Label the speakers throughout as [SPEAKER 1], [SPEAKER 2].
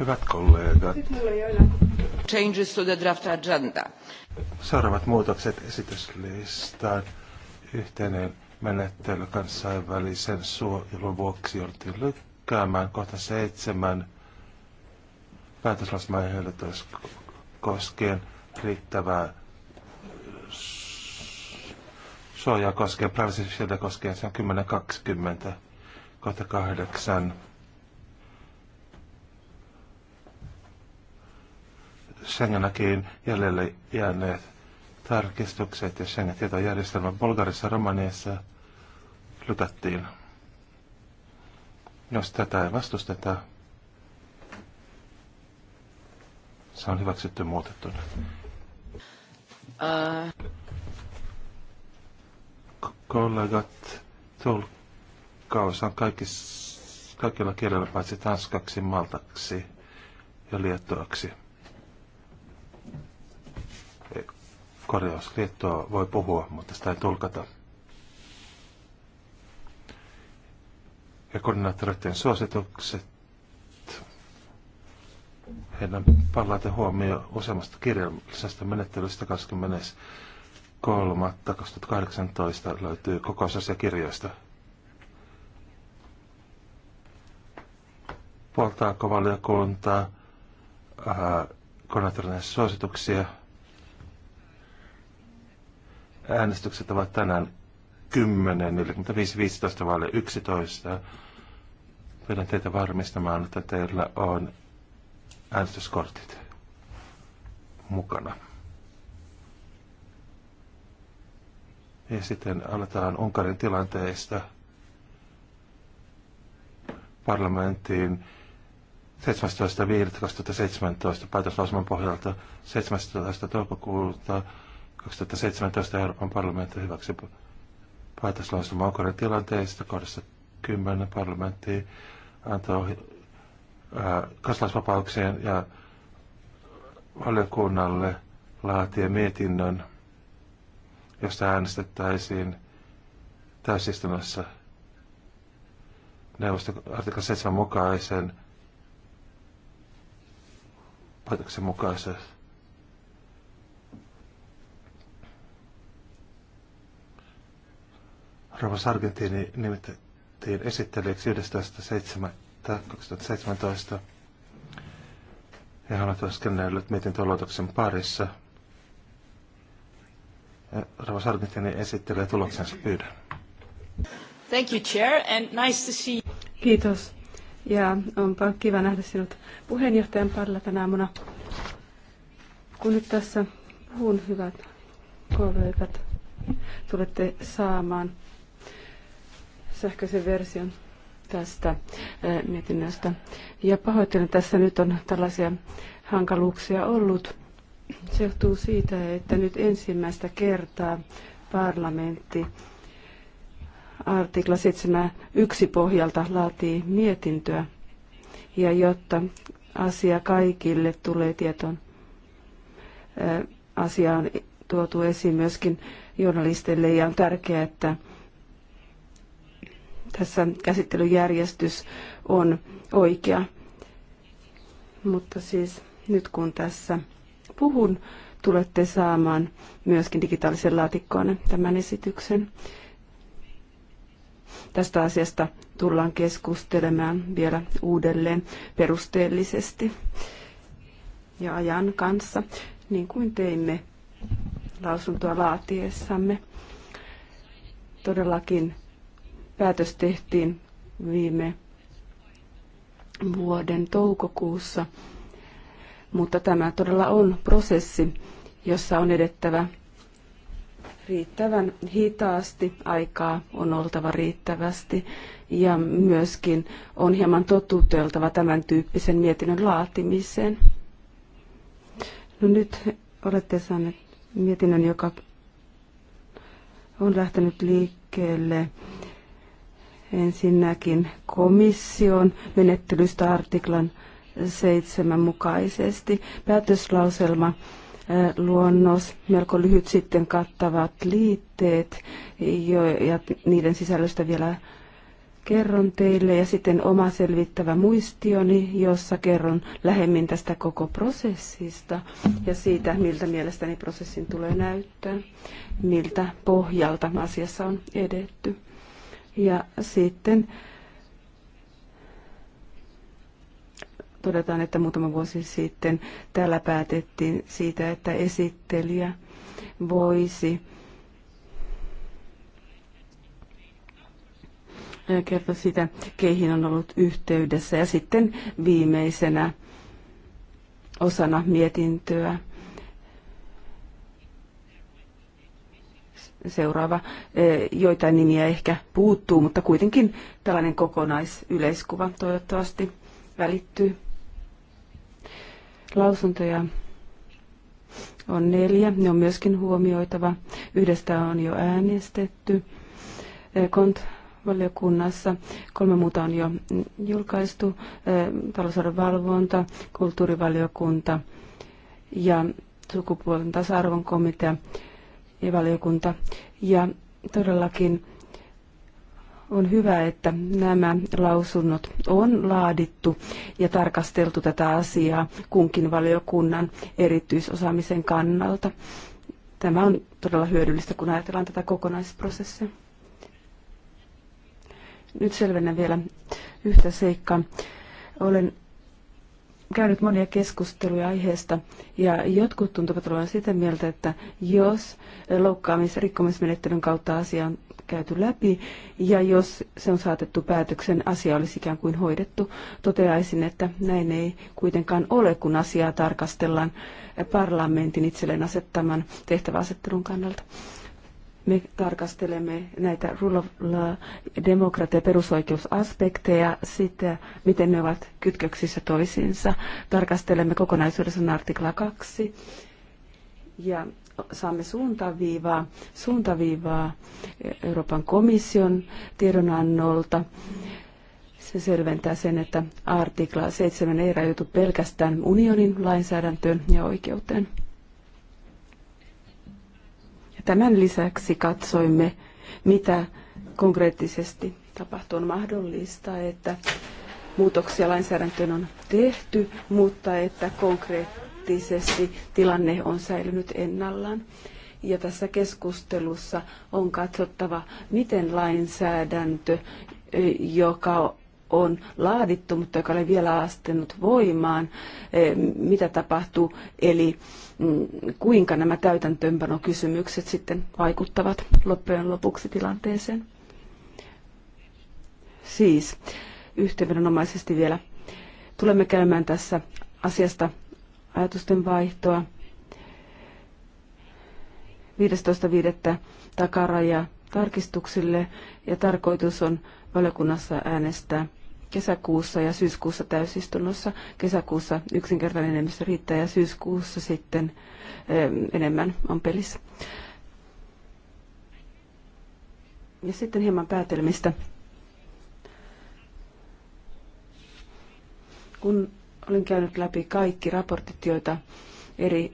[SPEAKER 1] Hyvät kollegat.
[SPEAKER 2] Changes to the draft agenda.
[SPEAKER 1] Seuraavat muutokset esityslistaan. Yhteinen menettely kansainvälisen suojelun vuoksi jouduttiin lykkäämään kohta seitsemän päätöslausmaehdotus koskien riittävää suojaa koskien, privacy shieldia koskien, se on 10.20, kohta kahdeksan Schengenakiin jäljelle jääneet tarkistukset ja Schengen-tietojärjestelmä Bulgarissa ja Romaniassa lykättiin. Jos tätä ei vastusteta, se on hyväksytty muutettu.
[SPEAKER 3] Uh.
[SPEAKER 1] Kollegat, tulkaus on kaikilla kielillä paitsi tanskaksi, maltaksi ja liettuaksi. korjaus. Liettua voi puhua, mutta sitä ei tulkata. Ja koordinaattoreiden suositukset. Heidän palaute huomio useammasta kirjallisesta menettelystä 23.2018 löytyy kokousasiakirjoista. Puoltaako valiokunta koordinaattoreiden suosituksia? Äänestykset ovat tänään 10, 45, 15 vaille 11. Pyydän teitä varmistamaan, että teillä on äänestyskortit mukana. Ja sitten aletaan Unkarin tilanteesta parlamenttiin 17.5.2017 päätöslausuman pohjalta 17. toukokuuta 2017 Euroopan parlamentti hyväksyi päätöslauselma Ankaran tilanteesta kohdassa parlamentti antoi kansalaisvapauksien ja valiokunnalle laatia mietinnön, josta äänestettäisiin täysistunnossa neuvoston artikla 7 mukaisen päätöksen mukaisesti Rovas Argentiini nimitettiin esittelijäksi 11.7.2017. Ja hän on työskennellyt mietintöluotoksen parissa. Rovas Sargentini esittelee tuloksensa pyydän.
[SPEAKER 2] Thank you, Chair, and nice to see you. Kiitos. Ja onpa kiva nähdä sinut puheenjohtajan parilla tänä aamuna. Kun nyt tässä puhun, hyvät kollegat, tulette saamaan sähköisen version tästä mietinnöstä. Ja pahoittelen, tässä nyt on tällaisia hankaluuksia ollut. Se johtuu siitä, että nyt ensimmäistä kertaa parlamentti artikla 7.1 pohjalta laatii mietintöä. Ja jotta asia kaikille tulee tietoon, asia on tuotu esiin myöskin journalisteille ja on tärkeää, että tässä käsittelyjärjestys on oikea. Mutta siis nyt kun tässä puhun, tulette saamaan myöskin digitaalisen laatikkoon tämän esityksen. Tästä asiasta tullaan keskustelemaan vielä uudelleen perusteellisesti ja ajan kanssa, niin kuin teimme lausuntoa laatiessamme. Todellakin Päätös tehtiin viime vuoden toukokuussa, mutta tämä todella on prosessi, jossa on edettävä riittävän hitaasti, aikaa on oltava riittävästi ja myöskin on hieman totuteltava tämän tyyppisen mietinnön laatimiseen. No nyt olette saaneet mietinnön, joka on lähtenyt liikkeelle ensinnäkin komission menettelystä artiklan 7 mukaisesti. Päätöslauselma luonnos, melko lyhyt sitten kattavat liitteet, jo, ja niiden sisällöstä vielä kerron teille, ja sitten oma selvittävä muistioni, jossa kerron lähemmin tästä koko prosessista ja siitä, miltä mielestäni prosessin tulee näyttää, miltä pohjalta asiassa on edetty. Ja sitten todetaan, että muutama vuosi sitten täällä päätettiin siitä, että esittelijä voisi kertoa sitä, keihin on ollut yhteydessä. Ja sitten viimeisenä osana mietintöä seuraava. E, joitain nimiä ehkä puuttuu, mutta kuitenkin tällainen kokonaisyleiskuva toivottavasti välittyy. Lausuntoja on neljä, ne on myöskin huomioitava. Yhdestä on jo äänestetty. E, Kont valiokunnassa. Kolme muuta on jo julkaistu. E, talousarvon valvonta, kulttuurivaliokunta ja sukupuolten tasa-arvon komitea ja valiokunta. Ja todellakin on hyvä, että nämä lausunnot on laadittu ja tarkasteltu tätä asiaa kunkin valiokunnan erityisosaamisen kannalta. Tämä on todella hyödyllistä, kun ajatellaan tätä kokonaisprosessia. Nyt selvennän vielä yhtä seikkaa. Olen käynyt monia keskusteluja aiheesta ja jotkut tuntuvat olevan sitä mieltä, että jos loukkaamis- ja rikkomismenettelyn kautta asia on käyty läpi ja jos se on saatettu päätöksen, asia olisi ikään kuin hoidettu. Toteaisin, että näin ei kuitenkaan ole, kun asiaa tarkastellaan parlamentin itselleen asettaman tehtäväasettelun kannalta me tarkastelemme näitä rule of law, demokratia- ja perusoikeusaspekteja, sitä, miten ne ovat kytköksissä toisiinsa. Tarkastelemme kokonaisuudessaan artikla 2 ja saamme suuntaviivaa, suuntaviivaa Euroopan komission tiedonannolta. Se selventää sen, että artikla 7 ei rajoitu pelkästään unionin lainsäädäntöön ja oikeuteen. Tämän lisäksi katsoimme, mitä konkreettisesti tapahtuu. On mahdollista, että muutoksia lainsäädäntöön on tehty, mutta että konkreettisesti tilanne on säilynyt ennallaan. Ja tässä keskustelussa on katsottava, miten lainsäädäntö, joka on laadittu, mutta joka ei vielä astunut voimaan, eh, mitä tapahtuu, eli mm, kuinka nämä täytäntöönpanokysymykset sitten vaikuttavat loppujen lopuksi tilanteeseen. Siis yhteenvedonomaisesti vielä tulemme käymään tässä asiasta ajatusten vaihtoa. 15.5. takaraja tarkistuksille ja tarkoitus on valiokunnassa äänestää kesäkuussa ja syyskuussa täysistunnossa. Kesäkuussa yksinkertainen enemmistö riittää ja syyskuussa sitten eh, enemmän on pelissä. Ja sitten hieman päätelmistä. Kun olin käynyt läpi kaikki raportit, joita eri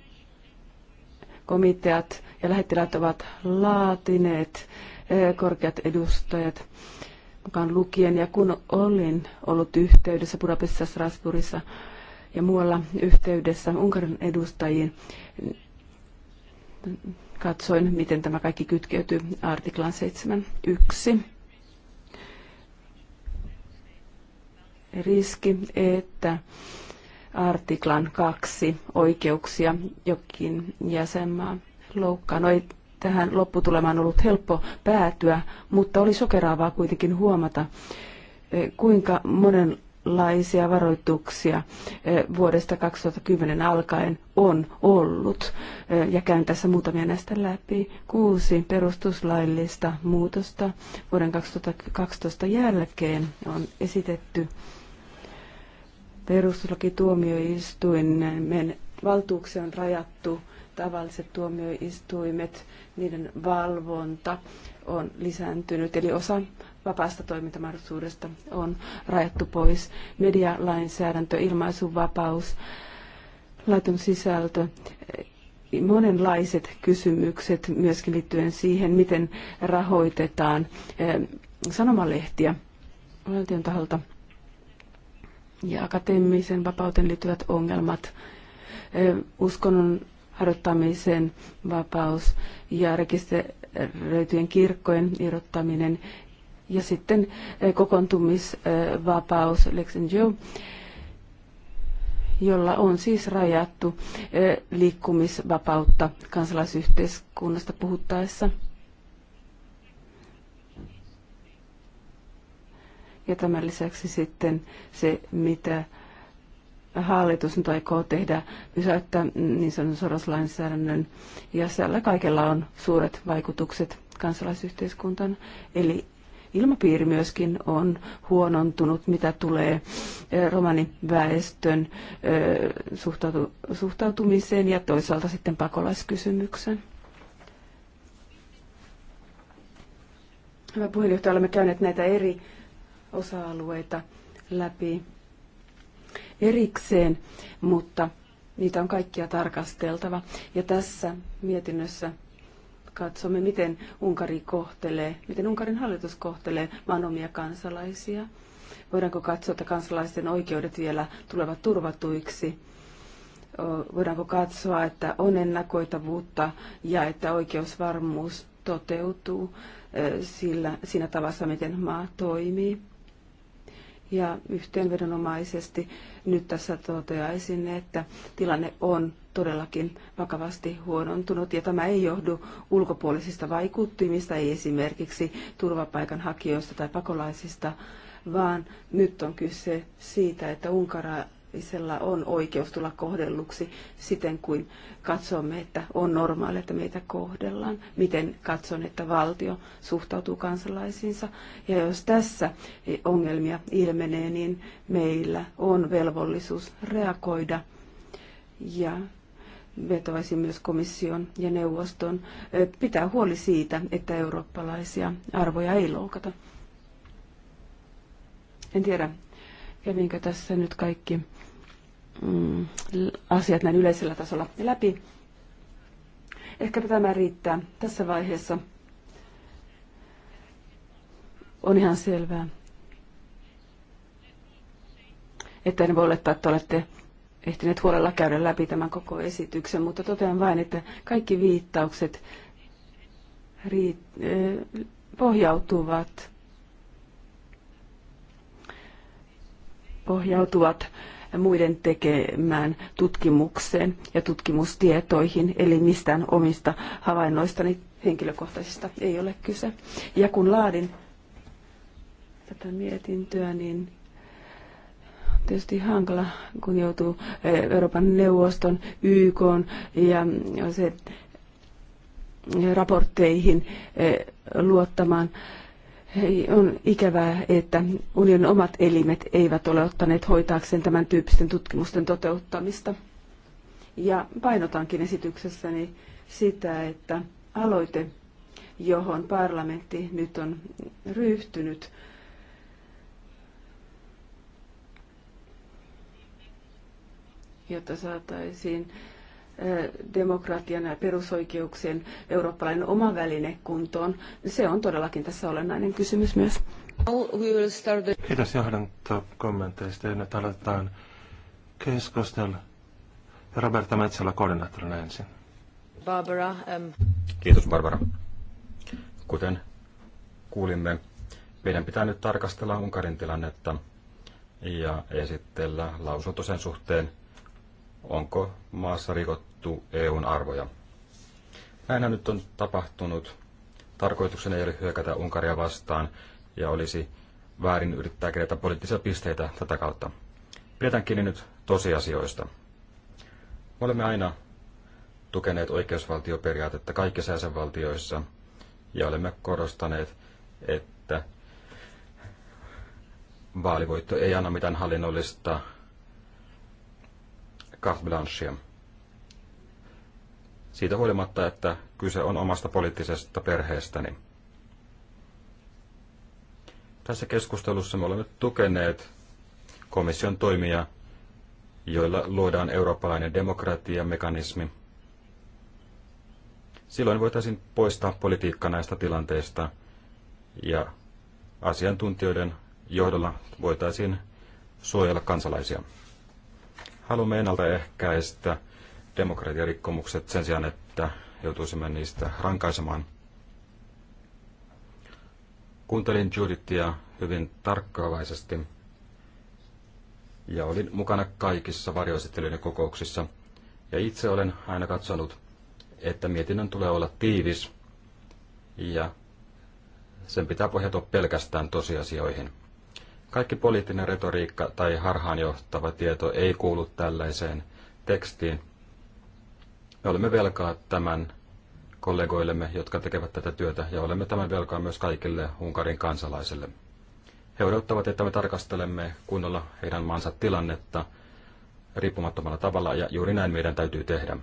[SPEAKER 2] komiteat ja lähettiläät ovat laatineet, eh, korkeat edustajat, mukaan lukien. Ja kun olin ollut yhteydessä Budapestissa, Strasbourgissa ja muualla yhteydessä Unkarin edustajiin, katsoin, miten tämä kaikki kytkeytyy artiklan 7.1. Riski, että artiklan kaksi oikeuksia jokin jäsenmaa loukkaa. No ei tähän lopputulemaan ollut helppo päätyä, mutta oli sokeraavaa kuitenkin huomata, eh, kuinka monenlaisia varoituksia eh, vuodesta 2010 alkaen on ollut. Eh, ja käyn tässä muutamia näistä läpi. Kuusi perustuslaillista muutosta vuoden 2012 jälkeen on esitetty perustuslakituomioistuimen valtuuksia on rajattu tavalliset tuomioistuimet, niiden valvonta on lisääntynyt, eli osa vapaasta toimintamahdollisuudesta on rajattu pois. Medialainsäädäntö, ilmaisuvapaus, laiton sisältö, monenlaiset kysymykset myöskin liittyen siihen, miten rahoitetaan eh, sanomalehtiä valtion taholta ja akateemisen vapauteen liittyvät ongelmat, eh, uskonnon harjoittamisen vapaus ja rekisteröityjen kirkkojen irrottaminen ja sitten eh, kokoontumisvapaus Lex jolla on siis rajattu eh, liikkumisvapautta kansalaisyhteiskunnasta puhuttaessa. Ja tämän lisäksi sitten se, mitä hallitus nyt aikoo tehdä pysäyttää niin sanotun soroslainsäädännön, ja siellä kaikella on suuret vaikutukset kansalaisyhteiskuntaan. Eli ilmapiiri myöskin on huonontunut, mitä tulee eh, romaniväestön eh, suhtautu, suhtautumiseen ja toisaalta sitten pakolaiskysymykseen. Hyvä puheenjohtaja, olemme käyneet näitä eri osa-alueita läpi erikseen, mutta niitä on kaikkia tarkasteltava. Ja tässä mietinnössä katsomme, miten Unkari kohtelee, miten Unkarin hallitus kohtelee manomia kansalaisia. Voidaanko katsoa, että kansalaisten oikeudet vielä tulevat turvatuiksi? Voidaanko katsoa, että on ennakoitavuutta ja että oikeusvarmuus toteutuu e, sillä, siinä tavassa, miten maa toimii? Ja yhteenvedonomaisesti nyt tässä toteaisin, että tilanne on todellakin vakavasti huonontunut ja tämä ei johdu ulkopuolisista vaikuttimista, ei esimerkiksi turvapaikanhakijoista tai pakolaisista, vaan nyt on kyse siitä, että Unkara, jokaisella on oikeus tulla kohdelluksi siten kuin katsomme, että on normaalia, että meitä kohdellaan, miten katson, että valtio suhtautuu kansalaisiinsa. Ja jos tässä ongelmia ilmenee, niin meillä on velvollisuus reagoida ja vetoaisin myös komission ja neuvoston pitää huoli siitä, että eurooppalaisia arvoja ei loukata. En tiedä, kävinkö tässä nyt kaikki Mm, asiat näin yleisellä tasolla läpi. Ehkäpä tämä riittää tässä vaiheessa. On ihan selvää, että en voi olettaa, että olette ehtineet huolella käydä läpi tämän koko esityksen, mutta totean vain, että kaikki viittaukset riit- eh, pohjautuvat pohjautuvat muiden tekemään tutkimukseen ja tutkimustietoihin, eli mistään omista havainnoistani henkilökohtaisista ei ole kyse. Ja kun laadin tätä mietintöä, niin tietysti hankala, kun joutuu eh, Euroopan neuvoston, YK ja se eh, raportteihin eh, luottamaan. On ikävää, että unionin omat elimet eivät ole ottaneet hoitaakseen tämän tyyppisten tutkimusten toteuttamista. Ja painotankin esityksessäni sitä, että aloite, johon parlamentti nyt on ryhtynyt, jotta saataisiin demokratian ja perusoikeuksien eurooppalainen oma väline kuntoon. Se on todellakin tässä olennainen kysymys myös.
[SPEAKER 1] Kiitos johdantokommenteista ja nyt aloitetaan keskustella. Roberta Metsällä
[SPEAKER 4] koordinaattorina ensin.
[SPEAKER 2] Barbara. Um...
[SPEAKER 4] Kiitos Barbara. Kuten kuulimme, meidän pitää nyt tarkastella Unkarin tilannetta ja esitellä lausunto sen suhteen, onko maassa rikottu EUn arvoja. Näinhän nyt on tapahtunut. Tarkoituksena ei ole hyökätä Unkaria vastaan ja olisi väärin yrittää kerätä poliittisia pisteitä tätä kautta. Pidetään kiinni nyt tosiasioista. Me olemme aina tukeneet oikeusvaltioperiaatetta kaikissa jäsenvaltioissa ja olemme korostaneet, että vaalivoitto ei anna mitään hallinnollista carte blanchea. Siitä huolimatta, että kyse on omasta poliittisesta perheestäni. Tässä keskustelussa me olemme tukeneet komission toimia, joilla luodaan eurooppalainen demokratiamekanismi. Silloin voitaisiin poistaa politiikka näistä tilanteista ja asiantuntijoiden johdolla voitaisiin suojella kansalaisia haluamme ennaltaehkäistä demokratiarikkomukset sen sijaan, että joutuisimme niistä rankaisemaan. Kuuntelin Judithia hyvin tarkkaavaisesti ja olin mukana kaikissa varjoesittelyiden kokouksissa. Ja itse olen aina katsonut, että mietinnön tulee olla tiivis ja sen pitää pohjata pelkästään tosiasioihin. Kaikki poliittinen retoriikka tai harhaanjohtava tieto ei kuulu tällaiseen tekstiin. Me olemme velkaa tämän kollegoillemme, jotka tekevät tätä työtä, ja olemme tämän velkaa myös kaikille Unkarin kansalaisille. He odottavat, että me tarkastelemme kunnolla heidän maansa tilannetta riippumattomalla tavalla, ja juuri näin meidän täytyy tehdä.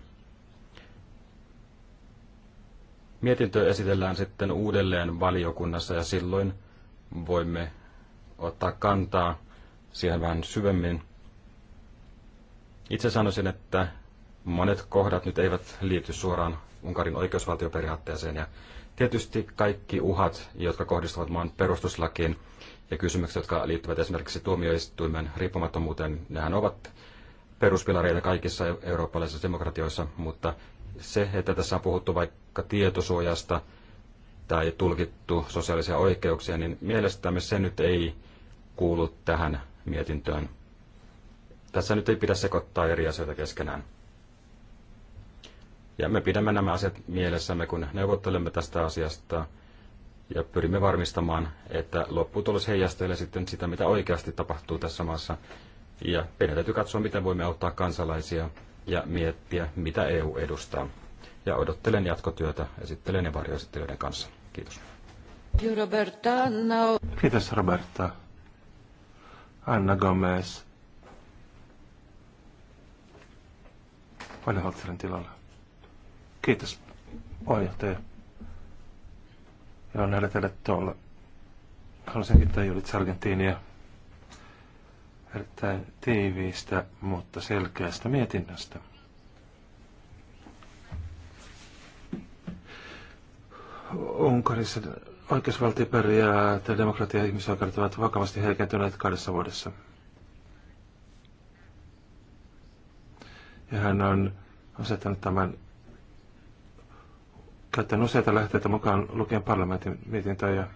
[SPEAKER 4] Mietintö esitellään sitten uudelleen valiokunnassa, ja silloin voimme ottaa kantaa siihen vähän syvemmin. Itse sanoisin, että monet kohdat nyt eivät liity suoraan Unkarin oikeusvaltioperiaatteeseen ja tietysti kaikki uhat, jotka kohdistuvat maan perustuslakiin ja kysymykset, jotka liittyvät esimerkiksi tuomioistuimen riippumattomuuteen, nehän ovat peruspilareita kaikissa eurooppalaisissa demokratioissa, mutta se, että tässä on puhuttu vaikka tietosuojasta tai tulkittu sosiaalisia oikeuksia, niin mielestämme se nyt ei kuulu tähän mietintöön. Tässä nyt ei pidä sekoittaa eri asioita keskenään. Ja me pidämme nämä asiat mielessämme, kun neuvottelemme tästä asiasta ja pyrimme varmistamaan, että lopputulos heijastelee sitten sitä, mitä oikeasti tapahtuu tässä maassa. Ja meidän täytyy katsoa, miten voimme auttaa kansalaisia ja miettiä, mitä EU edustaa. Ja odottelen jatkotyötä esittelen ja varjoesittelijöiden kanssa. Kiitos. Kiitos Roberta. No.
[SPEAKER 1] Anna Gomez. Anna Holtzerin tilalla. Kiitos, puheenjohtaja. Ja on näillä teille tuolla. Haluaisin kiittää Julit Sargentinia erittäin tiiviistä, mutta selkeästä mietinnästä. Unkarissa Oikeusvaltioperiaate ja demokratia ja ihmisoikeudet ovat vakavasti heikentyneet kahdessa vuodessa. Ja hän on asettanut tämän käyttänyt useita lähteitä mukaan lukien parlamentin mietintöä ja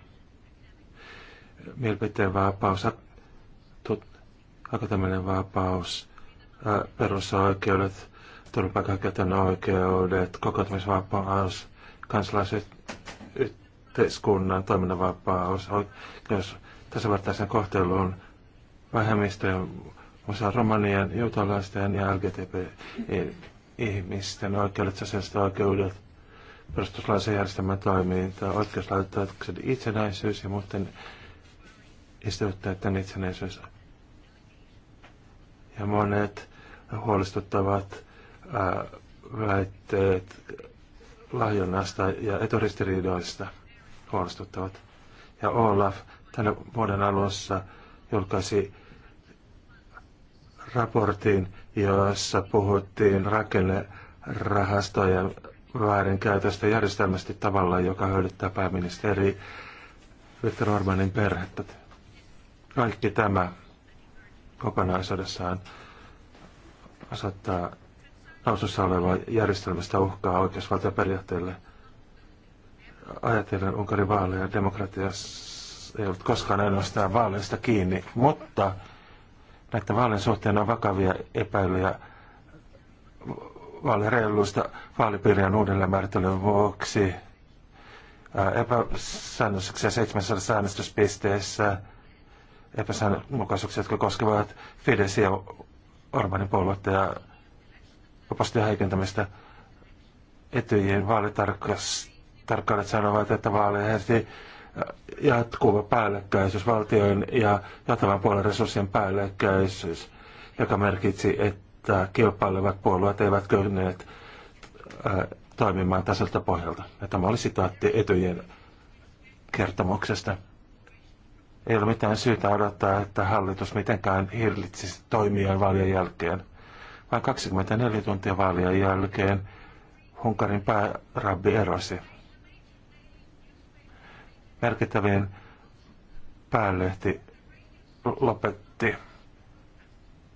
[SPEAKER 1] mielipiteen vapaus, akateeminen vapaus, perusoikeudet, turvapaikanhakijoiden oikeudet, kokoontumisvapaus, kansalaiset yhteiskunnan toiminnanvapaus, oikeus tasavertaisen kohteluun, vähemmistöjen, osa romanien, juutalaisten ja lgtb ihmisten oikeudet, sosiaaliset oikeudet, perustuslaisen järjestelmän toiminta, oikeuslaitoksen itsenäisyys ja muuten instituutteiden itsenäisyys. Ja monet huolestuttavat ää, väitteet lahjonnasta ja eturistiriidoista – huolestuttavat. Ja Olaf tänä vuoden alussa julkaisi raportin, jossa puhuttiin rakennerahastojen väärinkäytöstä järjestelmästi tavalla, joka hyödyttää pääministeri Viktor Orbanin perhettä. Kaikki tämä kokonaisuudessaan osoittaa nousussa olevaa järjestelmästä uhkaa oikeusvaltioperiaatteelle. periaatteelle ajatellen Unkarin vaaleja demokratia ei ollut koskaan ainoastaan vaaleista kiinni, mutta näiden vaalien suhteen on vakavia epäilyjä vaalireiluista vaalipiirien uudelleenmäärittelyn vuoksi epäsäännöksiä 700 äänestyspisteessä, epäsäännöksiä, jotka koskevat fidesia, ja Orbanin puoluetta ja opastion heikentämistä etyjien vaalitarkastelua tarkkailijat sanovat, että vaaleja äh, jatkuva päällekkäisyys, valtion ja jatavan puolen resurssien päällekkäisyys, joka merkitsi, että kilpailevat puolueet eivät kyenneet äh, toimimaan tasalta pohjalta. Ja tämä oli sitaatti etujen kertomuksesta. Ei ole mitään syytä odottaa, että hallitus mitenkään hillitsisi toimia vaalien jälkeen. Vain 24 tuntia vaalien jälkeen Hunkarin päärabbi erosi merkittävin päällehti lopetti,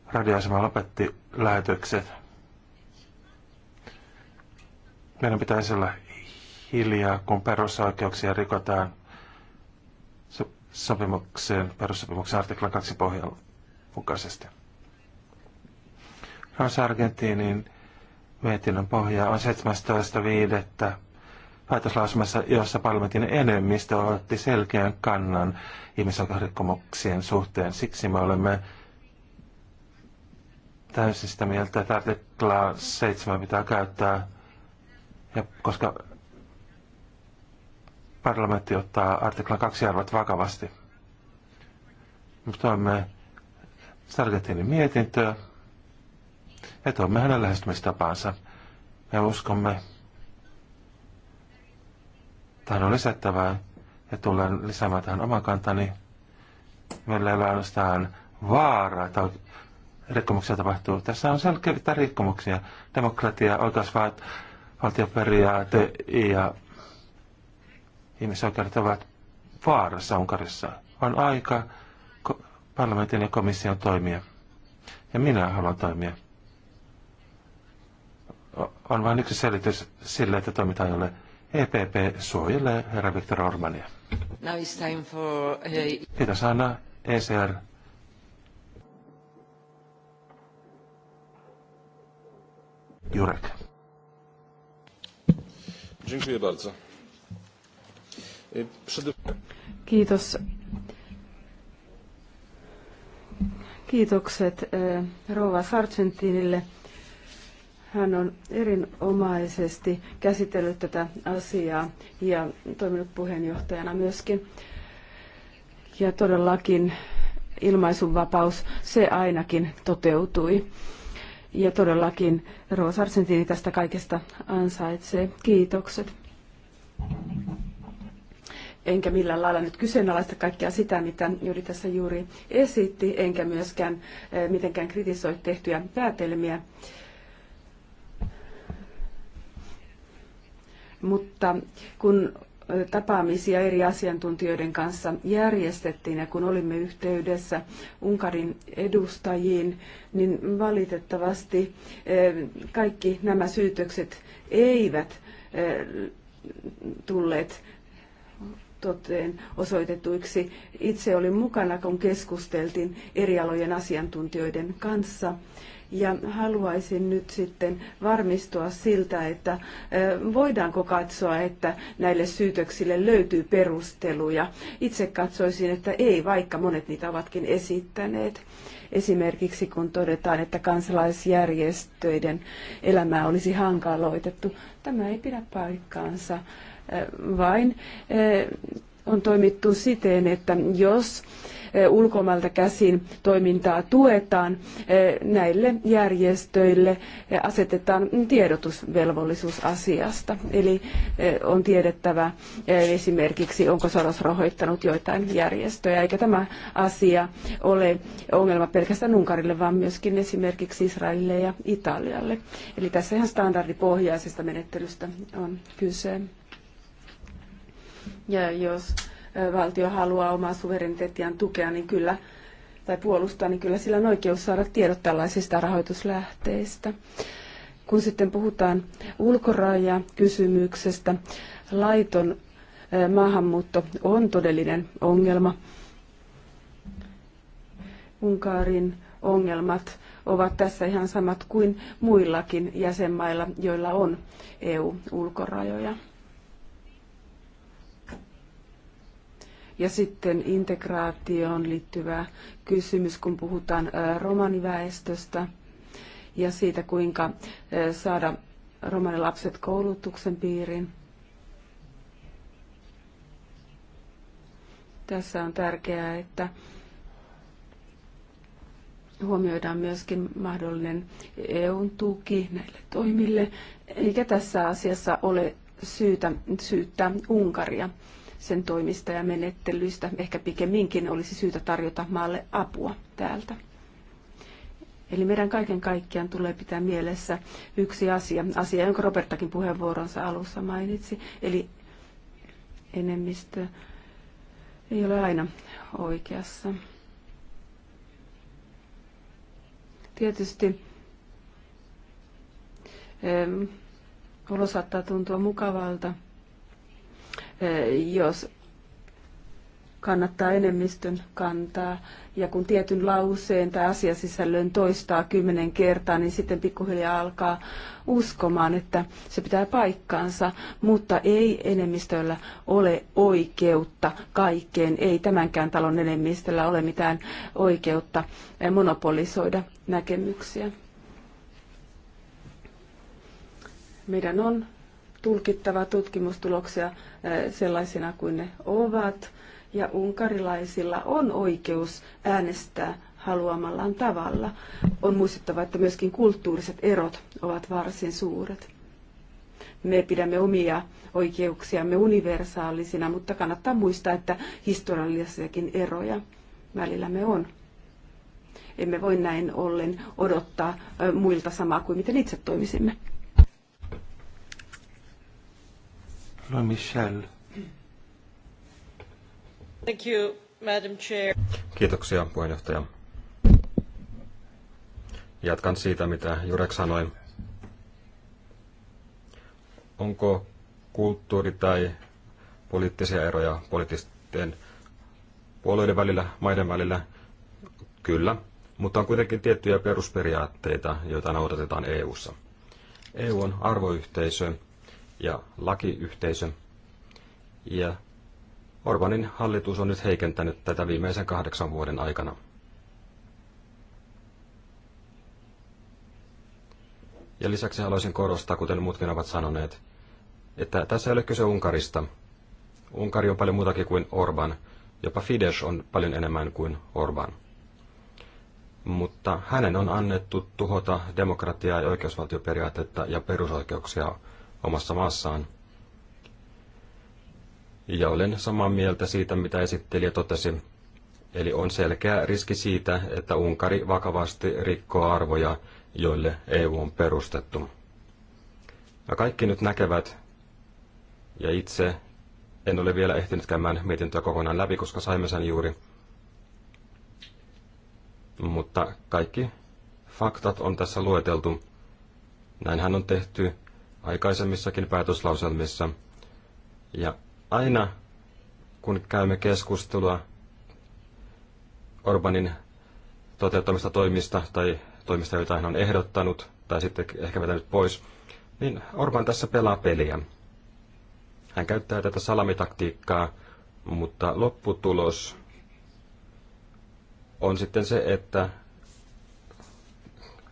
[SPEAKER 1] radioasema lopetti lähetykset. Meidän pitäisi olla hiljaa, kun perusoikeuksia rikotaan sopimuksen, perussopimuksen artikla 2 pohjan mukaisesti. Rans Argentiinin mietinnön pohja on 17.5 päätöslausumassa, jossa parlamentin enemmistö otti selkeän kannan ihmisoikeusrikkomuksien suhteen. Siksi me olemme täysin sitä mieltä, että artiklaa 7 pitää käyttää, ja koska parlamentti ottaa artiklan 2 arvot vakavasti. Me toimme Sargentinin mietintöä ja tuomme hänen lähestymistapaansa. Me uskomme, Tähän on lisättävää ja tulen lisäämään tähän oman kantani. Meillä ei ole ainoastaan vaaraa, että rikkomuksia tapahtuu. Tässä on selkeitä rikkomuksia. Demokratia, oikeusvaltioperiaate ja ihmisoikeudet ovat vaarassa Unkarissa. On aika parlamentin ja komission toimia. Ja minä haluan toimia. On vain yksi selitys sille, että toimitaan jolle. EPP suojelee herra Viktor Orbania.
[SPEAKER 2] Now it's time for... Uh,
[SPEAKER 1] Kiitos Anna, ECR.
[SPEAKER 3] Jurek.
[SPEAKER 4] Dziękuję bardzo.
[SPEAKER 2] Kiitos. Kiitokset e, rouva Sargentinille hän on erinomaisesti käsitellyt tätä asiaa ja toiminut puheenjohtajana myöskin. Ja todellakin ilmaisunvapaus, se ainakin toteutui. Ja todellakin Roos Argentiini tästä kaikesta ansaitsee kiitokset. Enkä millään lailla nyt kyseenalaista kaikkea sitä, mitä Juri tässä juuri esitti, enkä myöskään eh, mitenkään kritisoi tehtyjä päätelmiä. Mutta kun tapaamisia eri asiantuntijoiden kanssa järjestettiin ja kun olimme yhteydessä Unkarin edustajiin, niin valitettavasti kaikki nämä syytökset eivät tulleet toteen osoitetuiksi. Itse olin mukana, kun keskusteltiin eri alojen asiantuntijoiden kanssa ja haluaisin nyt sitten varmistua siltä, että voidaanko katsoa, että näille syytöksille löytyy perusteluja. Itse katsoisin, että ei, vaikka monet niitä ovatkin esittäneet. Esimerkiksi kun todetaan, että kansalaisjärjestöiden elämää olisi hankaloitettu. Tämä ei pidä paikkaansa, vain on toimittu siten, että jos ulkomailta käsin toimintaa tuetaan, näille järjestöille asetetaan tiedotusvelvollisuus asiasta. Eli on tiedettävä esimerkiksi, onko Soros rahoittanut joitain järjestöjä, eikä tämä asia ole ongelma pelkästään Unkarille, vaan myöskin esimerkiksi Israelille ja Italialle. Eli tässä ihan standardipohjaisesta menettelystä on kyse. Ja jos valtio haluaa omaa suvereniteettiaan tukea, niin kyllä, tai puolustaa, niin kyllä sillä on oikeus saada tiedot tällaisista rahoituslähteistä. Kun sitten puhutaan ulkorajakysymyksestä, laiton maahanmuutto on todellinen ongelma. Unkarin ongelmat ovat tässä ihan samat kuin muillakin jäsenmailla, joilla on EU-ulkorajoja. Ja sitten integraatioon liittyvä kysymys, kun puhutaan romaniväestöstä ja siitä, kuinka saada romanilapset koulutuksen piiriin. Tässä on tärkeää, että huomioidaan myöskin mahdollinen eu tuki näille toimille, eikä tässä asiassa ole syytä syyttää Unkaria sen toimista ja menettelyistä. Ehkä pikemminkin olisi syytä tarjota maalle apua täältä. Eli meidän kaiken kaikkiaan tulee pitää mielessä yksi asia, asia jonka Robertakin puheenvuoronsa alussa mainitsi, eli enemmistö ei ole aina oikeassa. Tietysti olo saattaa tuntua mukavalta, Eh, jos kannattaa enemmistön kantaa. Ja kun tietyn lauseen tai asiasisällön toistaa kymmenen kertaa, niin sitten pikkuhiljaa alkaa uskomaan, että se pitää paikkaansa, mutta ei enemmistöllä ole oikeutta kaikkeen. Ei tämänkään talon enemmistöllä ole mitään oikeutta eh, monopolisoida näkemyksiä. Meidän on tulkittava tutkimustuloksia eh, sellaisina kuin ne ovat. Ja unkarilaisilla on oikeus äänestää haluamallaan tavalla. On muistettava, että myöskin kulttuuriset erot ovat varsin suuret. Me pidämme omia oikeuksiamme universaalisina, mutta kannattaa muistaa, että historiallisiakin eroja me on. Emme voi näin ollen odottaa eh, muilta samaa kuin miten itse toimisimme.
[SPEAKER 4] Michel.
[SPEAKER 3] Thank you, Madam Chair.
[SPEAKER 4] Kiitoksia, puheenjohtaja. Jatkan siitä, mitä Jurek sanoi. Onko kulttuuri tai poliittisia eroja poliittisten puolueiden välillä, maiden välillä? Kyllä, mutta on kuitenkin tiettyjä perusperiaatteita, joita noudatetaan EU:ssa. EU on arvoyhteisö, ja lakiyhteisö. Ja Orbanin hallitus on nyt heikentänyt tätä viimeisen kahdeksan vuoden aikana. Ja lisäksi haluaisin korostaa, kuten muutkin ovat sanoneet, että tässä ei ole kyse Unkarista. Unkari on paljon muutakin kuin Orban. Jopa Fidesz on paljon enemmän kuin Orban. Mutta hänen on annettu tuhota demokratiaa ja oikeusvaltioperiaatetta ja perusoikeuksia omassa maassaan. Ja olen samaa mieltä siitä, mitä esittelijä totesi. Eli on selkeä riski siitä, että Unkari vakavasti rikkoo arvoja, joille EU on perustettu. Ja kaikki nyt näkevät, ja itse en ole vielä ehtinyt käymään mietintöä kokonaan läpi, koska saimme sen juuri. Mutta kaikki faktat on tässä lueteltu. Näinhän on tehty aikaisemmissakin päätöslauselmissa. Ja aina kun käymme keskustelua Orbanin toteuttamista toimista tai toimista, joita hän on ehdottanut tai sitten ehkä vetänyt pois, niin Orban tässä pelaa peliä. Hän käyttää tätä salamitaktiikkaa, mutta lopputulos on sitten se, että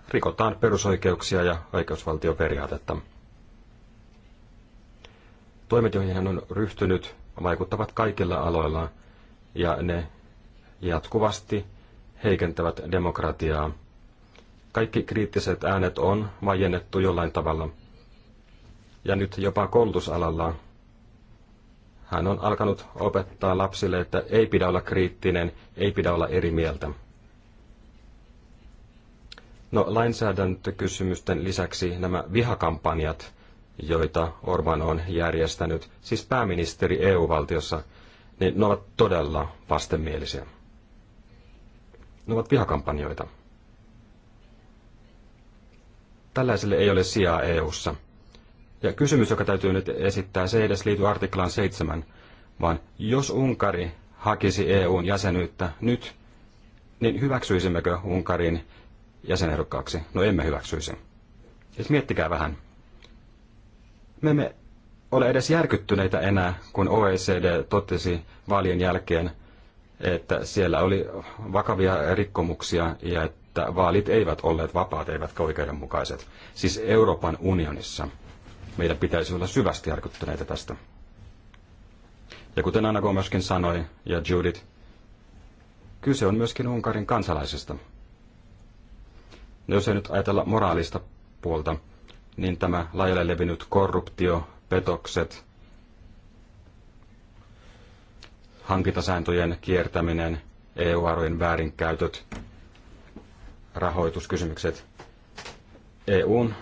[SPEAKER 4] rikotaan perusoikeuksia ja oikeusvaltioperiaatetta toimet, joihin hän on ryhtynyt, vaikuttavat kaikilla aloilla ja ne jatkuvasti heikentävät demokratiaa. Kaikki kriittiset äänet on vajennettu jollain tavalla. Ja nyt jopa koulutusalalla hän on alkanut opettaa lapsille, että ei pidä olla kriittinen, ei pidä olla eri mieltä. No lainsäädäntökysymysten lisäksi nämä vihakampanjat joita Orban on järjestänyt, siis pääministeri EU-valtiossa, niin ne ovat todella vastenmielisiä. Ne ovat vihakampanjoita. Tällaiselle ei ole sijaa EU:ssa. Ja kysymys, joka täytyy nyt esittää, se ei edes liity artiklaan 7, vaan jos Unkari hakisi EUn jäsenyyttä nyt, niin hyväksyisimmekö Unkarin jäsenehdokkaaksi? No emme hyväksyisi. Siis miettikää vähän. Me emme ole edes järkyttyneitä enää, kun OECD totesi vaalien jälkeen, että siellä oli vakavia rikkomuksia ja että vaalit eivät olleet vapaat eivätkä oikeudenmukaiset. Siis Euroopan unionissa. Meidän pitäisi olla syvästi järkyttyneitä tästä. Ja kuten Anna Gomeskin sanoi ja Judith, kyse on myöskin Unkarin kansalaisista. No jos ei nyt ajatella moraalista puolta, niin tämä laajalle levinnyt korruptio, petokset, hankintasääntöjen kiertäminen, eu arvojen väärinkäytöt, rahoituskysymykset. EUn,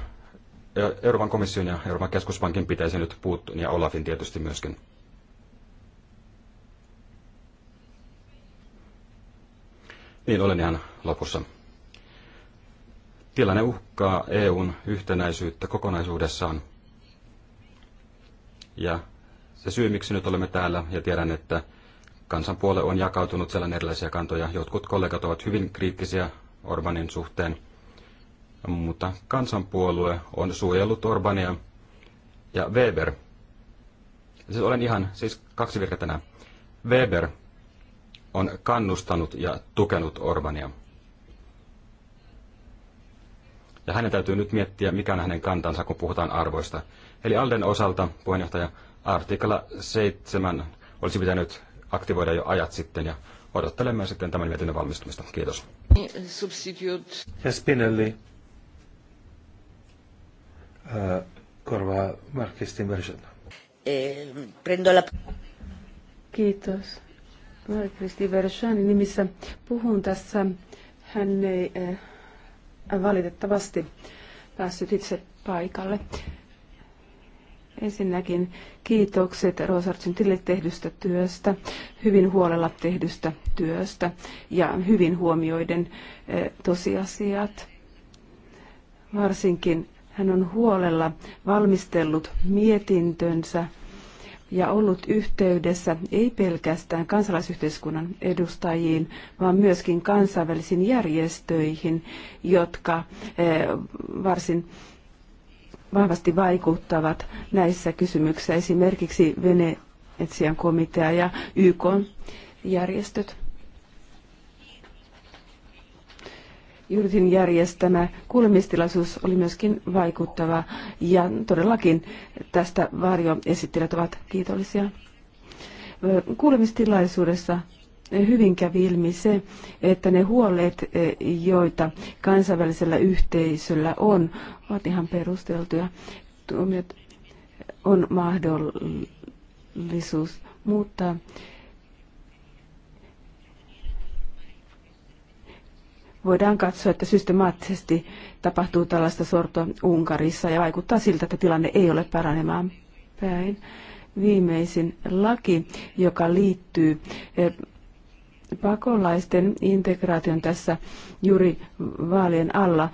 [SPEAKER 4] Euroopan komission ja Euroopan keskuspankin pitäisi nyt puuttua, ja Olafin tietysti myöskin. Niin, olen ihan lopussa. Tilanne uhkaa EUn yhtenäisyyttä kokonaisuudessaan. Ja se syy, miksi nyt olemme täällä, ja tiedän, että kansanpuole on jakautunut siellä erilaisia kantoja. Jotkut kollegat ovat hyvin kriittisiä Orbanin suhteen, mutta kansanpuolue on suojellut Orbania ja Weber. Siis olen ihan, siis kaksi virka tänään. Weber on kannustanut ja tukenut Orbania. Ja hänen täytyy nyt miettiä, mikä on hänen kantansa, kun puhutaan arvoista. Eli Alden osalta, puheenjohtaja, artikla 7 olisi pitänyt aktivoida jo ajat sitten ja odottelemme sitten tämän mietinnön valmistumista. Kiitos. Ja Spinelli äh,
[SPEAKER 1] korvaa Markistin version.
[SPEAKER 2] Kiitos. Markistin version nimissä puhun tässä. Hän ei äh, valitettavasti päässyt itse paikalle. Ensinnäkin kiitokset Rosartsin tille tehdystä työstä, hyvin huolella tehdystä työstä ja hyvin huomioiden eh, tosiasiat. Varsinkin hän on huolella valmistellut mietintönsä ja ollut yhteydessä ei pelkästään kansalaisyhteiskunnan edustajiin, vaan myöskin kansainvälisiin järjestöihin, jotka eh, varsin vahvasti vaikuttavat näissä kysymyksissä, esimerkiksi Venetsian komitea ja YK järjestöt. Jyrtin järjestämä kuulemistilaisuus oli myöskin vaikuttava ja todellakin tästä varjoesittelijät ovat kiitollisia. Kuulemistilaisuudessa hyvin kävi ilmi se, että ne huolet, e, joita kansainvälisellä yhteisöllä on, ovat ihan perusteltuja. Tuomiot on mahdollisuus muuttaa voidaan katsoa, että systemaattisesti tapahtuu tällaista sortoa Unkarissa ja vaikuttaa siltä, että tilanne ei ole paranemaan päin. Viimeisin laki, joka liittyy eh, pakolaisten integraation tässä juuri vaalien alla, eh,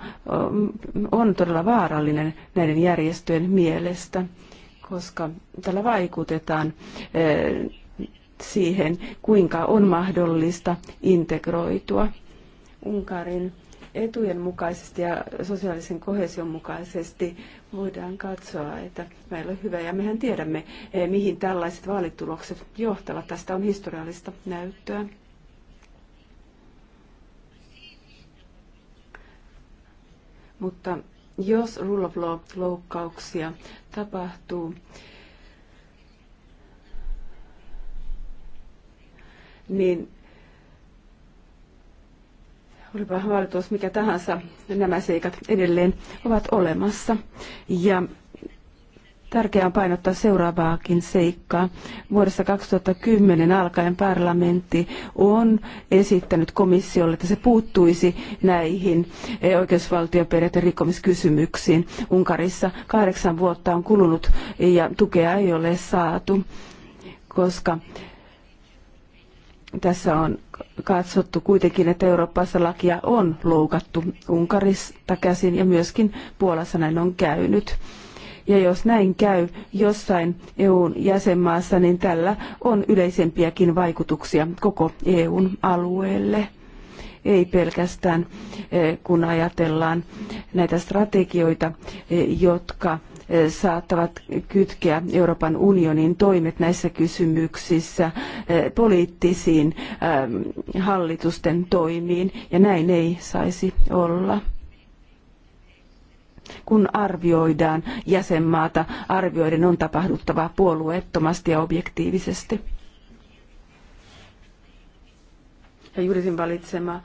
[SPEAKER 2] on todella vaarallinen näiden järjestöjen mielestä, koska tällä vaikutetaan eh, siihen, kuinka on mahdollista integroitua Unkarin etujen mukaisesti ja sosiaalisen kohesion mukaisesti voidaan katsoa, että meillä on hyvä. Ja mehän tiedämme, eh, mihin tällaiset vaalitulokset johtavat. Tästä on historiallista näyttöä. Mutta jos rule of law loukkauksia tapahtuu, niin olipa vaalitulos mikä tahansa, nämä seikat edelleen ovat olemassa. Ja Tärkeää on painottaa seuraavaakin seikkaa. Vuodessa 2010 alkaen parlamentti on esittänyt komissiolle, että se puuttuisi näihin eh, oikeusvaltioperiaatteen rikkomiskysymyksiin. Unkarissa kahdeksan vuotta on kulunut ja tukea ei ole saatu, koska tässä on katsottu kuitenkin, että Euroopassa lakia on loukattu Unkarista käsin ja myöskin Puolassa näin on käynyt. Ja jos näin käy jossain EUn jäsenmaassa, niin tällä on yleisempiäkin vaikutuksia koko EUn alueelle. Ei pelkästään eh, kun ajatellaan näitä strategioita, eh, jotka saattavat kytkeä Euroopan unionin toimet näissä kysymyksissä poliittisiin hallitusten toimiin, ja näin ei saisi olla kun arvioidaan jäsenmaata, arvioiden on tapahduttava puolueettomasti ja objektiivisesti. Ja Jurisin valitsema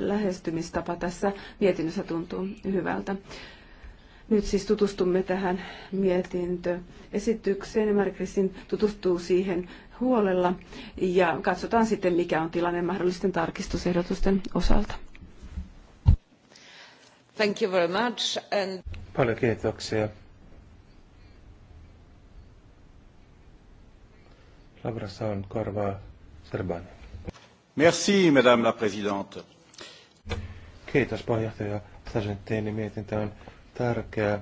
[SPEAKER 2] lähestymistapa tässä mietinnössä tuntuu hyvältä. Nyt siis tutustumme tähän mietintöesitykseen. ja Marikristin tutustuu siihen huolella ja katsotaan sitten, mikä on tilanne mahdollisten tarkistusehdotusten osalta. Thank you very much. And...
[SPEAKER 1] Paljon kiitoksia. Laura Saan korvaa Serbani.
[SPEAKER 4] Merci, madame la présidente.
[SPEAKER 1] Kiitos puheenjohtaja. Sargentinin mietintö on tärkeä,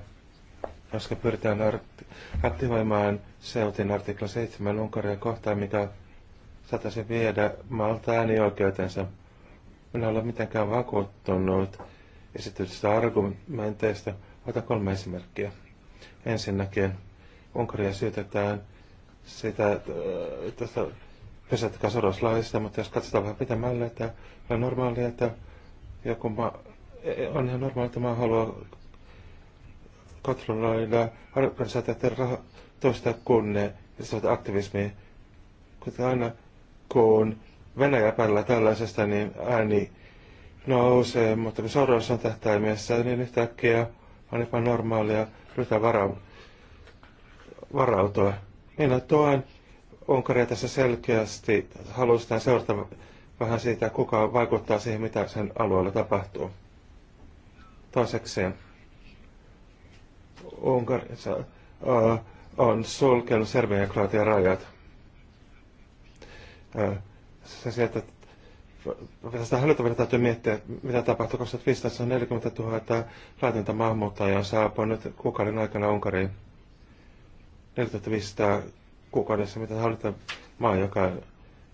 [SPEAKER 1] koska pyritään aktivoimaan Seutin artikla 7 Unkaria kohtaan, mikä saataisiin viedä maalta äänioikeutensa. Minä olen mitenkään vakuuttunut esityksestä argumenteista. Ota kolme esimerkkiä. Ensinnäkin Unkaria syytetään sitä äh, tästä pysäyttäkää soroslaista, mutta jos katsotaan vähän pitämällä, että on normaalia, että joku maa, on ihan normaalia, että maa haluaa kontrolloida organisaatioiden rahoitusta, kun ne edistävät aktivismia. Kuten aina, kun Venäjä päällä tällaisesta, niin ääni nousee, mutta kun Soros on tähtäimessä, niin yhtäkkiä on jopa normaalia ryhtyä varau- varautua. Minä tuon Unkaria tässä selkeästi, haluaisin seurata vähän siitä, kuka vaikuttaa siihen, mitä sen alueella tapahtuu. Toisekseen. Unkarissa äh, on sulkenut Serbian ja Kroatian rajat. Äh, Sen sijaan, että tästä hälyttävillä täytyy miettiä, mitä tapahtui koska 540 000 laitonta maahanmuuttajaa on saapunut kuukauden aikana Unkariin. 4500 kuukaudessa, mitä hallitaan maa, joka,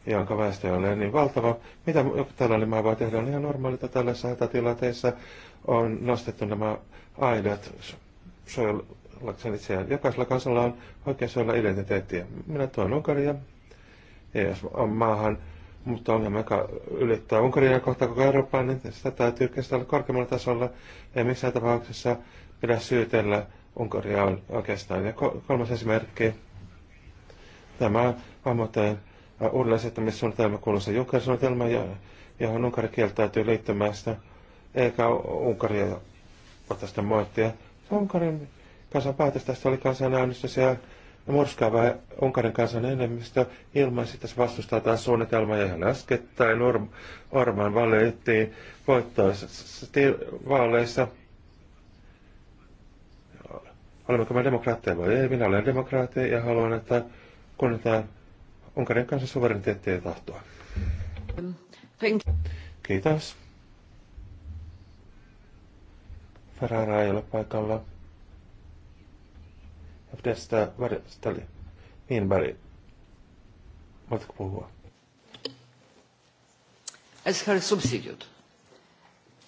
[SPEAKER 1] jonka väestö on niin valtava. Mitä joku tällainen maa voi tehdä? On ihan normaali, että tällaisissa hätätilanteissa on nostettu nämä aidat suojellakseen itseään. Jokaisella kansalla on oikeus suojella identiteettiä. Minä toin Unkaria, ES on maahan, mutta ongelma, joka ylittää Unkaria kohta koko Eurooppaa, niin sitä täytyy kestää korkeammalla tasolla. Ei missään tapauksessa pidä syytellä Unkaria on oikeastaan. Ja kolmas esimerkki, tämä vammoitteen uudelleen kuuluu se Junckerin suunnitelma, johon Unkari kieltäytyy liittymästä, eikä Unkaria ottaa sitä moittia. Unkarin kansan päätös tässä oli kansanäänestys ja Morskava Unkarin kansan enemmistö ilmaisi tässä vastustaa taas suunnitelmaa ja ihan äskettäin Orman valittiin voittoisessa vaaleissa. Olemmeko me demokraatteja vai ei? Minä olen demokraatti ja haluan, että kunnetaan Unkarin kansan suvereniteettia ja tahtoa. Kiitos. Ferrara ei ole paikalla. Ja tästä niin Winberg. Voitko puhua? As her
[SPEAKER 3] substitute.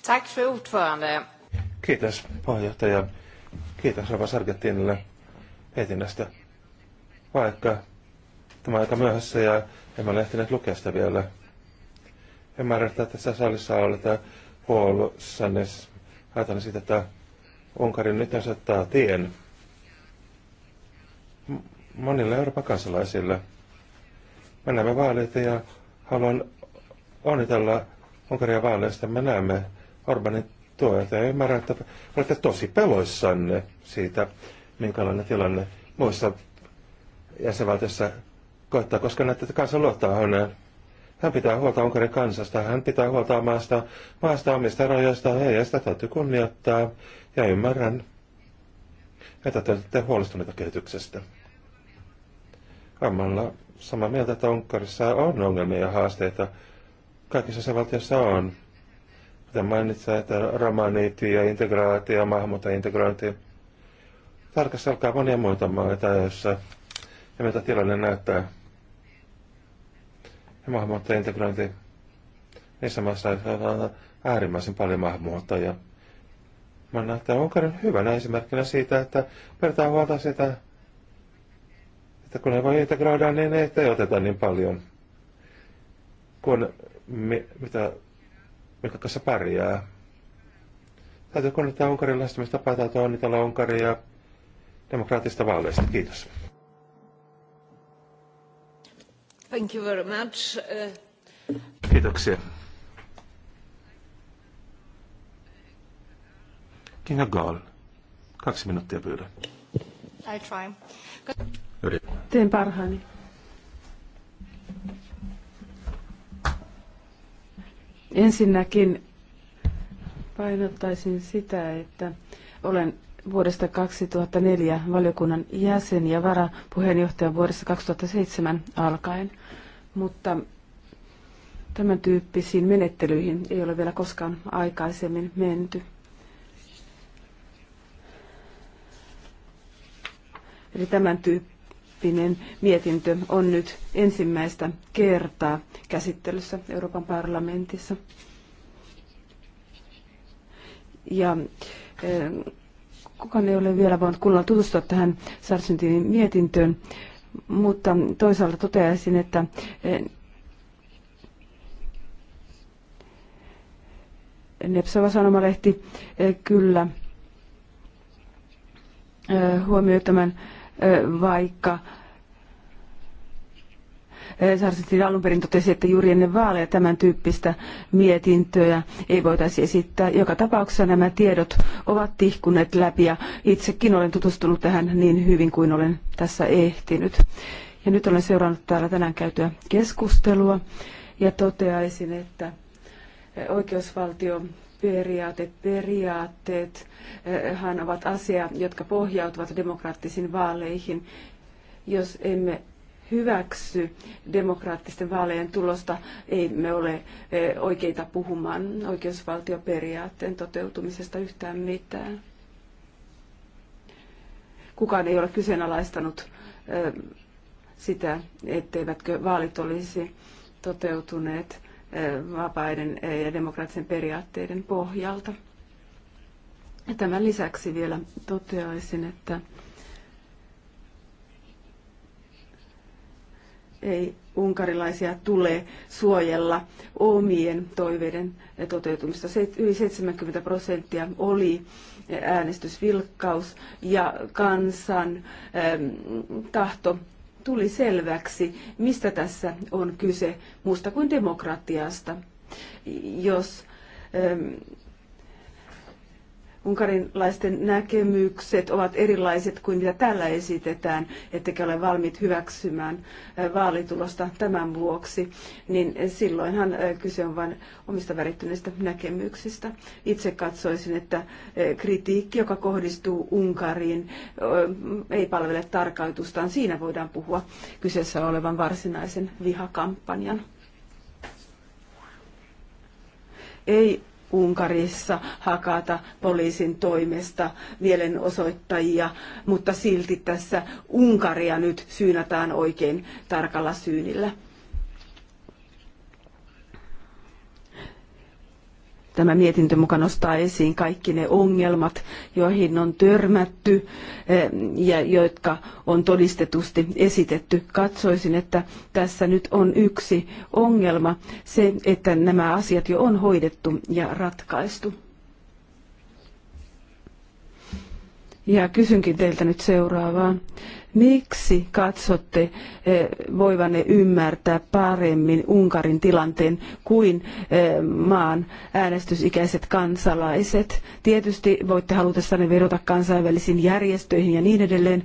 [SPEAKER 3] Tack för ordförande.
[SPEAKER 1] Kiitos puheenjohtaja. Kiitos Rava Sargentinille mietinnästä. Vaikka tämä on aika myöhässä ja emme ole ehtinyt lukea sitä vielä. Ymmärrän, että tässä salissa oletaan huolussannes haetaan sitä, että Unkari nyt asettaa tien monille Euroopan kansalaisille. Me näemme vaaleita ja haluan onnitella Unkaria vaaleista. Me näemme Orbanin tuojat ja ymmärrän, että olette tosi peloissanne siitä, minkälainen tilanne muissa jäsenvaltioissa koittaa, koska näette, että kansa luottaa häneen. Hän pitää huolta Unkarin kansasta, hän pitää huolta maasta, maasta omista rajoista, ja sitä täytyy kunnioittaa. Ja ymmärrän, että te olette huolestuneita kehityksestä. Ammalla samaa mieltä, että Unkarissa on ongelmia ja haasteita. Kaikissa se valtiossa on. Kuten mainitsa, että romaniitti ja integraatio, maahanmuuttajaintegraatio. Tarkastelkaa monia muita maita, joissa ja mitä tilanne näyttää ja maahanmuuttajien integrointi. Niissä maissa on äärimmäisen paljon maahanmuuttajia. Mä näen tämän Unkarin hyvänä esimerkkinä siitä, että pidetään huolta sitä, että kun ne voi integroida, niin ei oteta niin paljon kuin mi, mitä, mikä kanssa pärjää. Täytyy kunnioittaa Unkarin lähestymistapaa, täytyy onnitella Unkaria demokraattista vaaleista. Kiitos.
[SPEAKER 2] Thank you very much. Uh,
[SPEAKER 1] Kiitoksia. Kinga Gaal. Kaksi minuuttia pyydän.
[SPEAKER 2] I try. Yritän. Teen parhaani. Ensinnäkin painottaisin sitä, että olen vuodesta 2004 valiokunnan jäsen ja varapuheenjohtaja vuodesta 2007 alkaen, mutta tämän tyyppisiin menettelyihin ei ole vielä koskaan aikaisemmin menty. Eli tämän tyyppinen mietintö on nyt ensimmäistä kertaa käsittelyssä Euroopan parlamentissa. Ja eh, Kukaan ei ole vielä voinut kunnolla tutustua tähän Sarsentinin mietintöön, mutta toisaalta toteaisin, että eh, Nepsava Sanomalehti eh, kyllä eh, huomioi tämän, vaikka Sarsitin alun perin totesi, että juuri ennen vaaleja tämän tyyppistä mietintöä ei voitaisi esittää. Joka tapauksessa nämä tiedot ovat tihkuneet läpi ja itsekin olen tutustunut tähän niin hyvin kuin olen tässä ehtinyt. Ja nyt olen seurannut täällä tänään käytyä keskustelua ja toteaisin, että oikeusvaltio periaatteet periaatteet ovat asia, jotka pohjautuvat demokraattisiin vaaleihin. Jos emme hyväksy demokraattisten vaalien tulosta, ei me ole eh, oikeita puhumaan oikeusvaltioperiaatteen toteutumisesta yhtään mitään. Kukaan ei ole kyseenalaistanut eh, sitä, etteivätkö vaalit olisi toteutuneet eh, vapaiden ja demokraattisen periaatteiden pohjalta. Tämän lisäksi vielä toteaisin, että ei unkarilaisia tule suojella omien toiveiden toteutumista. Yli 70 prosenttia oli eh, äänestysvilkkaus ja kansan ehm, tahto tuli selväksi, mistä tässä on kyse muusta kuin demokratiasta. Jos ehm, unkarilaisten näkemykset ovat erilaiset kuin mitä tällä esitetään, ettekä ole valmiit hyväksymään vaalitulosta tämän vuoksi, niin silloinhan kyse on vain omista värittyneistä näkemyksistä. Itse katsoisin, että kritiikki, joka kohdistuu Unkariin, ei palvele tarkoitustaan. Siinä voidaan puhua kyseessä olevan varsinaisen vihakampanjan. Ei Unkarissa hakata poliisin toimesta mielenosoittajia, mutta silti tässä Unkaria nyt syynätään oikein tarkalla syynillä. Tämä mietintö mukaan nostaa esiin kaikki ne ongelmat, joihin on törmätty eh, ja jotka on todistetusti esitetty. Katsoisin, että tässä nyt on yksi ongelma, se, että nämä asiat jo on hoidettu ja ratkaistu. Ja kysynkin teiltä nyt seuraavaa. Miksi katsotte eh, voivanne ymmärtää paremmin Unkarin tilanteen kuin eh, maan äänestysikäiset kansalaiset? Tietysti voitte halutessanne vedota kansainvälisiin järjestöihin ja niin edelleen,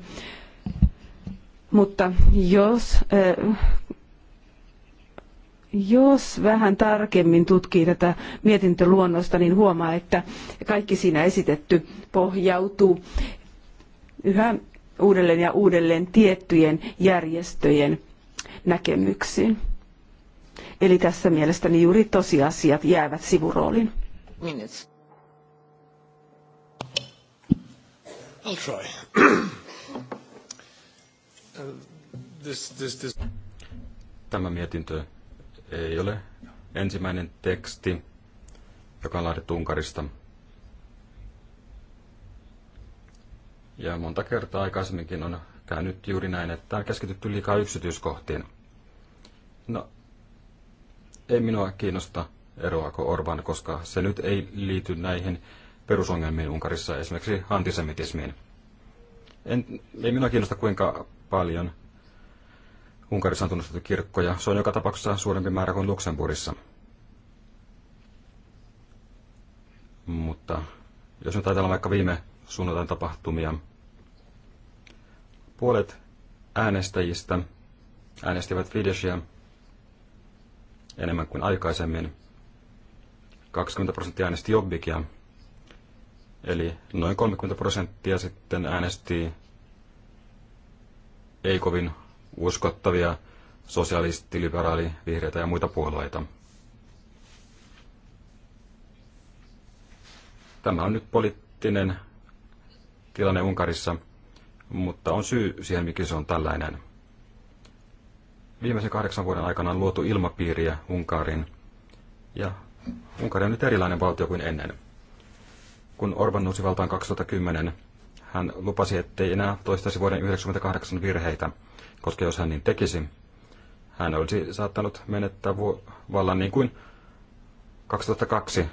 [SPEAKER 2] mutta jos eh, jos vähän tarkemmin tutkii tätä mietintöluonnosta, niin huomaa, että kaikki siinä esitetty pohjautuu yhä uudelleen ja uudelleen tiettyjen järjestöjen näkemyksiin. Eli tässä mielestäni juuri tosiasiat jäävät sivurooliin.
[SPEAKER 3] Minutes. I'll try. Uh, this, this, this.
[SPEAKER 4] Tämä mietintö ei ole ensimmäinen teksti, joka on laadittu Unkarista. Ja monta kertaa aikaisemminkin on käynyt juuri näin, että on keskitytty liikaa yksityiskohtiin. No, ei minua kiinnosta eroako Orban, koska se nyt ei liity näihin perusongelmiin Unkarissa, esimerkiksi antisemitismiin. En, ei minua kiinnosta kuinka paljon Unkarissa on tunnustettu kirkkoja. Se on joka tapauksessa suurempi määrä kuin Luxemburgissa. Mutta jos nyt ajatellaan vaikka viime sunnuntain tapahtumia. Puolet äänestäjistä äänestivät Fideshia enemmän kuin aikaisemmin. 20 prosenttia äänesti Jobbikia, eli noin 30 prosenttia sitten äänesti ei kovin uskottavia sosialisti, liberaali, vihreitä ja muita puolueita. Tämä on nyt poliittinen tilanne Unkarissa, mutta on syy siihen, miksi se on tällainen. Viimeisen kahdeksan vuoden aikana on luotu ilmapiiriä Unkarin, ja Unkari on nyt erilainen valtio kuin ennen. Kun Orban nousi valtaan 2010, hän lupasi, ettei enää toistaisi vuoden 1998 virheitä, koska jos hän niin tekisi, hän olisi saattanut menettää vallan niin kuin 2002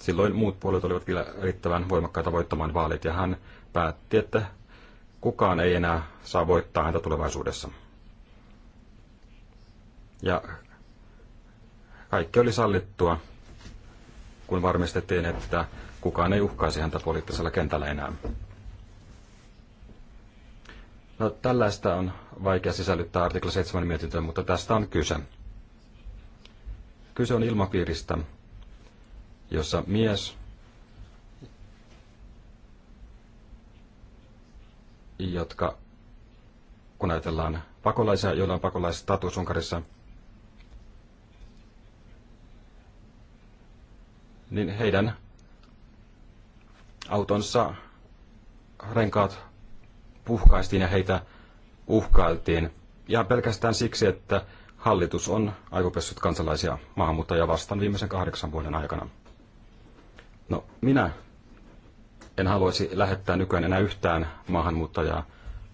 [SPEAKER 4] silloin muut puolet olivat vielä riittävän voimakkaita voittamaan vaalit ja hän päätti, että kukaan ei enää saa voittaa häntä tulevaisuudessa. Ja kaikki oli sallittua, kun varmistettiin, että kukaan ei uhkaisi häntä poliittisella kentällä enää. No, tällaista on vaikea sisällyttää artikla 7 mietintöön, mutta tästä on kyse. Kyse on ilmapiiristä, jossa mies jotka, kun ajatellaan pakolaisia, joilla on pakolaistatus Unkarissa, niin heidän autonsa renkaat puhkaistiin ja heitä uhkailtiin. ja pelkästään siksi, että hallitus on aivopessut kansalaisia maahanmuuttajia vastaan viimeisen kahdeksan vuoden aikana. No, minä en haluaisi lähettää nykyään enää yhtään maahanmuuttajaa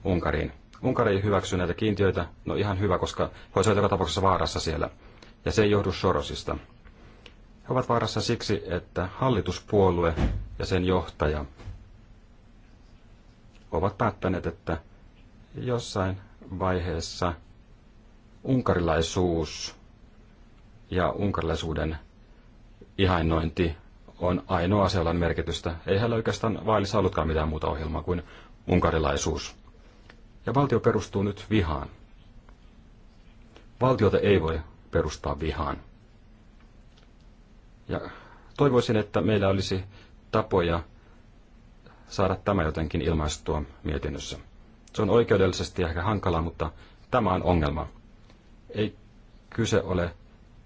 [SPEAKER 4] Unkariin. Unkari ei hyväksy näitä kiintiöitä, no ihan hyvä, koska he olisivat joka tapauksessa vaarassa siellä. Ja se ei johdu Sorosista. He ovat vaarassa siksi, että hallituspuolue ja sen johtaja ovat päättäneet, että jossain vaiheessa unkarilaisuus ja unkarilaisuuden ihainnointi on ainoa asialan merkitystä. Ei hänellä oikeastaan vaalissa ollutkaan mitään muuta ohjelmaa kuin unkarilaisuus. Ja valtio perustuu nyt vihaan. Valtiota ei voi perustaa vihaan. Ja toivoisin, että meillä olisi tapoja saada tämä jotenkin ilmaistua mietinnössä. Se on oikeudellisesti ehkä hankalaa, mutta tämä on ongelma. Ei kyse ole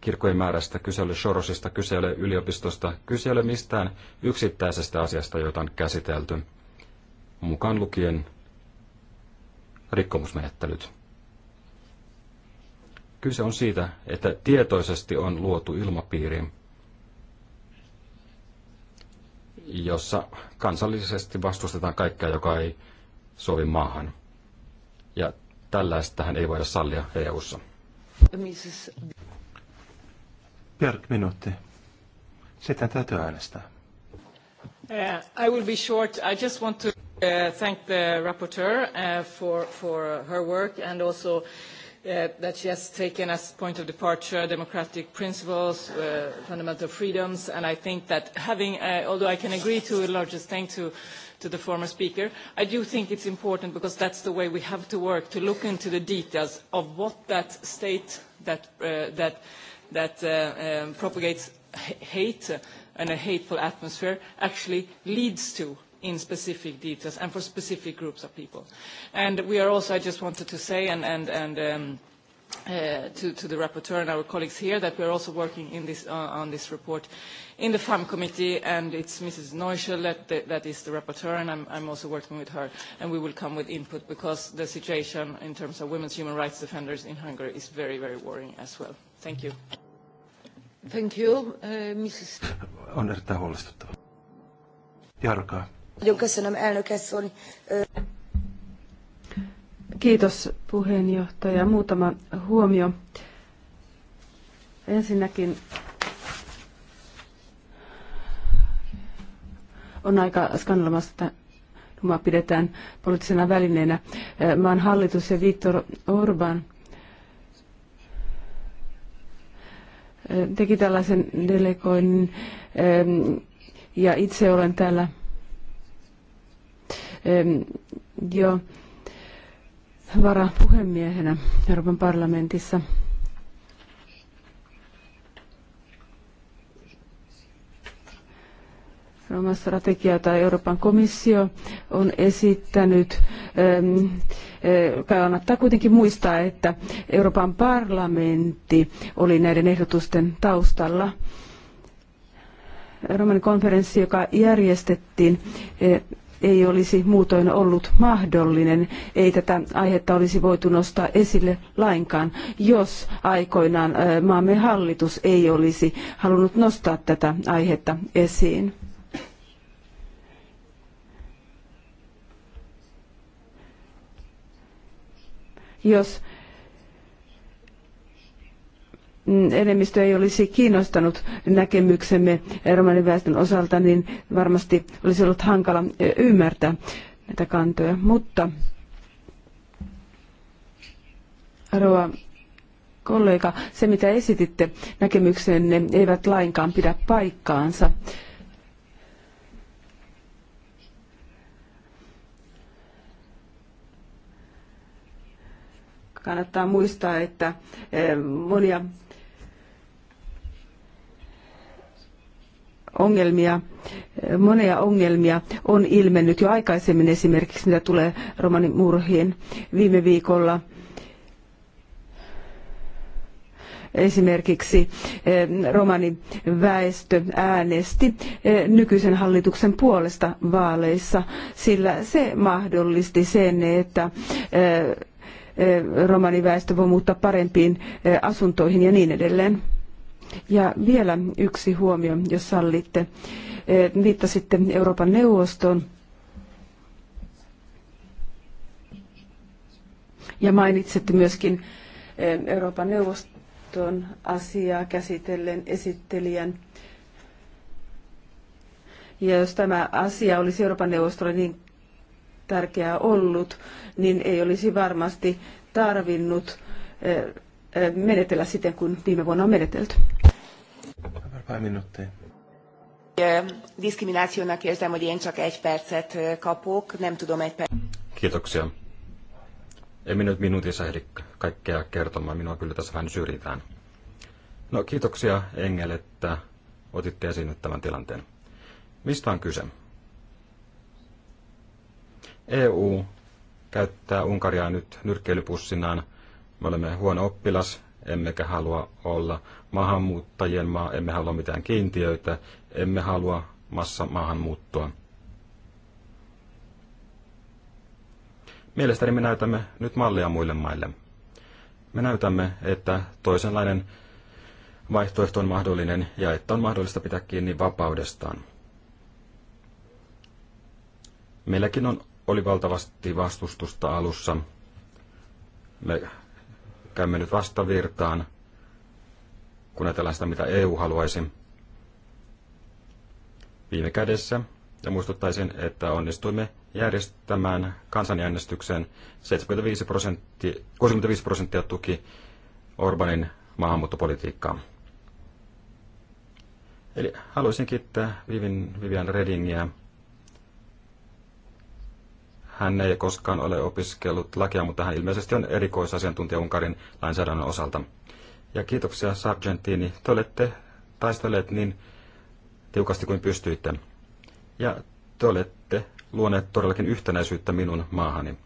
[SPEAKER 4] kirkkojen määrästä, kyse oli Sorosista, kyse oli yliopistosta, kyse oli mistään yksittäisestä asiasta, jota on käsitelty, mukaan lukien rikkomusmenettelyt. Kyse on siitä, että tietoisesti on luotu ilmapiiri, jossa kansallisesti vastustetaan kaikkea, joka ei sovi maahan. Ja tällaistähän ei voida sallia EU-ssa.
[SPEAKER 1] Björk, minuutti. Sitten täytyy äänestää.
[SPEAKER 2] Uh, I will be short. I just want to uh, thank the rapporteur uh, for, for her work and also Uh, that she has taken as point of departure democratic principles, uh, fundamental freedoms, and I think that having, uh, although I can agree to a large extent to, to the former speaker, I do think it's important because that's the way we have to work, to look into the details of what that state, that, uh, that that uh, um, propagates hate and a hateful atmosphere actually leads to in specific details and for specific groups of people. And we are also, I just wanted to say, and, and, and um, uh, to, to the rapporteur and our colleagues here, that we are also working in this, uh, on this report in the FAM committee, and it's Mrs. Neuschel that, that, that is the rapporteur, and I'm, I'm also working with her, and we will come with input because the situation in terms of women's human rights defenders in Hungary is very, very worrying as well. Thank you. Thank you, uh, Mrs. On erittäin huolestuttava. Jarkaa. Uh- Kiitos puheenjohtaja. Muutama huomio. Ensinnäkin on aika skandalomasta, että Ruma pidetään poliittisena välineenä. Maan hallitus ja Viktor Orban – teki tällaisen delegoinnin ja itse olen täällä jo varapuhemiehenä Euroopan parlamentissa – strategia, jota Euroopan komissio on esittänyt. Ähm, äh, kannattaa kuitenkin muistaa, että Euroopan parlamentti oli näiden ehdotusten taustalla. Romanin konferenssi, joka järjestettiin, äh, ei olisi muutoin ollut mahdollinen. Ei tätä aihetta olisi voitu nostaa esille lainkaan, jos aikoinaan äh, maamme hallitus ei olisi halunnut nostaa tätä aihetta esiin. jos enemmistö ei olisi kiinnostanut näkemyksemme romaniväestön osalta, niin varmasti olisi ollut hankala ymmärtää näitä kantoja. Mutta arvoa kollega, se mitä esititte näkemyksenne eivät lainkaan pidä paikkaansa. Kannattaa muistaa, että eh, monia ongelmia, eh, monia ongelmia on ilmennyt jo aikaisemmin esimerkiksi, mitä tulee romanimurhiin viime viikolla. Esimerkiksi eh, romaniväestö äänesti nykyisen hallituksen puolesta vaaleissa, sillä se mahdollisti sen, että romaniväestö voi muuttaa parempiin asuntoihin ja niin edelleen. Ja vielä yksi huomio, jos sallitte. Viittasitte Euroopan neuvostoon. Ja mainitsitte myöskin Euroopan neuvoston asiaa käsitellen esittelijän. Ja jos tämä asia olisi Euroopan neuvostolle niin tärkeää ollut, niin ei olisi varmasti tarvinnut eh, eh, menetellä siten kuin viime vuonna on menetelty. Pár érzem, hogy én csak egy percet kapok, nem tudom egy percet.
[SPEAKER 4] Kiitoksia. En minä nyt minuutissa ehdi kaikkea kertomaan, minua kyllä tässä vähän syrjitään. No kiitoksia Engel, että otitte esiin tämän tilanteen. Mistä on kyse? EU käyttää Unkaria nyt nyrkkeilypussinaan. Me olemme huono oppilas, emmekä halua olla maahanmuuttajien maa, emme halua mitään kiintiöitä, emme halua massa maahanmuuttoa. Mielestäni me näytämme nyt mallia muille maille. Me näytämme, että toisenlainen vaihtoehto on mahdollinen ja että on mahdollista pitää kiinni vapaudestaan. Meilläkin on oli valtavasti vastustusta alussa. Me käymme nyt vastavirtaan, kun ajatellaan sitä, mitä EU haluaisi viime kädessä. Ja muistuttaisin, että onnistuimme järjestämään kansanäänestyksen 75 prosenttia, 65 prosenttia tuki Orbanin maahanmuuttopolitiikkaa. Eli haluaisin kiittää Vivian Redingiä hän ei koskaan ole opiskellut lakia, mutta hän ilmeisesti on erikoisasiantuntija Unkarin lainsäädännön osalta. Ja kiitoksia Sargentini. Te olette taistelleet niin tiukasti kuin pystyitte. Ja te olette luoneet todellakin yhtenäisyyttä minun maahani.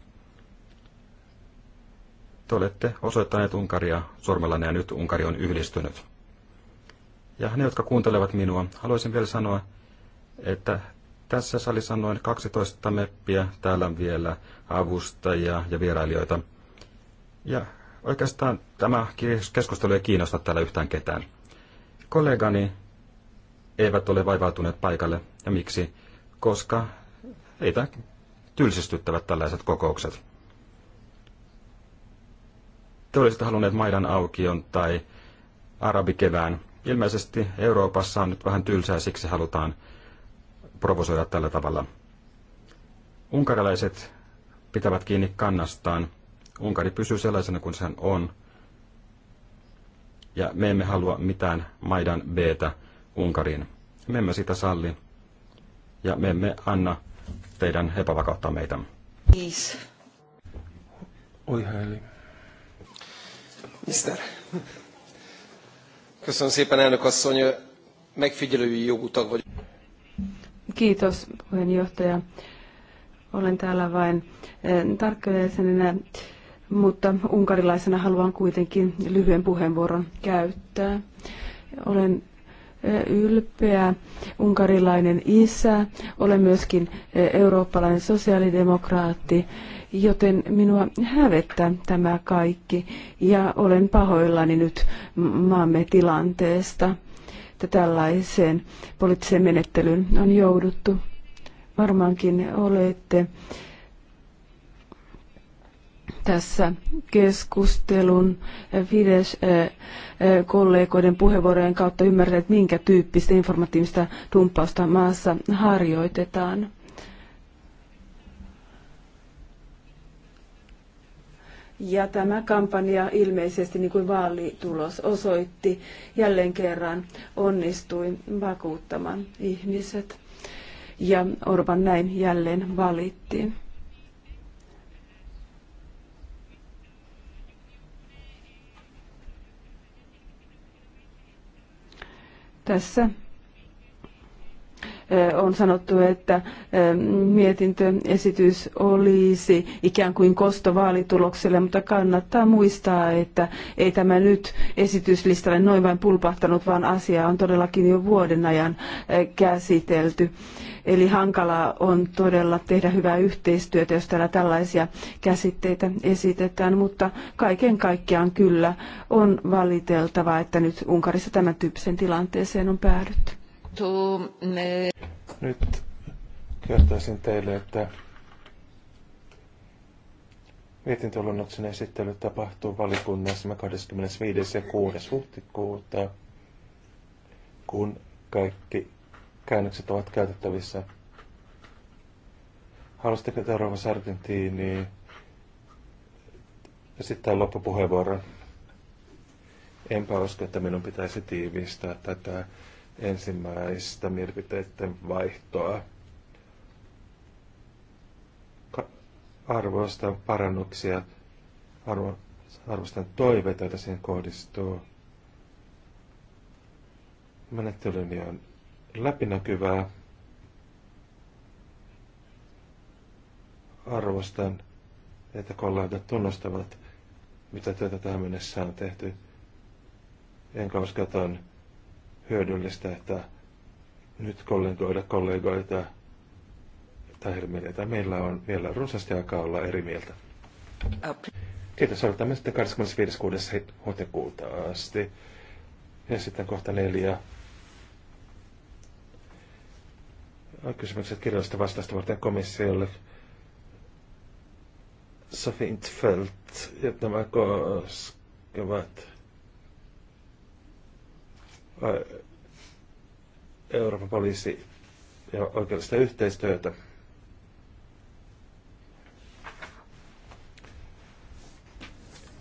[SPEAKER 4] Te olette osoittaneet Unkaria sormellanne ja nyt Unkari on yhdistynyt. Ja ne, jotka kuuntelevat minua, haluaisin vielä sanoa, että tässä salissa on noin 12 meppiä, täällä on vielä avustajia ja vierailijoita. Ja oikeastaan tämä keskustelu ei kiinnosta täällä yhtään ketään. Kollegani eivät ole vaivautuneet paikalle. Ja miksi? Koska heitä tylsistyttävät tällaiset kokoukset. Te olisitte halunneet Maidan aukion tai arabikevään. Ilmeisesti Euroopassa on nyt vähän tylsää, siksi halutaan provosoida tällä tavalla. Unkarilaiset pitävät kiinni kannastaan. Unkari pysyy sellaisena kuin sen on. Ja me emme halua mitään Maidan b Unkariin. Me emme sitä salli. Ja me emme anna teidän epävakauttaa meitä.
[SPEAKER 2] Kiis.
[SPEAKER 1] Oi häili. Mister. Köszönöm szépen, elnök asszony. Megfigyelői jogutag vagy.
[SPEAKER 2] Kiitos puheenjohtaja. Olen täällä vain eh, tarkkailijäisenä, mutta unkarilaisena haluan kuitenkin lyhyen puheenvuoron käyttää. Olen eh, ylpeä unkarilainen isä, olen myöskin eh, eurooppalainen sosiaalidemokraatti, joten minua hävettää tämä kaikki ja olen pahoillani nyt maamme tilanteesta että tällaiseen poliittiseen menettelyyn on jouduttu. Varmaankin olette tässä keskustelun Fides-kollegoiden puheenvuorojen kautta ymmärtäneet, minkä tyyppistä informatiivista dumppausta maassa harjoitetaan. Ja tämä kampanja ilmeisesti, niin kuin vaalitulos osoitti, jälleen kerran onnistui vakuuttamaan ihmiset. Ja Orban näin jälleen valittiin. Tässä on sanottu, että mietintöesitys olisi ikään kuin kosto vaalitulokselle, mutta kannattaa muistaa, että ei tämä nyt esityslistalle noin vain pulpahtanut, vaan asiaa on todellakin jo vuoden ajan käsitelty. Eli hankalaa on todella tehdä hyvää yhteistyötä, jos täällä tällaisia käsitteitä esitetään, mutta kaiken kaikkiaan kyllä on valiteltava, että nyt Unkarissa tämän tyyppiseen tilanteeseen on päädytty to...
[SPEAKER 1] Nyt kertoisin teille, että mietintöluonnoksen esittely tapahtuu valikunnassa 25. ja 6. huhtikuuta, kun kaikki käännökset ovat käytettävissä. Haluaisitteko te Sargentiniin ja esittää loppupuheenvuoron? Enpä usko, että minun pitäisi tiivistää tätä ensimmäistä mielipiteiden vaihtoa. Arvostan parannuksia, arvo, arvostan toiveita, joita siihen kohdistuu. Menettelyni on läpinäkyvää. Arvostan, että kollegat tunnustavat, mitä työtä tähän mennessä on tehty. Enkä usko, että hyödyllistä, että nyt kollegoida kollegoita tai hermeleitä. Meillä on vielä runsaasti aikaa olla eri mieltä. Kiitos. Odotamme sitten 25.6. huhtikuuta asti. Ja sitten kohta neljä. Kysymykset kirjallista vastausta varten komissiolle. Sofintfeldt ja tämä koskevat Euroopan poliisi ja oikeudellista yhteistyötä.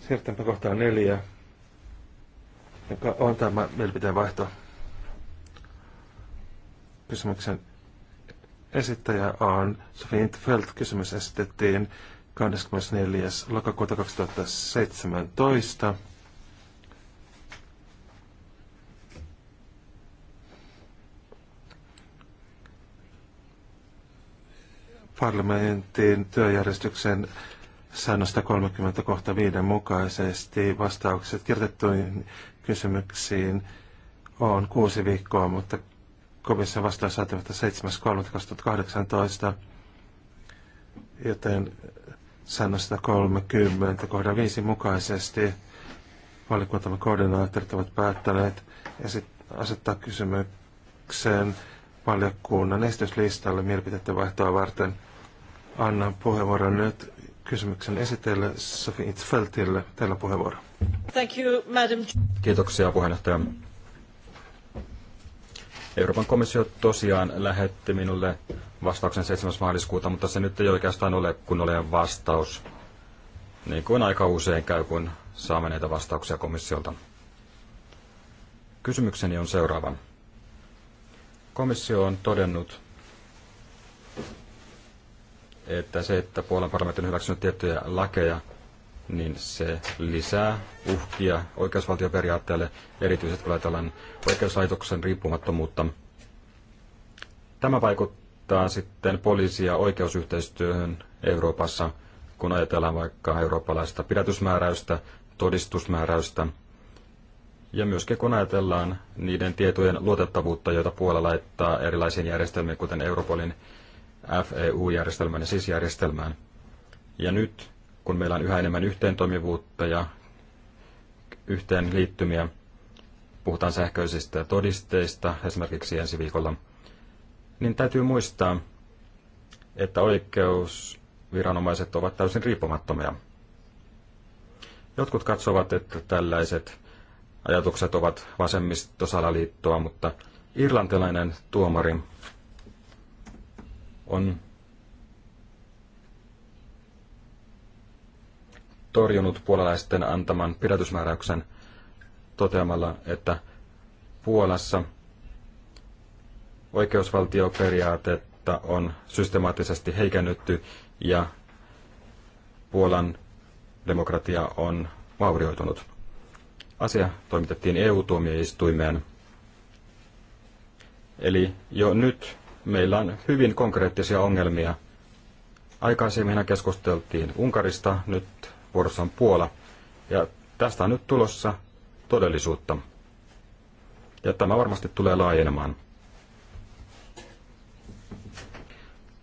[SPEAKER 1] Siirrytäänpä kohtaan neljä, joka on tämä mielipiteen vaihto. Kysymyksen esittäjä on Sofie Intfeld. Kysymys esitettiin 24. lokakuuta 2017. parlamentin työjärjestyksen säännöstä 30 kohta 5 mukaisesti vastaukset kirjoitettuihin kysymyksiin on kuusi viikkoa, mutta komissio vastaa saatavasta 7.3.2018, joten säännöstä 30 kohta 5 mukaisesti valikuntamme koordinaattorit ovat päättäneet asettaa kysymykseen valiokunnan esityslistalle mielipiteiden vaihtoa varten – Annan puheenvuoron nyt
[SPEAKER 4] kysymyksen esitelle Sofi Itzfeltille. Teillä puheenvuoro.
[SPEAKER 2] Thank you, madam.
[SPEAKER 4] Kiitoksia puheenjohtaja. Euroopan komissio tosiaan lähetti minulle vastauksen 7. maaliskuuta, mutta se nyt ei oikeastaan ole kunnollinen vastaus, niin kuin aika usein käy, kun saamme näitä vastauksia komissiolta. Kysymykseni on seuraava. Komissio on todennut, että se, että Puolan parlamentti on hyväksynyt tiettyjä lakeja, niin se lisää uhkia oikeusvaltioperiaatteelle, erityisesti kun ajatellaan oikeuslaitoksen riippumattomuutta. Tämä vaikuttaa sitten poliisi- ja oikeusyhteistyöhön Euroopassa, kun ajatellaan vaikka eurooppalaista pidätysmääräystä, todistusmääräystä, ja myöskin kun ajatellaan niiden tietojen luotettavuutta, joita Puola laittaa erilaisiin järjestelmiin, kuten Europolin FEU-järjestelmään ja SIS-järjestelmään. Ja nyt, kun meillä on yhä enemmän yhteentoimivuutta ja yhteen liittymiä, puhutaan sähköisistä todisteista esimerkiksi ensi viikolla, niin täytyy muistaa, että oikeusviranomaiset ovat täysin riippumattomia. Jotkut katsovat, että tällaiset ajatukset ovat vasemmistosalaliittoa, mutta irlantilainen tuomari on torjunut puolalaisten antaman pidätysmääräyksen toteamalla, että Puolassa oikeusvaltioperiaatetta on systemaattisesti heikennetty ja Puolan demokratia on vaurioitunut. Asia toimitettiin EU-tuomioistuimeen. Eli jo nyt meillä on hyvin konkreettisia ongelmia. Aikaisemmin keskusteltiin Unkarista, nyt vuorossa on Puola. Ja tästä on nyt tulossa todellisuutta. Ja tämä varmasti tulee laajenemaan.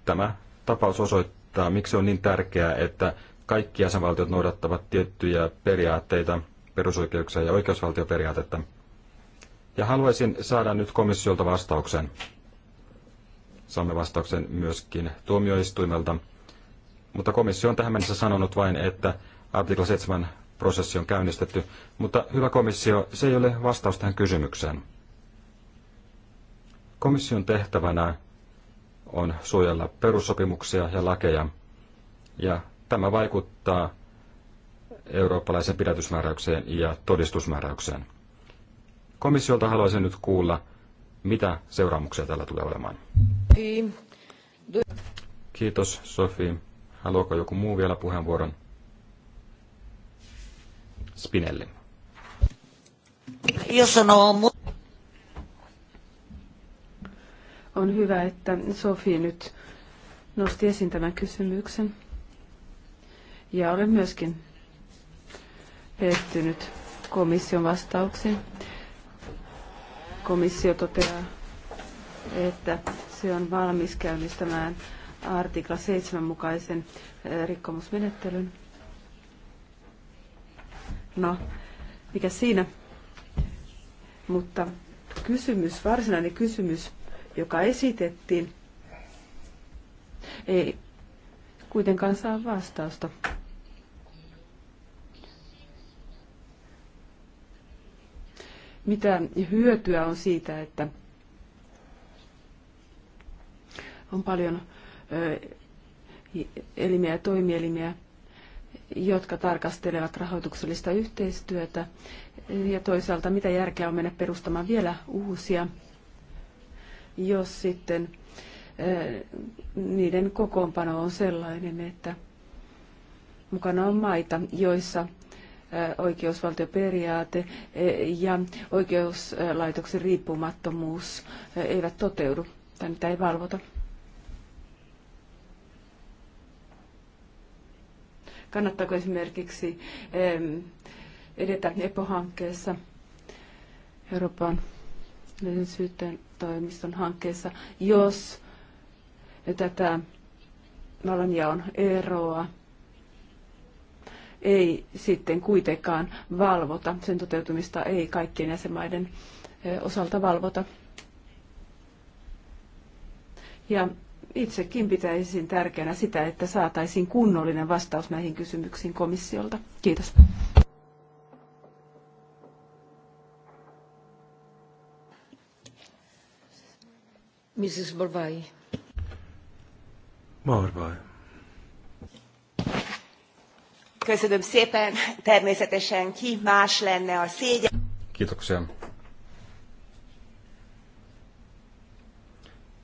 [SPEAKER 4] Tämä tapaus osoittaa, miksi on niin tärkeää, että kaikki jäsenvaltiot noudattavat tiettyjä periaatteita, perusoikeuksia ja oikeusvaltioperiaatetta. Ja haluaisin saada nyt komissiolta vastauksen saamme vastauksen myöskin tuomioistuimelta. Mutta komissio on tähän mennessä sanonut vain, että artikla 7 prosessi on käynnistetty, mutta hyvä komissio, se ei ole vastaus tähän kysymykseen. Komission tehtävänä on suojella perussopimuksia ja lakeja, ja tämä vaikuttaa eurooppalaisen pidätysmääräykseen ja todistusmääräykseen. Komissiolta haluaisin nyt kuulla, mitä seuraamuksia tällä tulee olemaan. Kiitos Sofi. Haluaako joku muu vielä puheenvuoron? Spinelli.
[SPEAKER 2] Jos On hyvä, että Sofi nyt nosti esiin tämän kysymyksen. Ja olen myöskin pettynyt komission vastauksiin komissio toteaa, että se on valmis käynnistämään artikla 7 mukaisen eh, rikkomusmenettelyn. No, mikä siinä? Mutta kysymys, varsinainen kysymys, joka esitettiin, ei kuitenkaan saa vastausta. mitä hyötyä on siitä, että on paljon elimiä ja toimielimiä, jotka tarkastelevat rahoituksellista yhteistyötä. Ja toisaalta, mitä järkeä on mennä perustamaan vielä uusia, jos sitten niiden kokoonpano on sellainen, että mukana on maita, joissa oikeusvaltioperiaate ja oikeuslaitoksen riippumattomuus eivät toteudu tai niitä ei valvota. Kannattaako esimerkiksi edetä EPO-hankkeessa Euroopan syytteen toimiston hankkeessa, jos tätä vallanjaon eroa ei sitten kuitenkaan valvota. Sen toteutumista ei kaikkien jäsenmaiden osalta valvota. Ja itsekin pitäisin tärkeänä sitä, että saataisiin kunnollinen vastaus näihin kysymyksiin komissiolta. Kiitos. Mrs. Borvai. Morvai. Köszönöm szépen, természetesen ki más lenne a szégyen.
[SPEAKER 4] Kiitoksia.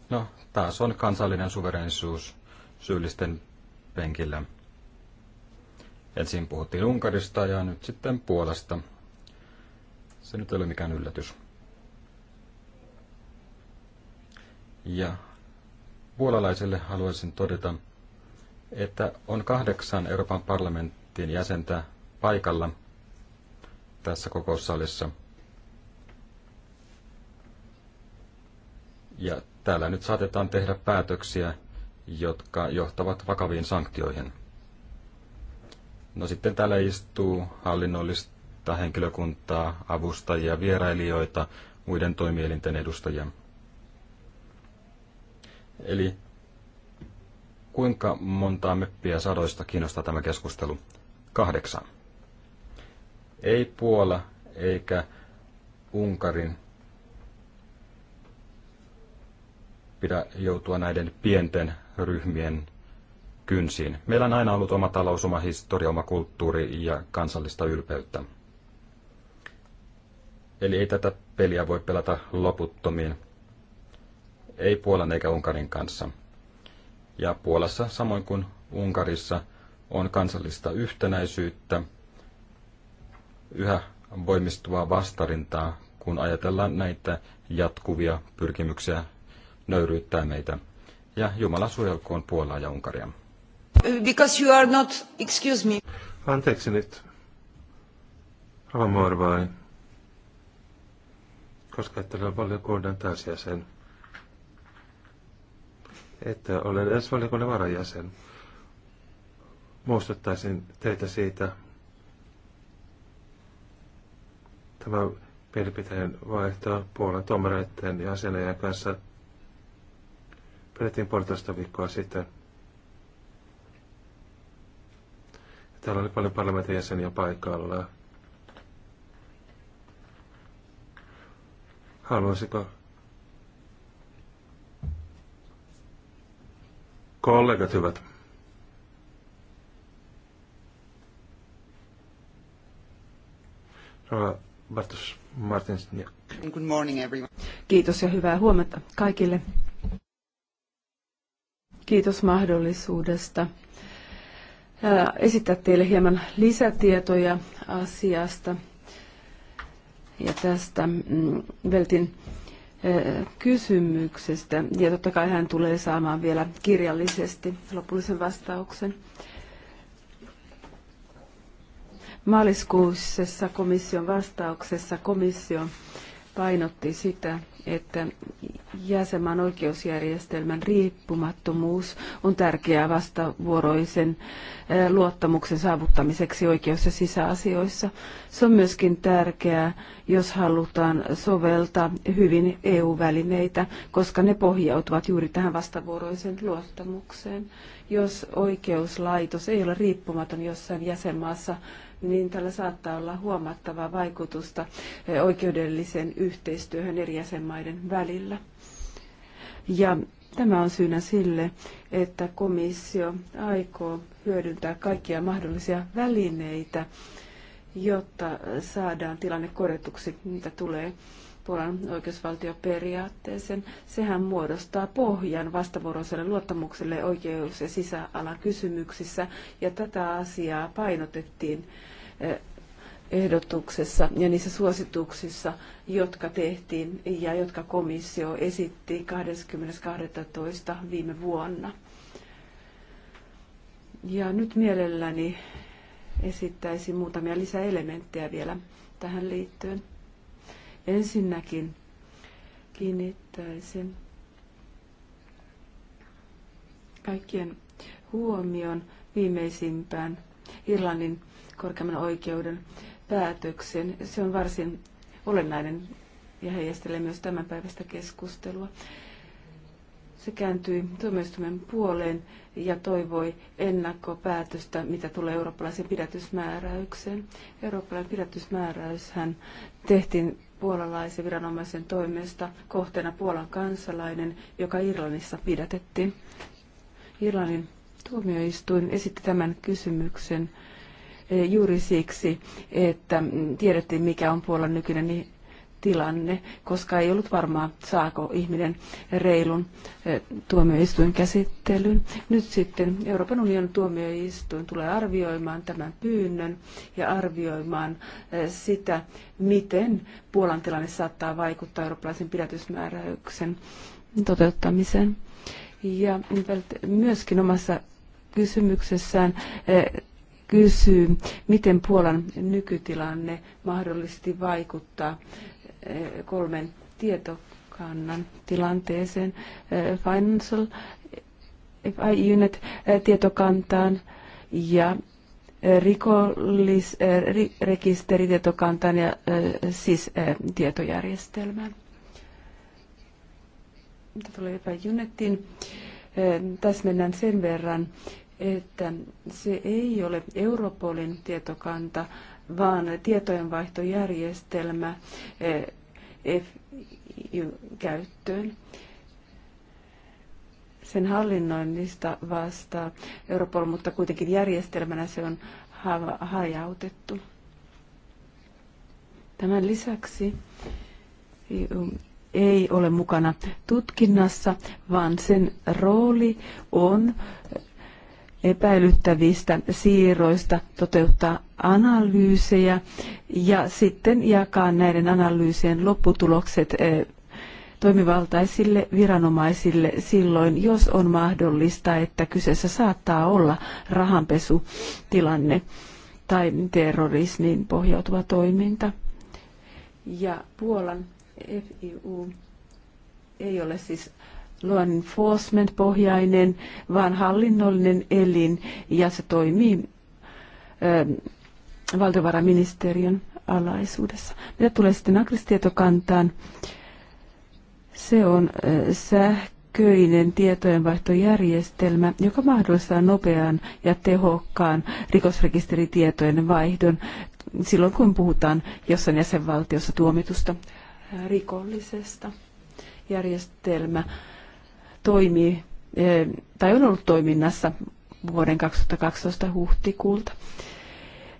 [SPEAKER 4] No, taas on kansallinen suverenisuus syyllisten penkillä. Ensin puhuttiin Unkarista ja nyt sitten Puolasta. Se nyt ei ole mikään yllätys. Ja puolalaisille haluaisin todeta, että on kahdeksan Euroopan parlamentin tuhatkin jäsentä paikalla tässä kokoussalissa. Ja täällä nyt saatetaan tehdä päätöksiä, jotka johtavat vakaviin sanktioihin. No sitten täällä istuu hallinnollista henkilökuntaa, avustajia, vierailijoita, muiden toimielinten edustajia. Eli kuinka montaa meppiä sadoista kiinnostaa tämä keskustelu? kahdeksan. Ei Puola eikä Unkarin pidä joutua näiden pienten ryhmien kynsiin. Meillä on aina ollut oma talous, oma historia, oma kulttuuri ja kansallista ylpeyttä. Eli ei tätä peliä voi pelata loputtomiin. Ei Puolan eikä Unkarin kanssa. Ja Puolassa, samoin kuin Unkarissa, on kansallista yhtenäisyyttä, yhä voimistuvaa vastarintaa, kun ajatellaan näitä jatkuvia pyrkimyksiä nöyryyttää meitä. Ja Jumala suojelkoon Puolaa ja Unkaria.
[SPEAKER 2] Because you are not, excuse me.
[SPEAKER 4] Anteeksi nyt. Amor vai?
[SPEAKER 1] Koska ette ole valiokunnan täysjäsen. Että olen edes valiokunnan varajäsen muistuttaisin teitä siitä, tämä mielipiteen vaihto puolen tuomareiden ja asianajan kanssa pidettiin puolitoista viikkoa sitten. Täällä oli paljon parlamentin jäseniä paikalla. Haluaisiko kollegat hyvät? Bartos Martinsniak.
[SPEAKER 2] Good morning everyone. Kiitos ja hyvää huomenta kaikille. Kiitos mahdollisuudesta esittää teille hieman lisätietoja asiasta ja tästä mm, Veltin kysymyksestä. Ja totta kai hän tulee saamaan vielä kirjallisesti lopullisen vastauksen. Maaliskuisessa komission vastauksessa komissio painotti sitä, että jäsenmaan oikeusjärjestelmän riippumattomuus on tärkeää vastavuoroisen eh, luottamuksen saavuttamiseksi oikeus- ja sisäasioissa. Se on myöskin tärkeää, jos halutaan soveltaa hyvin EU-välineitä, koska ne pohjautuvat juuri tähän vastavuoroisen luottamukseen. Jos oikeuslaitos ei ole riippumaton jossain jäsenmaassa, niin tällä saattaa olla huomattavaa vaikutusta eh, oikeudelliseen yhteistyöhön eri jäsenmaiden välillä. Ja Tämä on syynä sille, että komissio aikoo hyödyntää kaikkia mahdollisia välineitä, jotta saadaan tilanne korjatuksi, mitä tulee Puolan oikeusvaltioperiaatteeseen. Sehän muodostaa pohjan vastavuoroiselle luottamukselle oikeus- ja sisäalan kysymyksissä, ja tätä asiaa painotettiin eh, ehdotuksessa ja niissä suosituksissa, jotka tehtiin ja jotka komissio esitti 20.12. viime vuonna. Ja nyt mielelläni esittäisin muutamia lisäelementtejä vielä tähän liittyen. Ensinnäkin kiinnittäisin kaikkien huomion viimeisimpään Irlannin korkeimman oikeuden päätöksen. Se on varsin olennainen ja heijastelee myös tämän päivästä keskustelua. Se kääntyi tuomioistuimen puoleen ja toivoi ennakkopäätöstä, mitä tulee eurooppalaisen pidätysmääräykseen. Eurooppalainen pidätysmääräyshän tehtiin puolalaisen viranomaisen toimesta kohteena Puolan kansalainen, joka Irlannissa pidätettiin. Irlannin tuomioistuin esitti tämän kysymyksen eh, juuri siksi, että mm, tiedettiin mikä on Puolan nykyinen tilanne, koska ei ollut varmaa, saako ihminen reilun eh, käsittelyn. Nyt sitten Euroopan unionin tuomioistuin tulee arvioimaan tämän pyynnön ja arvioimaan eh, sitä, miten Puolan tilanne saattaa vaikuttaa eurooppalaisen pidätysmääräyksen toteuttamiseen. Ja myöskin omassa kysymyksessään eh, kysyy, miten Puolan nykytilanne mahdollisesti vaikuttaa kolmen tietokannan tilanteeseen, Financial unit tietokantaan ja rikollis, ja siis tietojärjestelmään. tulee tässä mennään sen verran, että se ei ole Europolin tietokanta, vaan tietojenvaihtojärjestelmä eh, käyttöön. Sen hallinnoinnista vastaa Europol, mutta kuitenkin järjestelmänä se on hajautettu. Tämän lisäksi ei ole mukana tutkinnassa, vaan sen rooli on epäilyttävistä siirroista toteuttaa analyysejä ja sitten jakaa näiden analyysien lopputulokset eh, toimivaltaisille viranomaisille silloin, jos on mahdollista, että kyseessä saattaa olla rahanpesutilanne tai terrorismiin pohjautuva toiminta. Ja Puolan FIU ei ole siis law enforcement-pohjainen, vaan hallinnollinen elin ja se toimii ö, ähm, valtiovarainministeriön alaisuudessa. Mitä tulee sitten agristietokantaan? Se on ö, äh, sähköinen tietojenvaihtojärjestelmä, joka mahdollistaa nopean ja tehokkaan rikosrekisteritietojen vaihdon silloin, kun puhutaan jossain jäsenvaltiossa tuomitusta rikollisesta järjestelmä toimii eh, tai on ollut toiminnassa vuoden 2012 huhtikuulta.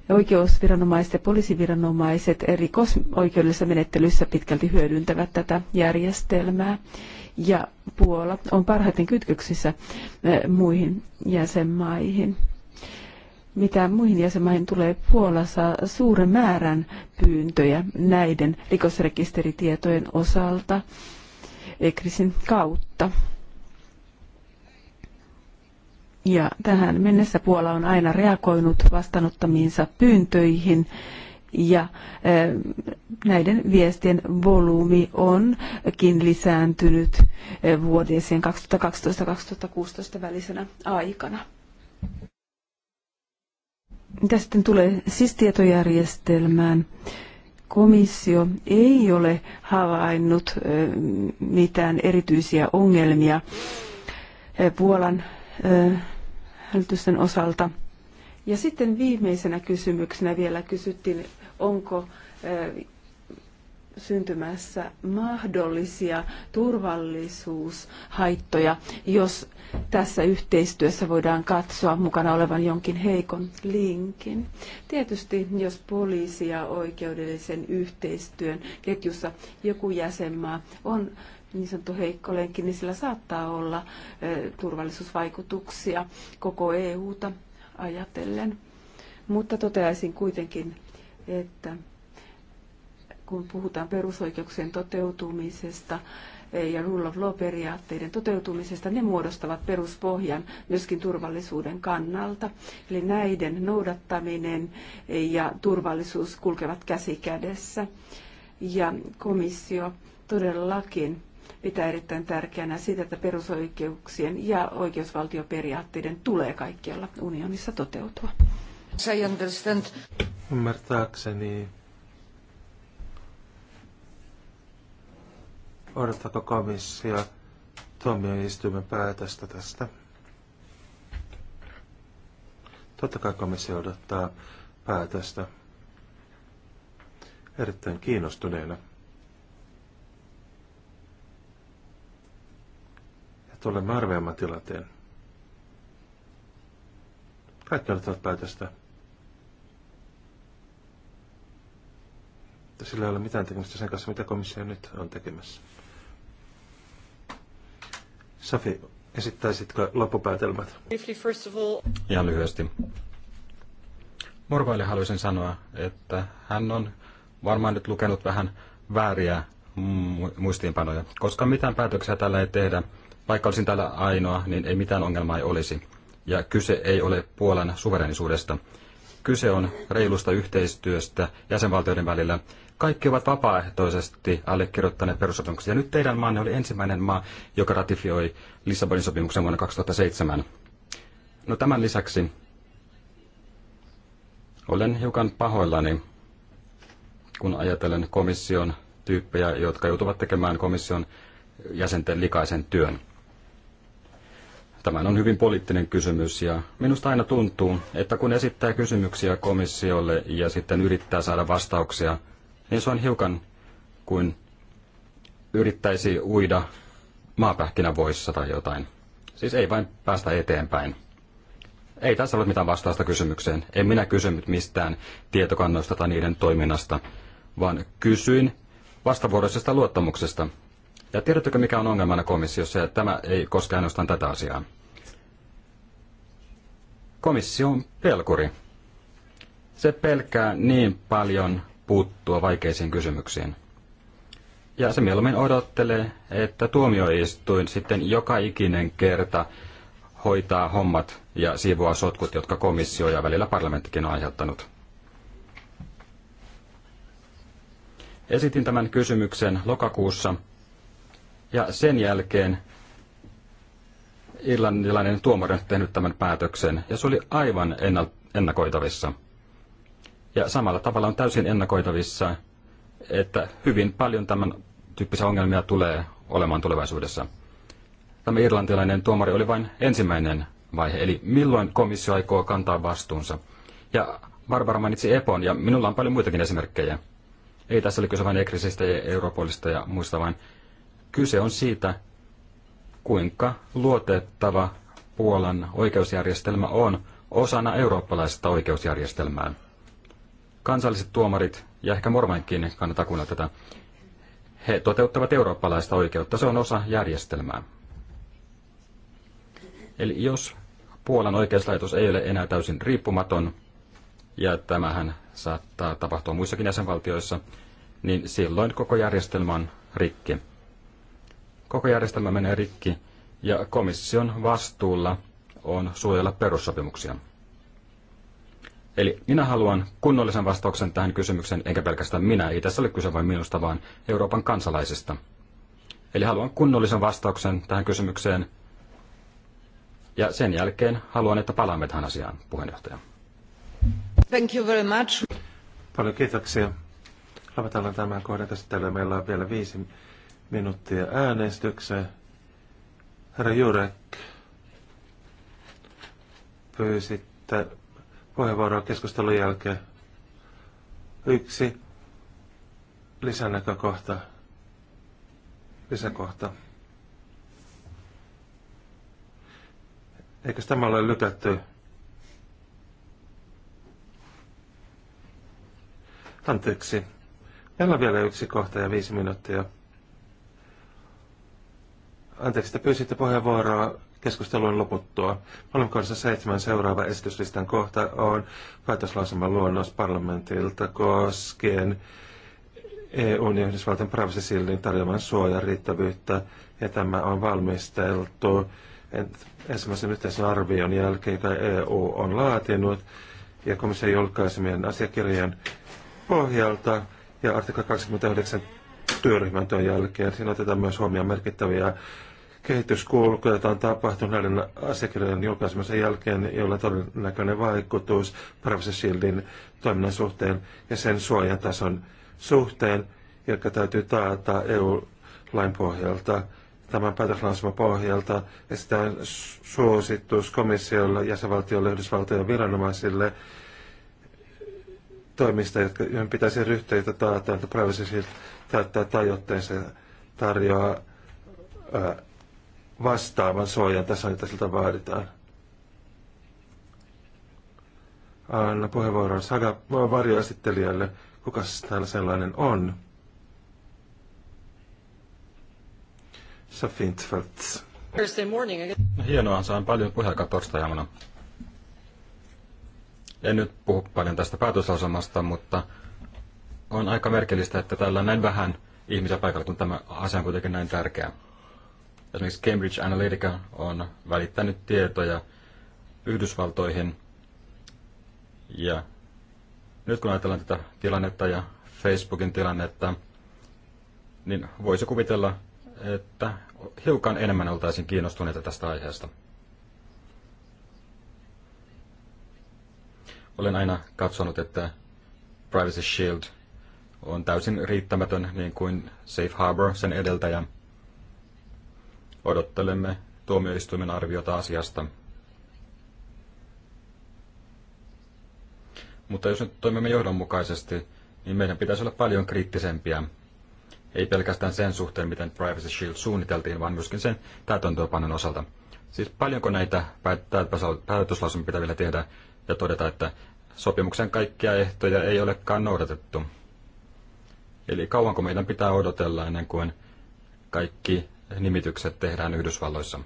[SPEAKER 2] Oikeusviranomaiset ja poliisiviranomaiset rikosoikeudellisissa menettelyissä pitkälti hyödyntävät tätä järjestelmää. Ja Puola on parhaiten kytköksissä eh, muihin jäsenmaihin. Mitä muihin jäsenmaihin tulee, Puola saa suuren määrän pyyntöjä näiden rikosrekisteritietojen osalta ECRISin eh, kautta. Ja tähän mennessä Puola on aina reagoinut vastaanottamiinsa pyyntöihin ja eh, näiden viestien volyymi onkin lisääntynyt eh, vuodesien 2012-2016 välisenä aikana. Mitä sitten tulee SIS-tietojärjestelmään? Komissio ei ole havainnut eh, mitään erityisiä ongelmia Puolan hälytysten osalta. Ja sitten viimeisenä kysymyksenä vielä kysyttiin, onko syntymässä mahdollisia turvallisuushaittoja, jos tässä yhteistyössä voidaan katsoa mukana olevan jonkin heikon linkin. Tietysti jos poliisia oikeudellisen yhteistyön ketjussa joku jäsenmaa on niin sanottu heikko lenkki, niin sillä saattaa olla turvallisuusvaikutuksia koko EUta ajatellen. Mutta toteaisin kuitenkin, että kun puhutaan perusoikeuksien toteutumisesta ja rule of law-periaatteiden toteutumisesta, ne muodostavat peruspohjan myöskin turvallisuuden kannalta. Eli näiden noudattaminen ja turvallisuus kulkevat käsi kädessä. Ja komissio todellakin pitää erittäin tärkeänä sitä, että perusoikeuksien ja oikeusvaltioperiaatteiden tulee kaikkialla unionissa toteutua. I understand.
[SPEAKER 1] Ymmärtääkseni odottaako komissio tuomioistuimen päätöstä tästä? Totta kai komissio odottaa päätöstä erittäin kiinnostuneena. olemme arveamman tilanteen. Kaikki odottavat päätöstä. Sillä ei ole mitään tekemistä sen kanssa, mitä komissio nyt on tekemässä. Safi,
[SPEAKER 4] esittäisitkö loppupäätelmät? Ihan lyhyesti. Morvaille haluaisin sanoa, että hän on varmaan nyt lukenut vähän vääriä muistiinpanoja, koska mitään päätöksiä tällä ei tehdä, vaikka olisin täällä ainoa, niin ei mitään ongelmaa ei olisi. Ja kyse ei ole Puolan suverenisuudesta. Kyse on reilusta yhteistyöstä jäsenvaltioiden välillä. Kaikki ovat vapaaehtoisesti allekirjoittaneet perussopimuksia. Nyt teidän maanne oli ensimmäinen maa, joka ratifioi Lissabonin sopimuksen vuonna 2007. No tämän lisäksi olen hiukan pahoillani, kun ajatellen komission tyyppejä, jotka joutuvat tekemään komission jäsenten likaisen työn. Tämä on hyvin poliittinen kysymys ja minusta aina tuntuu, että kun esittää kysymyksiä komissiolle ja sitten yrittää saada vastauksia, niin se on hiukan kuin yrittäisi uida maapähkinävoissa tai jotain. Siis ei vain päästä eteenpäin. Ei tässä ole mitään vastausta kysymykseen. En minä kysynyt mistään tietokannoista tai niiden toiminnasta, vaan kysyin vastavuoroisesta luottamuksesta. Ja tiedättekö mikä on ongelmana komissiossa, ja tämä ei koske ainoastaan tätä asiaa. Komissio on pelkuri. Se pelkää niin paljon puuttua vaikeisiin kysymyksiin. Ja se mieluummin odottelee, että tuomioistuin sitten joka ikinen kerta hoitaa hommat ja siivoaa sotkut, jotka komissio ja välillä parlamenttikin on aiheuttanut. Esitin tämän kysymyksen lokakuussa ja sen jälkeen irlannilainen tuomari on tehnyt tämän päätöksen, ja se oli aivan ennakoitavissa. Ja samalla tavalla on täysin ennakoitavissa, että hyvin paljon tämän tyyppisiä ongelmia tulee olemaan tulevaisuudessa. Tämä irlantilainen tuomari oli vain ensimmäinen vaihe, eli milloin komissio aikoo kantaa vastuunsa. Ja Barbara mainitsi EPON, ja minulla on paljon muitakin esimerkkejä. Ei tässä ole kyse vain Ekrisistä ja Europolista ja muista, vaan kyse on siitä, kuinka luotettava Puolan oikeusjärjestelmä on osana eurooppalaista oikeusjärjestelmää. Kansalliset tuomarit, ja ehkä Mormankin kannattaa kuunnella tätä, he toteuttavat eurooppalaista oikeutta. Se on osa järjestelmää. Eli jos Puolan oikeuslaitos ei ole enää täysin riippumaton, ja tämähän saattaa tapahtua muissakin jäsenvaltioissa, niin silloin koko järjestelmä on rikki. Koko järjestelmä menee rikki ja komission vastuulla on suojella perussopimuksia. Eli minä haluan kunnollisen vastauksen tähän kysymykseen, enkä pelkästään minä, ei tässä ole kyse vain minusta, vaan Euroopan kansalaisista. Eli haluan kunnollisen vastauksen tähän kysymykseen, ja sen jälkeen haluan, että palaamme tähän asiaan, puheenjohtaja.
[SPEAKER 2] Thank you very much.
[SPEAKER 4] Paljon kiitoksia. Lopetellaan tämän kohdan käsittelyä.
[SPEAKER 1] Meillä on vielä viisi minuuttia äänestykseen. Herra Jurek, pyysitte puheenvuoroa keskustelun jälkeen. Yksi lisänäkökohta. Lisäkohta. Eikö tämä ole lykätty? Anteeksi. Meillä on vielä yksi kohta ja viisi minuuttia. Anteeksi, että pyysitte puheenvuoroa keskustelun loputtua. Valmikodassa seitsemän seuraava esityslistan kohta on päätöslausuman luonnos parlamentilta koskien EUn ja Yhdysvaltain privacy shieldin tarjoaman suojan riittävyyttä. Ja tämä on valmisteltu ensimmäisen yhteisen arvion jälkeen, jota EU on laatinut ja komission julkaisemien asiakirjan pohjalta ja artikla 29 työryhmän työn jälkeen. Siinä otetaan myös huomioon merkittäviä kehityskulku, jota on tapahtunut näiden asiakirjojen julkaisemisen jälkeen, jolla todennäköinen vaikutus Privacy Shieldin toiminnan suhteen ja sen suojan tason suhteen, joka täytyy taata EU-lain pohjalta, tämän päätöslausuman pohjalta, että suositus komissiolle, jäsenvaltiolle, Yhdysvaltojen viranomaisille toimista, jotka, pitäisi ryhtyä, jotta taataan, että Privacy Shield täyttää tajoitteensa tarjoaa ää, vastaavan suojan tässä jota siltä vaaditaan. Anna puheenvuoron Saga varjoesittelijälle. Kuka täällä sellainen on?
[SPEAKER 4] No Hienoa, saan paljon puheenjohtajaa torstajamana. En nyt puhu paljon tästä päätösasemasta, mutta on aika merkillistä, että täällä on näin vähän ihmisiä paikalla, kun tämä asia on kuitenkin näin tärkeä. Esimerkiksi Cambridge Analytica on välittänyt tietoja Yhdysvaltoihin. Ja nyt kun ajatellaan tätä tilannetta ja Facebookin tilannetta, niin voisi kuvitella, että hiukan enemmän oltaisiin kiinnostuneita tästä aiheesta. Olen aina katsonut, että Privacy Shield on täysin riittämätön, niin kuin Safe Harbor, sen edeltäjä – Odottelemme tuomioistuimen arviota asiasta. Mutta jos nyt toimimme johdonmukaisesti, niin meidän pitäisi olla paljon kriittisempiä. Ei pelkästään sen suhteen, miten Privacy Shield suunniteltiin, vaan myöskin sen täytäntöönpanon osalta. Siis paljonko näitä päätöslausumia pitää vielä tehdä ja todeta, että sopimuksen kaikkia ehtoja ei olekaan noudatettu. Eli kauanko meidän pitää odotella ennen kuin kaikki nimitykset tehdään Yhdysvalloissa.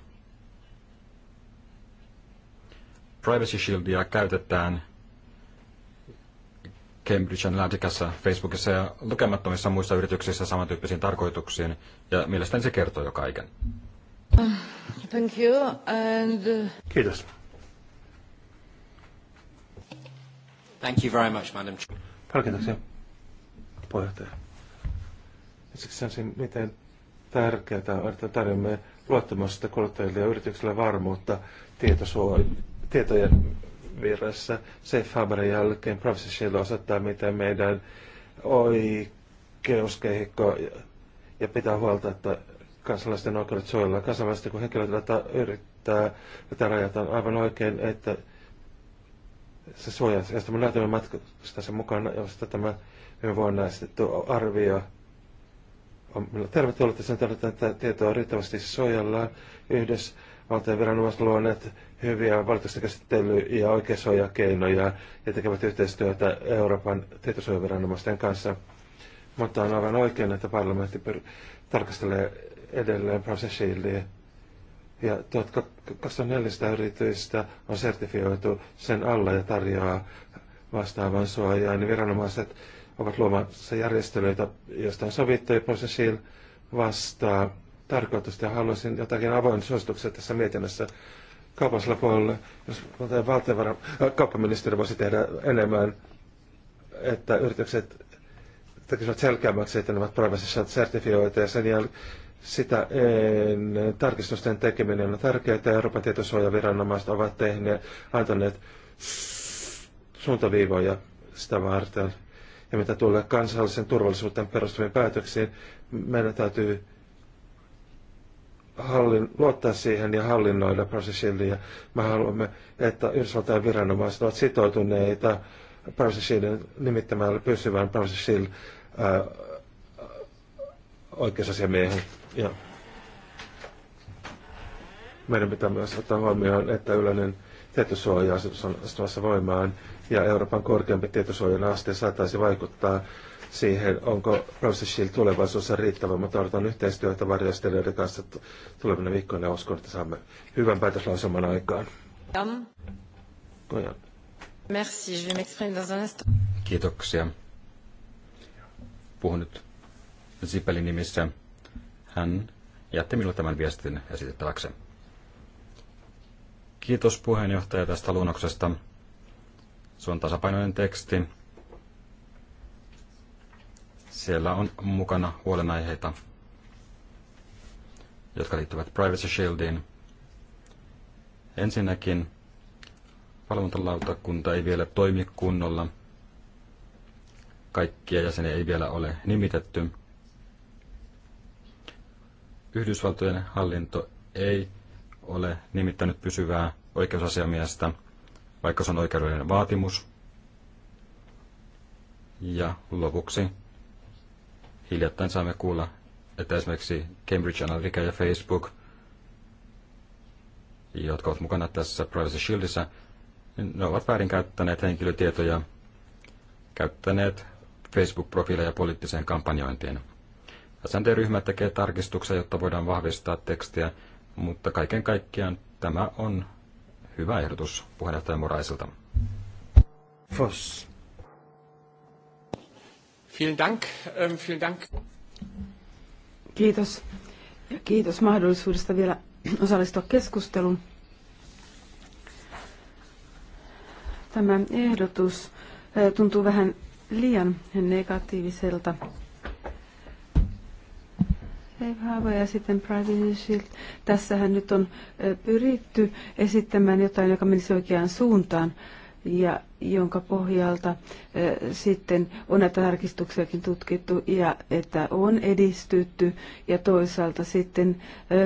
[SPEAKER 4] Privacy Shieldia käytetään Cambridge Analyticassa, Facebookissa ja lukemattomissa muissa yrityksissä samantyyppisiin tarkoituksiin, ja mielestäni se kertoo jo kaiken.
[SPEAKER 2] Thank you and... Uh,
[SPEAKER 4] Kiitos. Thank you very much, Madam
[SPEAKER 1] Paljon kiitoksia, puheenjohtaja. Siksi sanoisin, miten tärkeää on, että tarjoamme luottamusta kuluttajille ja yrityksille varmuutta tietojen virrassa. Safe Harborin jälkeen Privacy Shield osoittaa, miten meidän oikeuskehikko ja pitää huolta, että kansalaisten oikeudet suojellaan. Kansalaiset, kun henkilötilata yrittää, tätä rajataan aivan oikein, että se suojaa. Ja sitten me näytämme matkustaa sen mukana, josta tämä viime vuonna esitetty arvio tervetullut, että sen tarvitaan, että tietoa riittävästi suojellaan. Yhdessä viranomaiset luoneet hyviä valitusten käsittely- ja oikeussuojakeinoja ja tekevät yhteistyötä Euroopan tietosuojaviranomaisten kanssa. Mutta on aivan oikein, että parlamentti tarkastelee edelleen Process Shieldia. Ja 1400 yritystä on sertifioitu sen alla ja tarjoaa vastaavan suojaa, niin viranomaiset ovat luomassa järjestelyitä, joista on sovittu, ja Processil vastaa tarkoitusta, ja haluaisin jotakin avoin suosituksia tässä mietinnössä kaupallisella puolella, jos valtiovaran äh, kauppaministeri voisi tehdä enemmän, että yritykset tekisivät selkeämmäksi, että ne ovat privacy sertifioita ja sen jäl- sitä en, tarkistusten tekeminen on tärkeää, että Euroopan tietosuojaviranomaiset ovat tehneet, antaneet suuntaviivoja sitä varten. Ja mitä tulee kansallisen turvallisuuteen perustuviin päätöksiin, meidän täytyy hallin, luottaa siihen ja hallinnoida prosessille. Ja me haluamme, että Yhdysvaltain viranomaiset ovat sitoutuneita prosessille nimittämällä pysyvän prosessille äh, oikeusasiamiehen. Ja meidän pitää myös ottaa huomioon, että yleinen tietosuoja-asetus on astumassa voimaan ja Euroopan korkeampi tietosuojan aste saattaisi vaikuttaa siihen, onko Process Shield tulevaisuudessa riittävä, mutta odotan yhteistyötä varjostelijoiden kanssa tulevina viikkoina ja uskon, että saamme
[SPEAKER 4] hyvän päätöslauseman aikaan.
[SPEAKER 2] Merci, je vais dans un instant.
[SPEAKER 4] Kiitoksia. Puhun nyt Zipelin nimissä. Hän jätti minulle tämän viestin esitettäväksi. Kiitos puheenjohtaja tästä luonnoksesta. Se on tasapainoinen teksti. Siellä on mukana huolenaiheita, jotka liittyvät Privacy Shieldiin. Ensinnäkin valvontalautakunta ei vielä toimi kunnolla. Kaikkia jäseniä ei vielä ole nimitetty. Yhdysvaltojen hallinto ei ole nimittänyt pysyvää oikeusasiamiestä – vaikka se on oikeudellinen vaatimus. Ja lopuksi hiljattain saimme kuulla, että esimerkiksi Cambridge Analytica ja Facebook, jotka ovat mukana tässä Privacy Shieldissa, niin ne ovat väärinkäyttäneet henkilötietoja, käyttäneet Facebook-profiileja poliittiseen kampanjointiin. SND-ryhmä tekee tarkistuksia, jotta voidaan vahvistaa tekstiä, mutta kaiken kaikkiaan tämä on hyvä ehdotus puheenjohtaja Moraisilta. Foss.
[SPEAKER 3] Vielen Dank, ähm, vielen Dank.
[SPEAKER 2] Kiitos. Ja kiitos mahdollisuudesta vielä osallistua keskusteluun. Tämä ehdotus äh, tuntuu vähän liian negatiiviselta Safe Harbor ja sitten Privacy Shield. Tässähän nyt on pyritty esittämään jotain, joka menisi oikeaan suuntaan ja jonka pohjalta sitten on näitä tarkistuksiakin tutkittu ja että on edistytty ja toisaalta sitten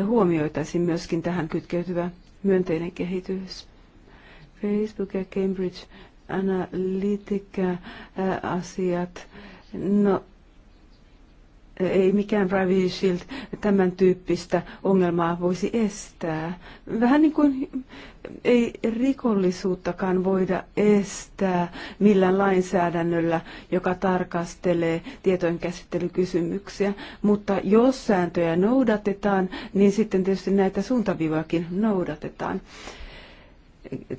[SPEAKER 2] huomioitaisiin myöskin tähän kytkeytyvä myönteinen kehitys. Facebook ja Cambridge Analytica-asiat. No, ei mikään Private Shield tämän tyyppistä ongelmaa voisi estää. Vähän niin kuin ei rikollisuuttakaan voida estää millään lainsäädännöllä, joka tarkastelee tietojenkäsittelykysymyksiä. Mutta jos sääntöjä noudatetaan, niin sitten tietysti näitä suuntaviivojakin noudatetaan.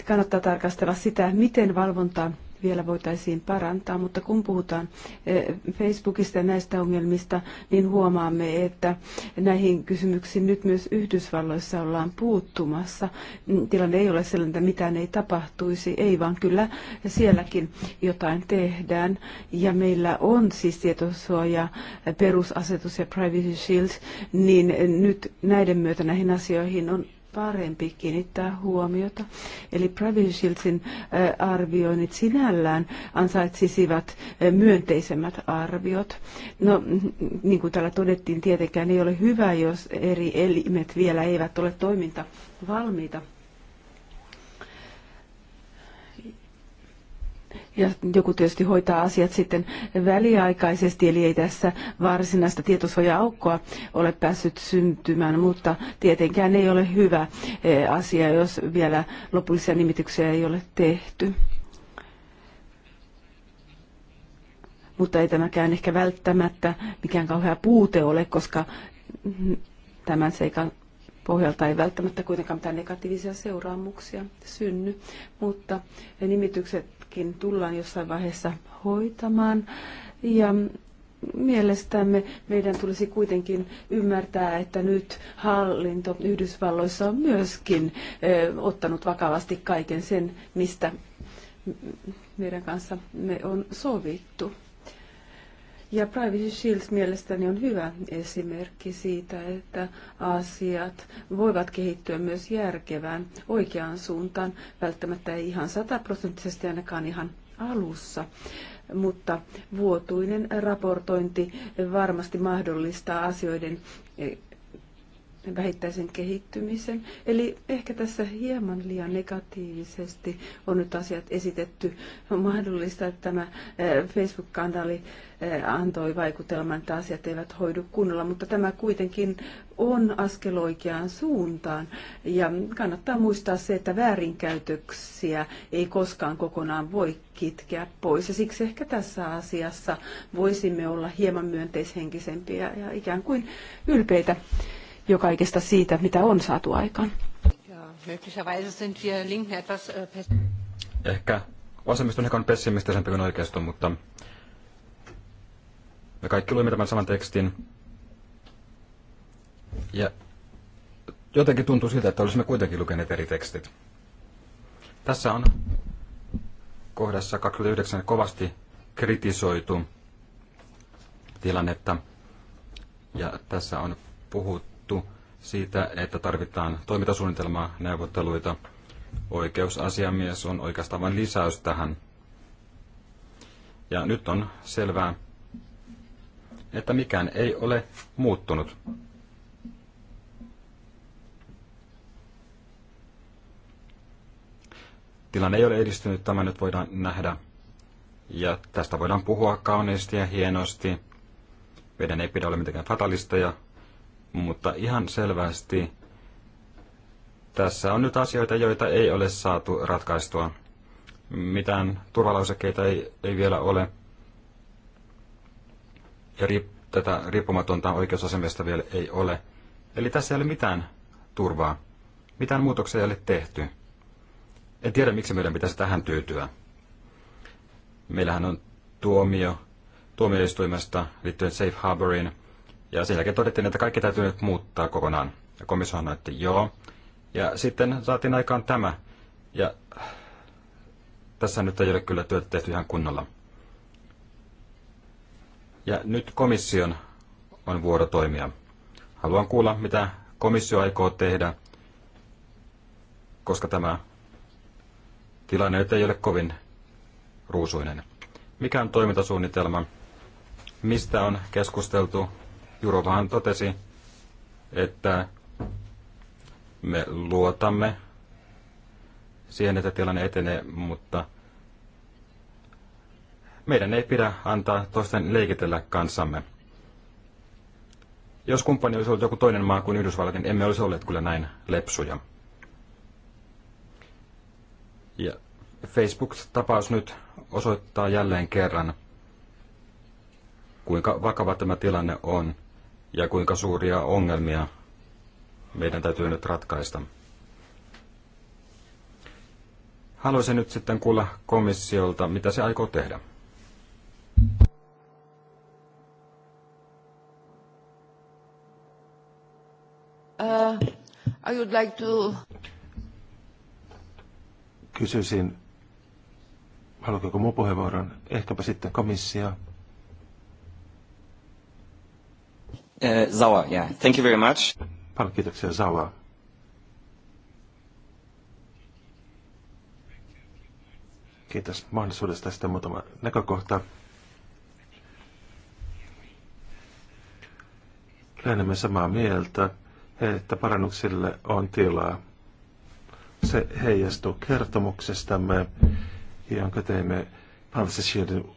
[SPEAKER 2] Kannattaa tarkastella sitä, miten valvontaa vielä voitaisiin parantaa, mutta kun puhutaan eh, Facebookista ja näistä ongelmista, niin huomaamme, että näihin kysymyksiin nyt myös Yhdysvalloissa ollaan puuttumassa. Mm, tilanne ei ole sellainen, että mitään ei tapahtuisi, ei vaan kyllä sielläkin jotain tehdään. Ja meillä on siis tietosuoja, perusasetus ja Privacy Shield, niin nyt näiden myötä näihin asioihin on parempi kiinnittää huomiota. Eli Private Shieldsin arvioinnit sinällään ansaitsisivat myönteisemmät arviot. No, niin kuin täällä todettiin, tietenkään ei ole hyvä, jos eri elimet vielä eivät ole toimintavalmiita. valmiita Ja joku tietysti hoitaa asiat sitten väliaikaisesti, eli ei tässä varsinaista tietosuoja-aukkoa ole päässyt syntymään, mutta tietenkään ei ole hyvä e, asia, jos vielä lopullisia nimityksiä ei ole tehty. Mutta ei tämäkään ehkä välttämättä mikään kauhea puute ole, koska tämän seikan pohjalta ei välttämättä kuitenkaan mitään negatiivisia seuraamuksia synny, mutta nimitykset todellakin tullaan jossain vaiheessa hoitamaan. Ja mielestämme meidän tulisi kuitenkin ymmärtää, että nyt hallinto Yhdysvalloissa on myöskin ottanut vakavasti kaiken sen, mistä meidän kanssa me on sovittu. Ja Privacy Shields mielestäni on hyvä esimerkki siitä, että asiat voivat kehittyä myös järkevään oikeaan suuntaan, välttämättä ei ihan sataprosenttisesti ainakaan ihan alussa mutta vuotuinen raportointi varmasti mahdollistaa asioiden vähittäisen kehittymisen. Eli ehkä tässä hieman liian negatiivisesti on nyt asiat esitetty. On mahdollista, että tämä eh, Facebook-kandaali eh, antoi vaikutelman, että asiat eivät hoidu kunnolla, mutta tämä kuitenkin on askel oikeaan suuntaan. Ja kannattaa muistaa se, että väärinkäytöksiä ei koskaan kokonaan voi kitkeä pois. Ja siksi ehkä tässä asiassa voisimme olla hieman myönteishenkisempiä ja ikään kuin ylpeitä jo kaikesta siitä, mitä on saatu aikaan. Äh,
[SPEAKER 4] ehkä vasemmisto on ehkä on pessimistisempi kuin oikeisto, mutta me kaikki luimme tämän saman tekstin. Ja jotenkin tuntuu siltä, että olisimme kuitenkin lukeneet eri tekstit. Tässä on kohdassa 29 kovasti kritisoitu tilannetta. Ja tässä on puhuttu sovittu siitä, että tarvitaan toimintasuunnitelmaa, neuvotteluita. Oikeusasiamies on oikeastaan vain lisäys tähän. Ja nyt on selvää, että mikään ei ole muuttunut. Tilanne ei ole edistynyt, tämä nyt voidaan nähdä. Ja tästä voidaan puhua kauniisti ja hienosti. Meidän ei pidä olla mitenkään fatalisteja, mutta ihan selvästi tässä on nyt asioita, joita ei ole saatu ratkaistua. Mitään turvalausekkeita ei, ei vielä ole. Ja ri, tätä riippumatonta oikeusasemista vielä ei ole. Eli tässä ei ole mitään turvaa. Mitään muutoksia ei ole tehty. En tiedä, miksi meidän pitäisi tähän tyytyä. Meillähän on tuomio tuomioistuimesta liittyen Safe Harboriin – ja sen jälkeen todettiin, että kaikki täytyy nyt muuttaa kokonaan. Ja komissio sanoi, että joo. Ja sitten saatiin aikaan tämä. Ja tässä nyt ei ole kyllä työtä tehty ihan kunnolla. Ja nyt komission on vuoro toimia. Haluan kuulla, mitä komissio aikoo tehdä, koska tämä tilanne nyt ei ole kovin ruusuinen. Mikä on toimintasuunnitelma? Mistä on keskusteltu Jurovahan totesi, että me luotamme siihen, että tilanne etenee, mutta meidän ei pidä antaa toisten leikitellä kanssamme. Jos kumppani olisi ollut joku toinen maa kuin Yhdysvallat, niin emme olisi olleet kyllä näin lepsuja. Ja Facebook-tapaus nyt osoittaa jälleen kerran, kuinka vakava tämä tilanne on – ja kuinka suuria ongelmia meidän täytyy nyt ratkaista. Haluaisin nyt sitten kuulla komissiolta, mitä se aikoo tehdä.
[SPEAKER 2] Uh, I would like to...
[SPEAKER 1] Kysyisin, haluatko minun puheenvuoron? Ehkäpä sitten komissio. Uh, Zawa, yeah. Thank you very much. Paljon kiitoksia, Zawa. Kiitos mahdollisuudesta sitten muutama näkökohta. Lähdemme samaa mieltä, että parannuksille on tilaa. Se heijastuu kertomuksestamme, jonka teimme Palseshielin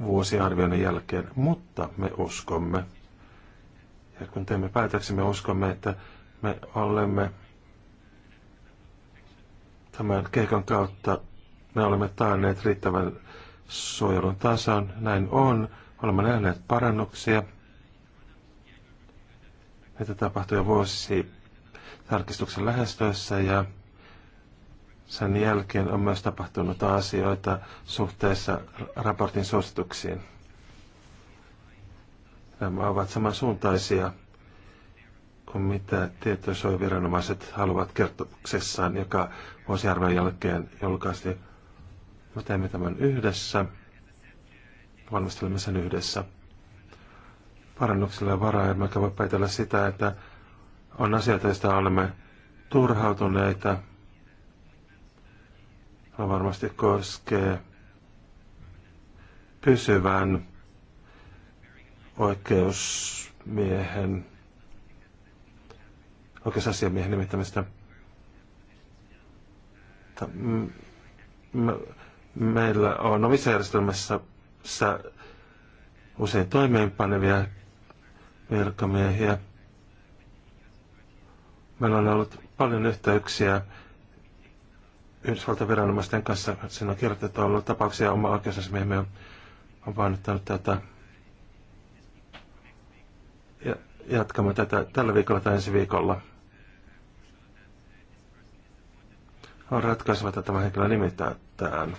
[SPEAKER 1] vuosiarvioinnin jälkeen, mutta me uskomme, ja kun teemme me uskomme, että me olemme tämän keikan kautta, me olemme taanneet riittävän suojelun tasan. Näin on. Olemme nähneet parannuksia. Näitä tapahtui jo vuosi tarkistuksen lähestyessä ja sen jälkeen on myös tapahtunut asioita suhteessa raportin suosituksiin. Nämä ovat samansuuntaisia kuin mitä tietosuojaviranomaiset haluavat kertomuksessaan, joka vuosiarven jälkeen julkaistiin. Me teemme tämän yhdessä, valmistelemme sen yhdessä. Parannukselle varaa, emmekä voi päätellä sitä, että on asioita, joista olemme turhautuneita. Varmasti koskee pysyvän oikeusmiehen, oikeusasiamiehen nimittämistä. meillä on omissa järjestelmässä usein toimeenpanevia virkamiehiä. Meillä on ollut paljon yhteyksiä Yhdysvaltain viranomaisten kanssa. Siinä on kirjoitettu ollut tapauksia oma oikeusasiamiehemme on painottanut tätä jatkamme tätä tällä viikolla tai ensi viikolla. On ratkaiseva, että tämä henkilö nimitetään.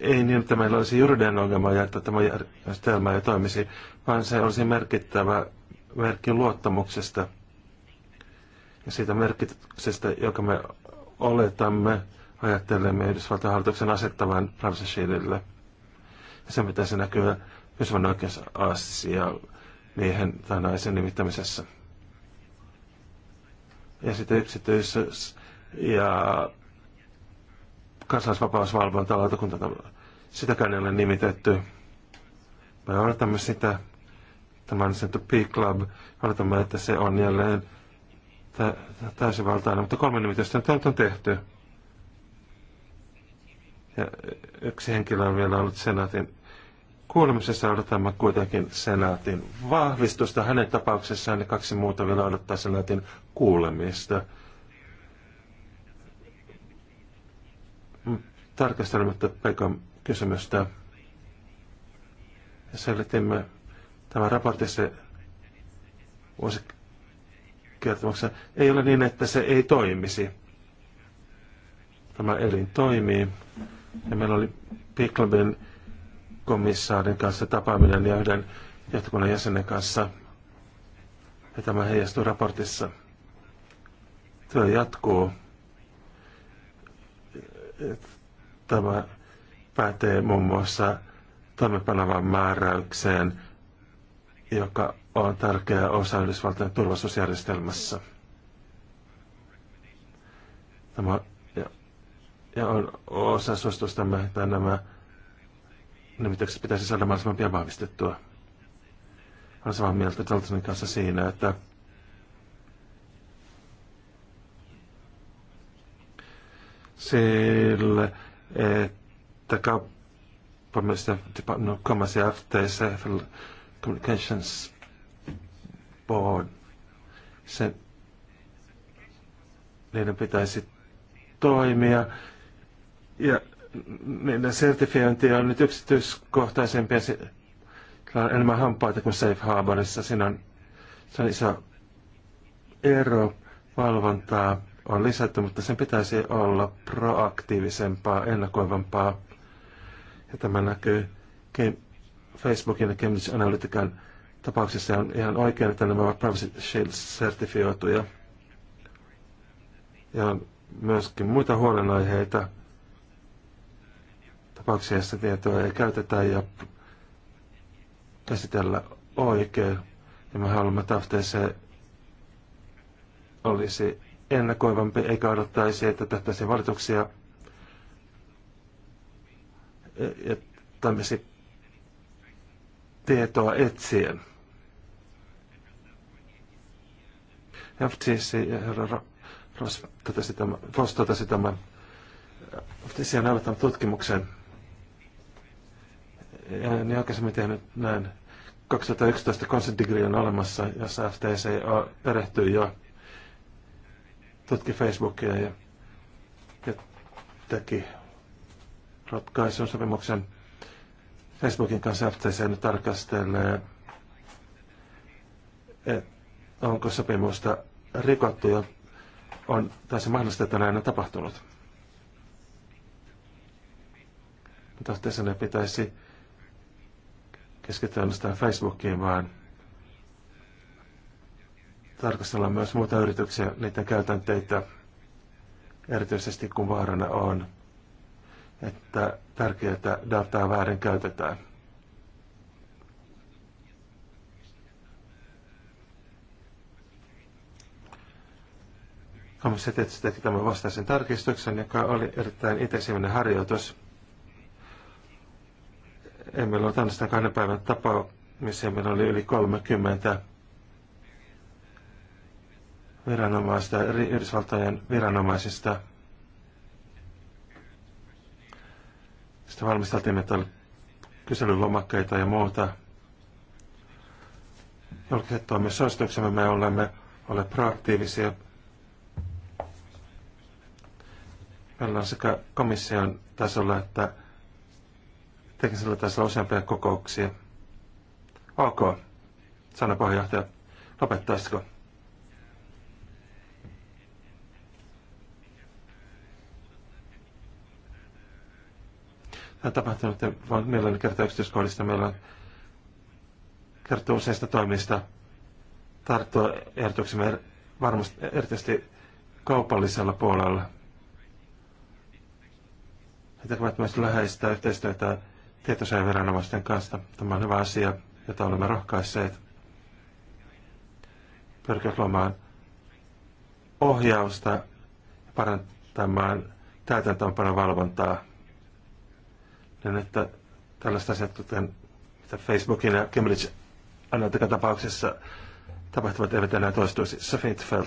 [SPEAKER 1] Ei niin, että meillä olisi juridinen ongelma ja että tämä järjestelmä ei toimisi, vaan se olisi merkittävä merkki luottamuksesta ja siitä merkityksestä, joka me oletamme, ajattelemme Yhdysvaltain hallituksen asettavan Francis Shieldille se pitäisi näkyä pysyvän ja miehen tai naisen nimittämisessä. Ja sitten yksityisyys ja lautakunta, sitäkään ei ole nimitetty. Me odotamme sitä, tämä on sanottu P-Club, odotamme, että se on jälleen täysivaltainen, mutta kolme nimitystä nyt on tehty. Ja yksi henkilö on vielä ollut senaatin Kuulemisessa odotamme kuitenkin senaatin vahvistusta. Hänen tapauksessaan ne kaksi muuta vielä odottaa senaatin kuulemista. Mm, tarkastelematta Pekan kysymystä selitimme tämän raportissa vuosikertomuksessa. Ei ole niin, että se ei toimisi. Tämä elin toimii. Ja meillä oli Piklabin komissaarin kanssa tapaaminen ja yhden johtokunnan jäsenen kanssa. Ja tämä heijastuu raportissa. Työ jatkuu. Tämä pätee muun muassa toimenpanavan määräykseen, joka on tärkeä osa Yhdysvaltain turvallisuusjärjestelmässä. Tämä ja on osa suostustamme, että nämä nimitykset pitäisi saada mahdollisimman pian vahvistettua. Olen samaa mieltä Daltonin kanssa siinä, että sille, että kauppamista, no, Commerce FTC, Communications Board, sen, niiden pitäisi toimia ja meidän sertifiointi on nyt yksityiskohtaisempi ja sillä on enemmän hampaita kuin Safe Harborissa. Siinä on, se on iso ero. Valvontaa on lisätty, mutta sen pitäisi olla proaktiivisempaa, ennakoivampaa. Ja tämä näkyy Facebookin ja Cambridge Analytican tapauksessa on ihan oikein, että nämä ovat Privacy Shield-sertifioituja. Ja myöskin muita huolenaiheita tapauksia, joissa tietoa ei käytetä ja käsitellä oikein. Ja me haluamme, että se olisi ennakoivampi, eikä odottaisi, että tehtäisiin valituksia. E, ja tämmöisiä tietoa etsien. FTC ja herra Ross totesi tämän, Foss totesi tämän FTC on tutkimuksen en aikaisemmin tehnyt näin. 2011 konsenttigri on olemassa, jossa FTC perehtyy jo tutki Facebookia ja, ja teki ratkaisun sopimuksen Facebookin kanssa FTC nyt tarkastelee, että onko sopimusta rikottu ja on täysin mahdollista, että näin on tapahtunut. Mutta FTC pitäisi keskitytään sitä Facebookiin, vaan tarkastellaan myös muita yrityksiä, niiden käytänteitä, erityisesti kun vaarana on, että tärkeää dataa väärin käytetään. Komissio tietysti teki tämän vastaisen tarkistuksen, joka oli erittäin intensiivinen harjoitus emme ollut ainoastaan kahden päivän missä meillä oli yli 30 viranomaista, eri Yhdysvaltojen viranomaisista. Sitten valmisteltiin, että oli kyselylomakkeita ja muuta. Julkiset toimivat suosituksemme me olemme ole proaktiivisia. Meillä on sekä komission tasolla että teknisellä tasolla useampia kokouksia. Ok, Sano puheenjohtaja. Lopettaisiko? Tämä on tapahtunut, vaan mielelläni kertoa yksityiskohdista. Meillä on kertoo useista toimista tarttua ehdotuksemme er-, varmasti erityisesti kaupallisella puolella. He tekevät myös läheistä yhteistyötä viranomaisten kanssa. Tämä on hyvä asia, jota olemme rohkaisseet. Pyrkiä luomaan ohjausta ja parantamaan täytäntöönpanon valvontaa. Niin, että tällaista asiat, kuten mitä Facebookin ja Cambridge Analytica tapauksessa tapahtuvat eivät enää toistuisi. Sofie Feld.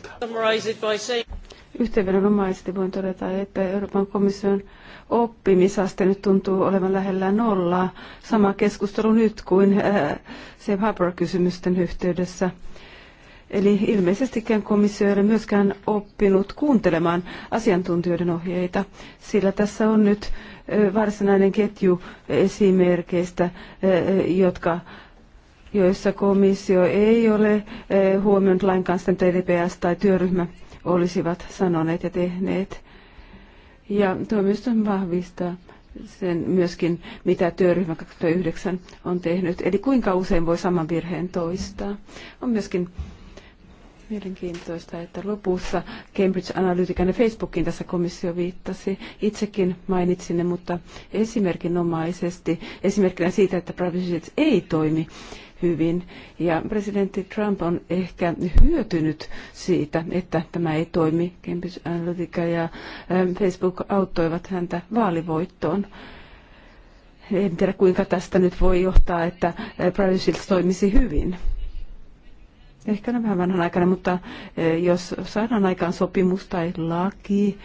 [SPEAKER 2] Yhteenvedonomaisesti voin todeta, että Euroopan komission oppimisaste nyt tuntuu olevan lähellä nollaa. Sama keskustelu nyt kuin äh, se haber kysymysten yhteydessä. Eli ilmeisestikään komissio ei ole myöskään oppinut kuuntelemaan asiantuntijoiden ohjeita, sillä tässä on nyt äh, varsinainen ketju esimerkkeistä, äh, jotka joissa komissio ei ole huomioinut lainkaan sitä TDPS- tai työryhmä olisivat sanoneet ja tehneet. Ja tuomioistuin vahvistaa sen myöskin, mitä työryhmä 2009 on tehnyt. Eli kuinka usein voi saman virheen toistaa. On myöskin mielenkiintoista, että lopussa Cambridge Analytica ja Facebookin tässä komissio viittasi. Itsekin mainitsin ne, mutta esimerkinomaisesti, esimerkkinä siitä, että Privacy ei toimi hyvin. Ja presidentti Trump on ehkä hyötynyt siitä, että tämä ei toimi. Cambridge Analytica ja ähm, Facebook auttoivat häntä vaalivoittoon en tiedä kuinka tästä nyt voi johtaa, että äh, Privacy Shield toimisi hyvin. Ehkä on vähän vanhanaikainen, mutta äh, jos saadaan aikaan sopimus tai laki,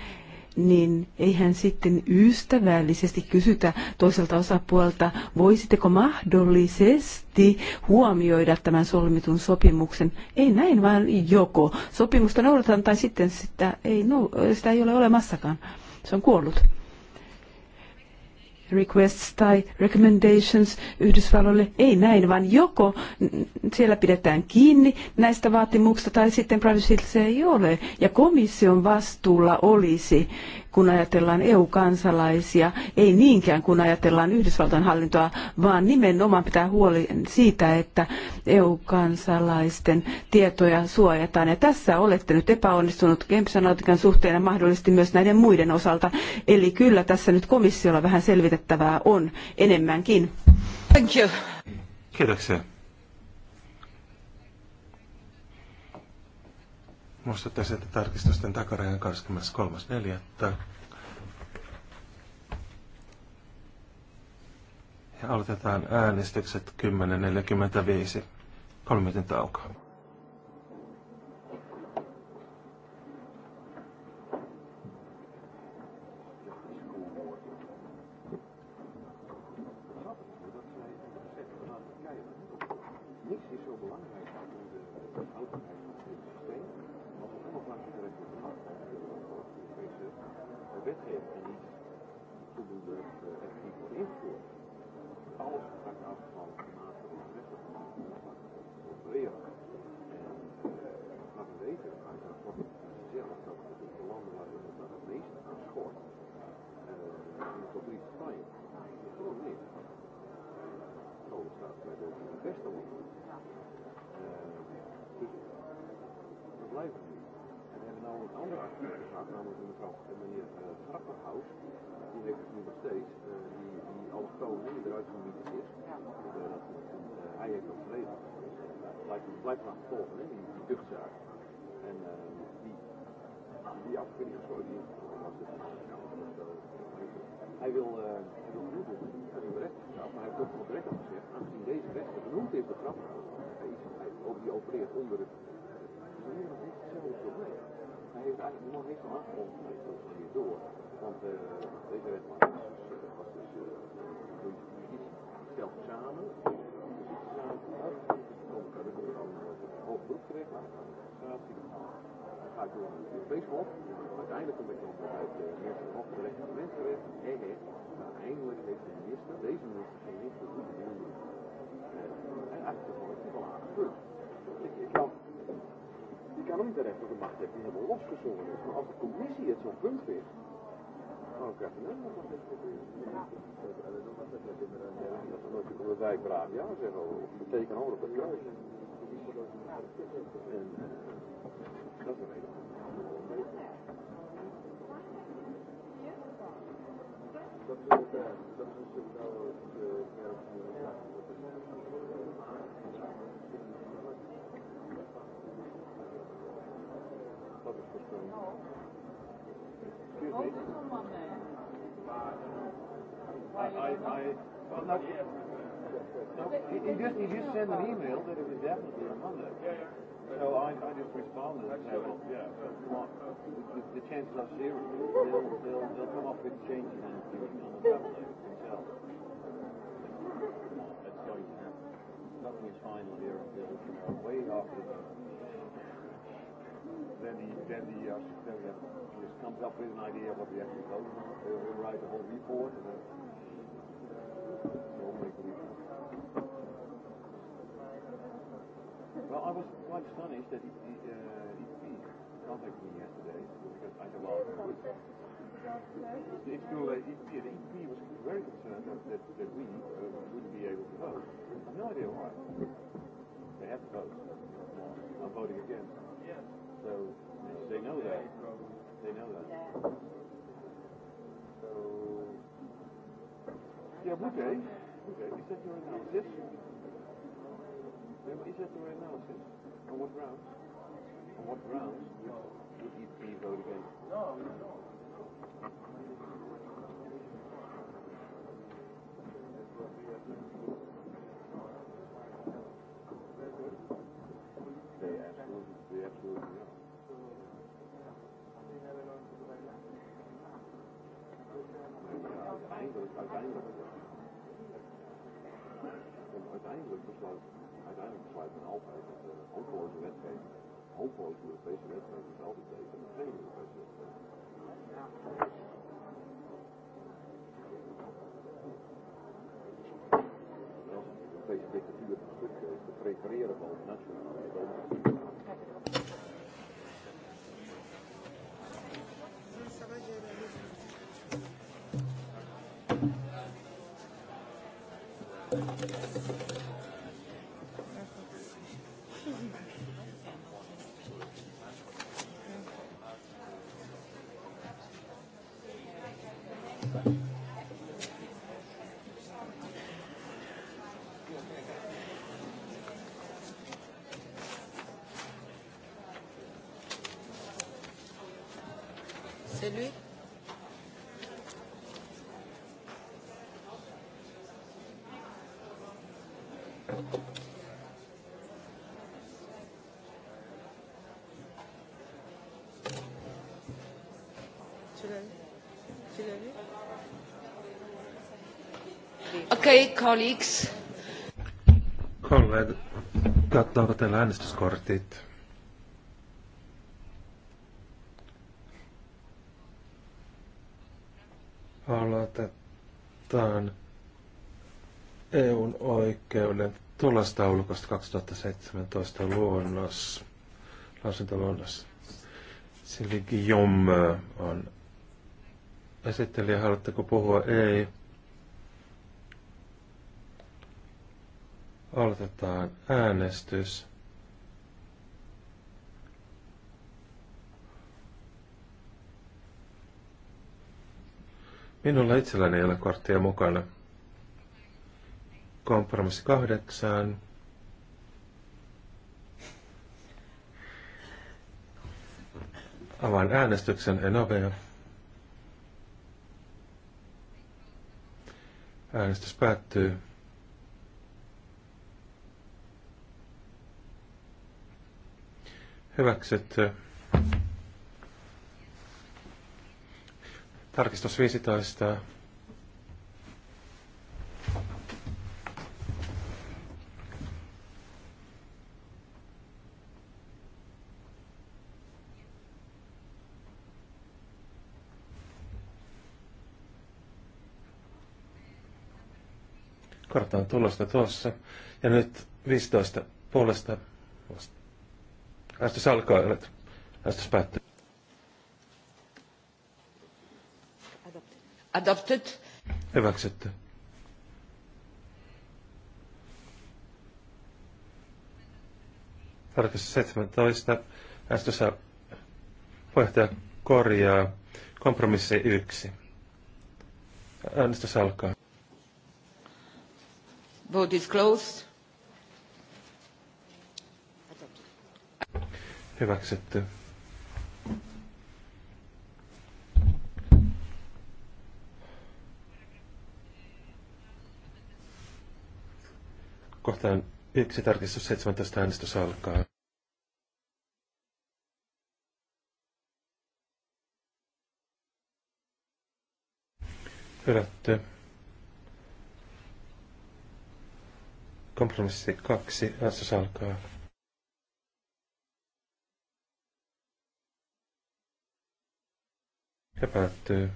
[SPEAKER 2] niin eihän sitten ystävällisesti kysytä toiselta osapuolta, voisitteko mahdollisesti huomioida tämän solmitun sopimuksen. Ei näin, vaan joko. Sopimusta noudatetaan tai sitten sitä ei, no, sitä ei ole olemassakaan. Se on kuollut requests tai recommendations Yhdysvalloille. Ei näin, vaan joko siellä pidetään kiinni näistä vaatimuksista tai sitten privacy ei ole. Ja komission vastuulla olisi kun ajatellaan EU-kansalaisia, ei niinkään kun ajatellaan Yhdysvaltain hallintoa, vaan nimenomaan pitää huoli siitä, että EU-kansalaisten tietoja suojataan. Ja tässä olette nyt epäonnistunut Kempsanautikan suhteen ja mahdollisesti myös näiden muiden osalta. Eli kyllä tässä nyt komissiolla vähän selvitettävää on enemmänkin. Thank you.
[SPEAKER 1] Kiitoksia. Muistuttaisin, että tarkistusten takarajan 23.4. Ja aloitetaan äänestykset 10.45. Kolme minuutin taukoa.
[SPEAKER 3] wet heeft die toedoende effectief wordt ingevoerd. Alles gaat af blijft maar volgen, hè, die tuchtzaak. En uh, die, die afgekeerde gesloten die was het. Hij wil, uh, hij wil genoemd worden, hij wil recht gestraft, maar hij heeft ook nog recht afgezegd. Aangezien deze rechter genoemd heeft de strafraad, hij, is, hij ook die opereert onder het. Dus hij heeft hetzelfde probleem. Hij heeft eigenlijk hij door. Want uh, deze was dus, was dus uh, door de justitie samen. De justitie samen hoog terecht maar aan eh, organisatie, dan ga ik door naar de Uiteindelijk kom ik dan vanuit de mensen op de recht van Hé, hé. Maar heeft de minister, deze minister, geen licht voor goede dingen. Eh, en eigenlijk is het wel aardig punt. je kan ook niet terecht dat de macht hebben, die hebben losgezongen Maar als de commissie het zo'n punt vindt, Anche a I, I, I, he, just he just sent an email that it was definitely on Monday. Yeah, yeah. So I, I just responded and said, well, yeah, so the, the chances are zero. They'll, they'll, they'll come up with changes and do me on the tablet themselves. Nothing is final here until tomorrow, way after the, then the, then the, uh, then we have uh, just comes up with an idea of what the actual code is. They will write a whole report and then Well, I was quite astonished that he, he, uh, EP contacted me yesterday because I said, well, it's too late. EP, the EP was very concerned that, that, that we uh, wouldn't be able to vote. I have no idea why. They have to vote. I'm voting against. So they know that. They know that. Yeah. So. Yeah, okay. Okay. Is that your analysis? Is that your analysis? On what grounds? On what grounds would, would he be voted against? No, no. Einwurf, als Einwurf. Als Einwurf besluit, uiteindelijk besluit men altijd dat de hooploze wetgeving, hooploze Europese wetgeving is altijd beter dan geen Europese wetgeving. Als een Europese dictatuur een stuk te prefereren boven nationale wetgeving.
[SPEAKER 2] C'est lui Tu l'as vu Tu l'as vu Okei, okay, colleagues.
[SPEAKER 1] Kollegat, odotellaan äänestyskortit. Aloitetaan EUn oikeuden tulostaulukosta 2017 luonnos, lausuntoluonnos. Silvi Guillaume on esittelijä, haluatteko puhua? Ei. Aloitetaan äänestys. Minulla itselläni ei ole korttia mukana. Kompromissi kahdeksaan. Avaan äänestyksen, Enovea. Äänestys päättyy. Hyväksytty. Tarkistus 15. Kartan tulosta tuossa. Ja nyt 15 puolesta. äästys alkaa, äästys päättyy. Adopted. Hyväksytty. Tarkas 17. Äänestys puheenjohtaja korjaa. Kompromissi 1. Äänestys alkaa.
[SPEAKER 2] Vote is closed.
[SPEAKER 1] Hyväksytty. Kohtaan yksi tarkistus 17 äänestys alkaa. Hylätty. Kompromissi kaksi. Äänestys alkaa. Ja päättyy.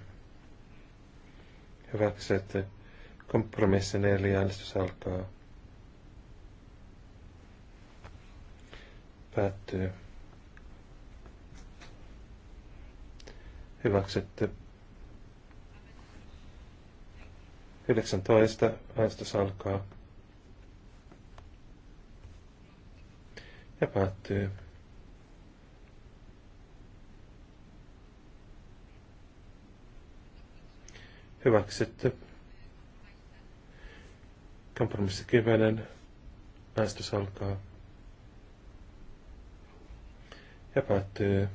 [SPEAKER 1] Hyväksytty. Kompromissi neljä. Äänestys alkaa. Päättyy. Hyväksytty. 19. Äänestys alkaa. ja päättyy. Hyväksytty. Kompromissi kymmenen. Äänestys alkaa. Ja päättyy.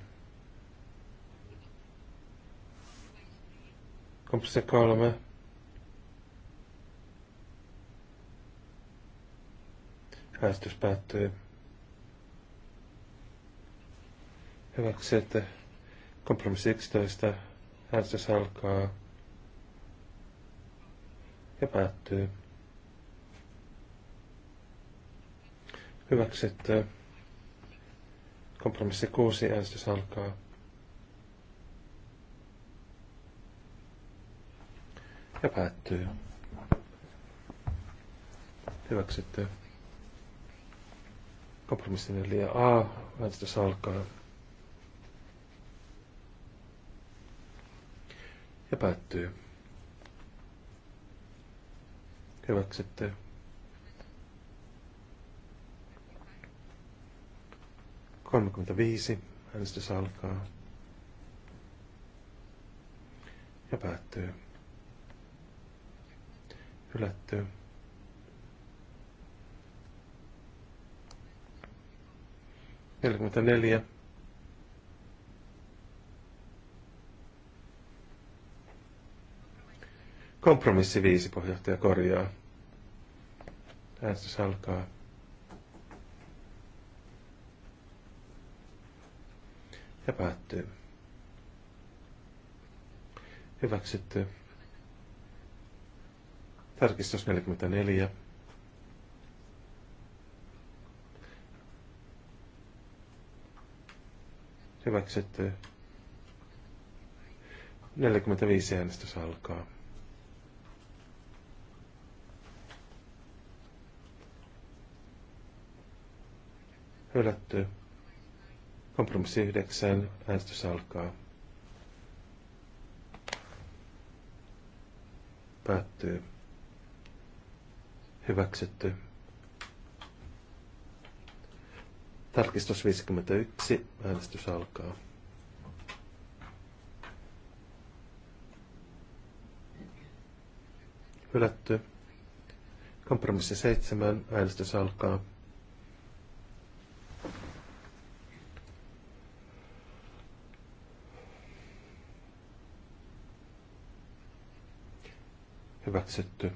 [SPEAKER 1] Kompromissi kolme. Äänestys päättyy. hyväksi, että kompromissi 11 äänestys alkaa ja päättyy. Hyväksytty. Kompromissi 6 äänestys alkaa. Ja päättyy. Hyväksytty. Kompromissi 4a äänestys alkaa. ja päättyy. Hyväksytty. Kolmekymmentäviisi. Äänestys alkaa. Ja päättyy. Hylätty. Neljäkymmentäneljä. Kompromissi viisi pohjohtaja korjaa. Äänestys alkaa. Ja päättyy. Hyväksytty. Tarkistus 44. Hyväksytty. 45 äänestys alkaa. Hylätty. Kompromissi 9. Äänestys alkaa. Päättyy. Hyväksytty. Tarkistus 51. Äänestys alkaa. Hylätty. Kompromissi 7. Äänestys alkaa. hyväksytty.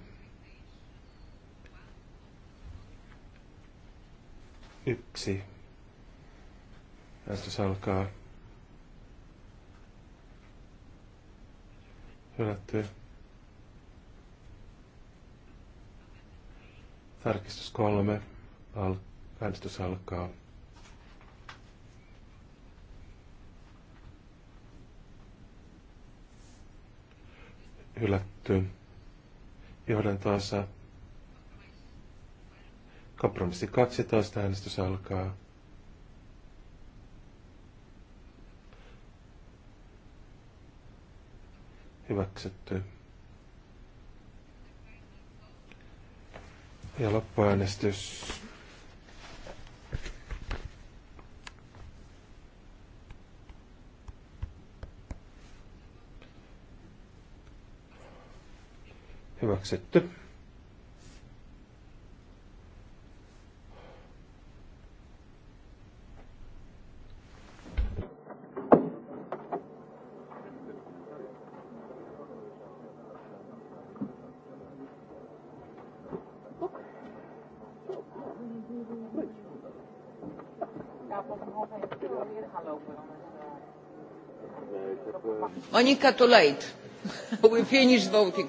[SPEAKER 1] Yksi. Äänestys alkaa. Hylätty. Tarkistus kolme. Al- äänestys alkaa. Hylätty johdantoasa. Kompromissi 12 äänestys alkaa. Hyväksytty. Ja loppuäänestys. hyväksytty.
[SPEAKER 2] Monika, too late we finished voting.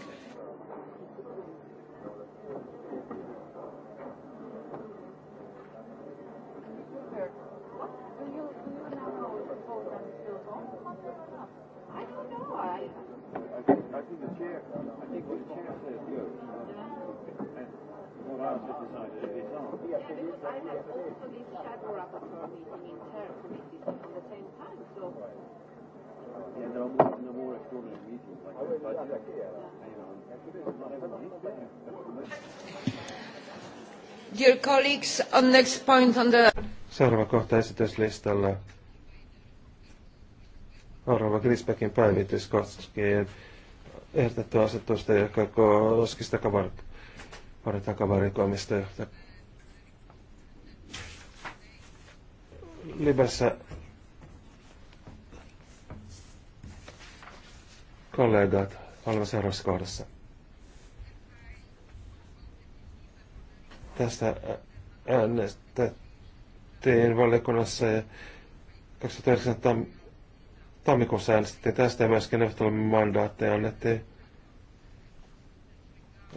[SPEAKER 2] colleagues, on next point on the...
[SPEAKER 1] Seuraava kohta esityslistalla. Orava Grisbeckin päivitys koskee ehdotettua asetusta, joka koski takavar- takavarikoimista, johtaa. Libessä kollegat olemme seuraavassa kohdassa. Tästä äänestettiin valiokunnassa ja 2009 tam- tammikuussa äänestettiin tästä ja myöskin neuvottelun mandaatteja annettiin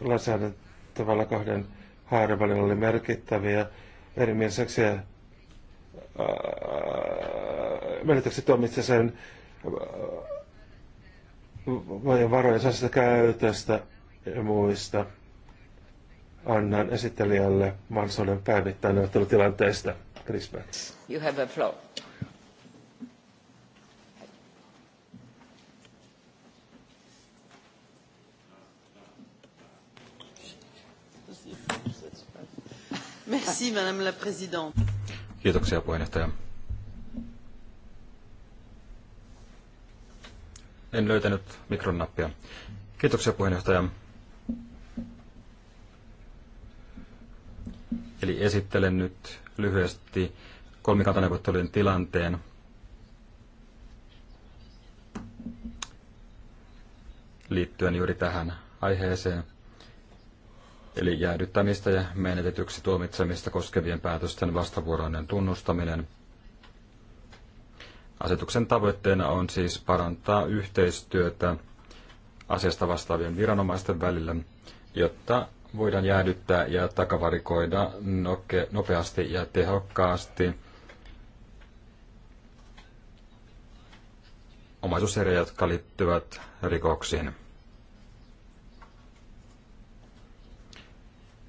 [SPEAKER 1] lainsäädäntövalla kahden haaren välillä oli merkittäviä ja menetykset tuomitsi sen varojen varojen käytöstä ja muista annan esittelijälle mahdollisuuden päivittäin neuvottelutilanteesta. Betts.
[SPEAKER 2] You have a floor. Merci, Madame la Présidente.
[SPEAKER 4] Kiitoksia puheenjohtaja. En löytänyt mikronnappia. Kiitoksia puheenjohtaja. Eli esittelen nyt lyhyesti kolmikantaneuvottelujen tilanteen. liittyen juuri tähän aiheeseen, eli jäädyttämistä ja menetetyksi tuomitsemista koskevien päätösten vastavuoroinen tunnustaminen. Asetuksen tavoitteena on siis parantaa yhteistyötä asiasta vastaavien viranomaisten välillä, jotta voidaan jäädyttää ja takavarikoida nopeasti ja tehokkaasti omaisuuseriä, jotka liittyvät rikoksiin.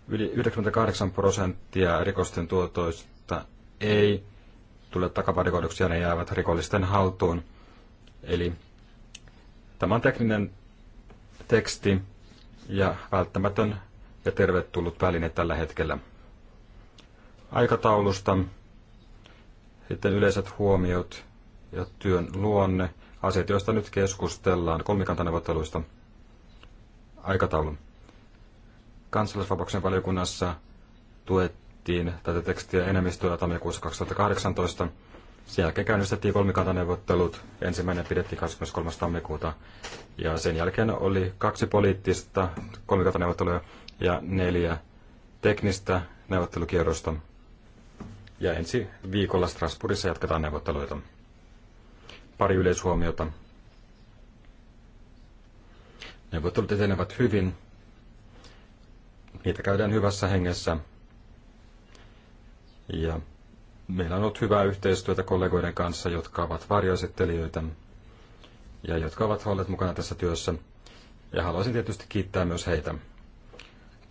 [SPEAKER 4] Yli 98 prosenttia rikosten tuotoista ei tule takavarikoiduksi ja ne jäävät rikollisten haltuun. Eli tämä on tekninen teksti ja välttämätön ja tervetullut väline tällä hetkellä. Aikataulusta, sitten yleiset huomiot ja työn luonne, asiat, joista nyt keskustellaan kolmikantaneuvotteluista, aikataulu. Kansallisvapauksen valiokunnassa tuettiin tätä tekstiä enemmistöllä tammikuussa 2018. Sen jälkeen käynnistettiin kolmikantaneuvottelut. Ensimmäinen pidettiin 23. tammikuuta. Ja sen jälkeen oli kaksi poliittista kolmikantaneuvottelua ja neljä teknistä neuvottelukierrosta. Ja ensi viikolla Strasbourgissa jatketaan neuvotteluita. Pari yleishuomiota. Neuvottelut etenevät hyvin. Niitä käydään hyvässä hengessä. Ja meillä on ollut hyvää yhteistyötä kollegoiden kanssa, jotka ovat varjoesittelijöitä ja jotka ovat olleet mukana tässä työssä. Ja haluaisin tietysti kiittää myös heitä.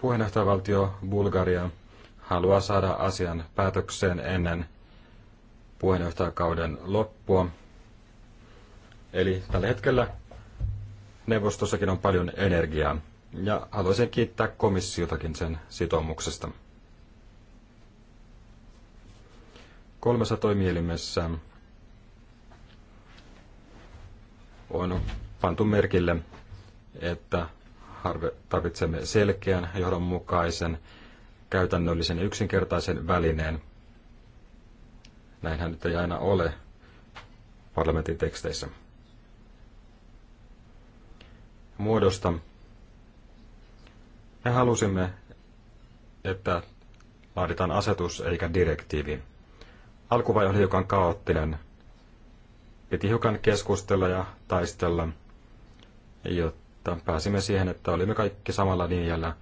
[SPEAKER 4] Puheenjohtajavaltio Bulgaria haluaa saada asian päätökseen ennen puheenjohtajakauden loppua. Eli tällä hetkellä neuvostossakin on paljon energiaa. Ja haluaisin kiittää komissiotakin sen sitoumuksesta. Kolmessa toimielimessä on pantu merkille, että tarvitsemme selkeän, johdonmukaisen, käytännöllisen ja yksinkertaisen välineen. Näinhän nyt ei aina ole parlamentin teksteissä. Muodosta. Me halusimme, että laaditaan asetus eikä direktiivi. Alkuvaihe oli hiukan kaoottinen. Piti hiukan keskustella ja taistella, jotta mutta pääsimme siihen, että olimme kaikki samalla linjalla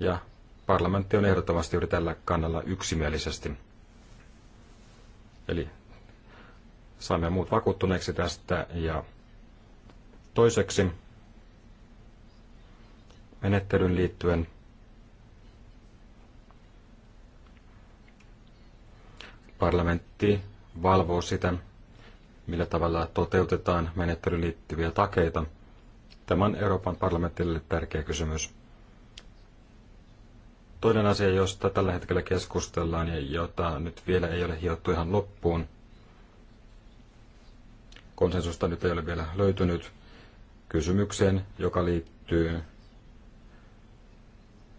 [SPEAKER 4] ja parlamentti on ehdottomasti juuri tällä kannalla yksimielisesti. Eli saimme muut vakuuttuneeksi tästä ja toiseksi menettelyn liittyen parlamentti valvoo sitä, millä tavalla toteutetaan menettelyyn liittyviä takeita – Tämä on Euroopan parlamentille tärkeä kysymys. Toinen asia, josta tällä hetkellä keskustellaan ja jota nyt vielä ei ole hiottu ihan loppuun, konsensusta nyt ei ole vielä löytynyt, kysymykseen, joka liittyy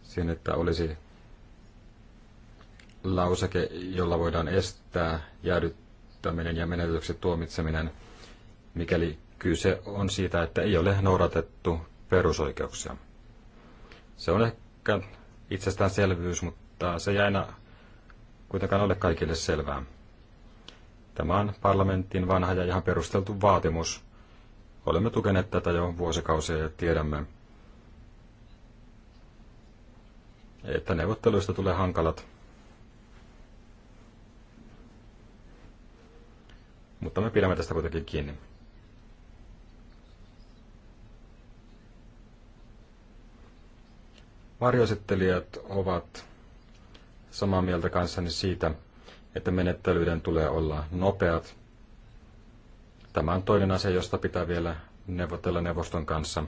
[SPEAKER 4] siihen, että olisi lauseke, jolla voidaan estää jäädyttäminen ja menetykset tuomitseminen, mikäli kyse on siitä, että ei ole noudatettu perusoikeuksia. Se on ehkä itsestäänselvyys, mutta se ei aina kuitenkaan ole kaikille selvää. Tämä on parlamentin vanha ja ihan perusteltu vaatimus. Olemme tukeneet tätä jo vuosikausia ja tiedämme, että neuvotteluista tulee hankalat. Mutta me pidämme tästä kuitenkin kiinni. Varjoesittelijät ovat samaa mieltä kanssani siitä, että menettelyiden tulee olla nopeat. Tämä on toinen asia, josta pitää vielä neuvotella neuvoston kanssa.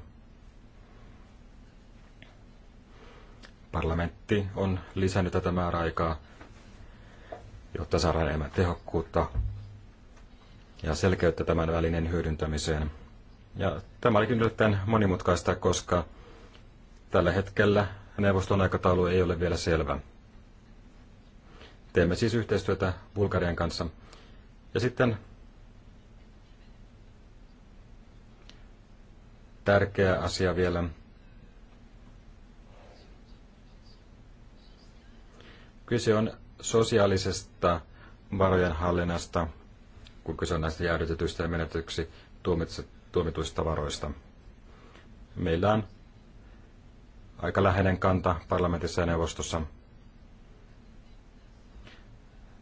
[SPEAKER 4] Parlamentti on lisännyt tätä määräaikaa, jotta saadaan enemmän tehokkuutta ja selkeyttä tämän välinen hyödyntämiseen. Ja tämä olikin nyt monimutkaista, koska Tällä hetkellä neuvoston aikataulu ei ole vielä selvä. Teemme siis yhteistyötä Bulgarian kanssa. Ja sitten tärkeä asia vielä. Kyse on sosiaalisesta varojen hallinnasta, kun kyse on näistä jäädytetyistä ja menetyksi tuomituista varoista. Meillä on aika läheinen kanta parlamentissa ja neuvostossa.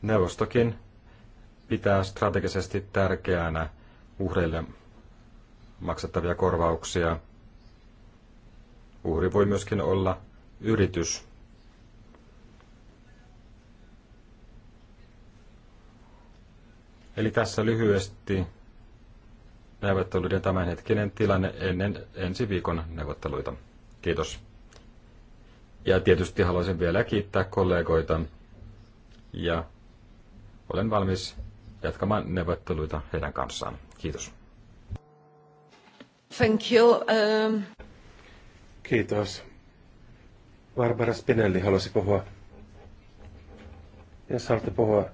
[SPEAKER 4] Neuvostokin pitää strategisesti tärkeänä uhreille maksettavia korvauksia. Uhri voi myöskin olla yritys. Eli tässä lyhyesti neuvotteluiden tämänhetkinen tilanne ennen ensi viikon neuvotteluita. Kiitos. Ja tietysti haluaisin vielä kiittää kollegoita ja olen valmis jatkamaan neuvotteluita heidän kanssaan. Kiitos.
[SPEAKER 2] Thank you. Um...
[SPEAKER 1] Kiitos. Barbara Spinelli halusi puhua. Jos saatte puhua,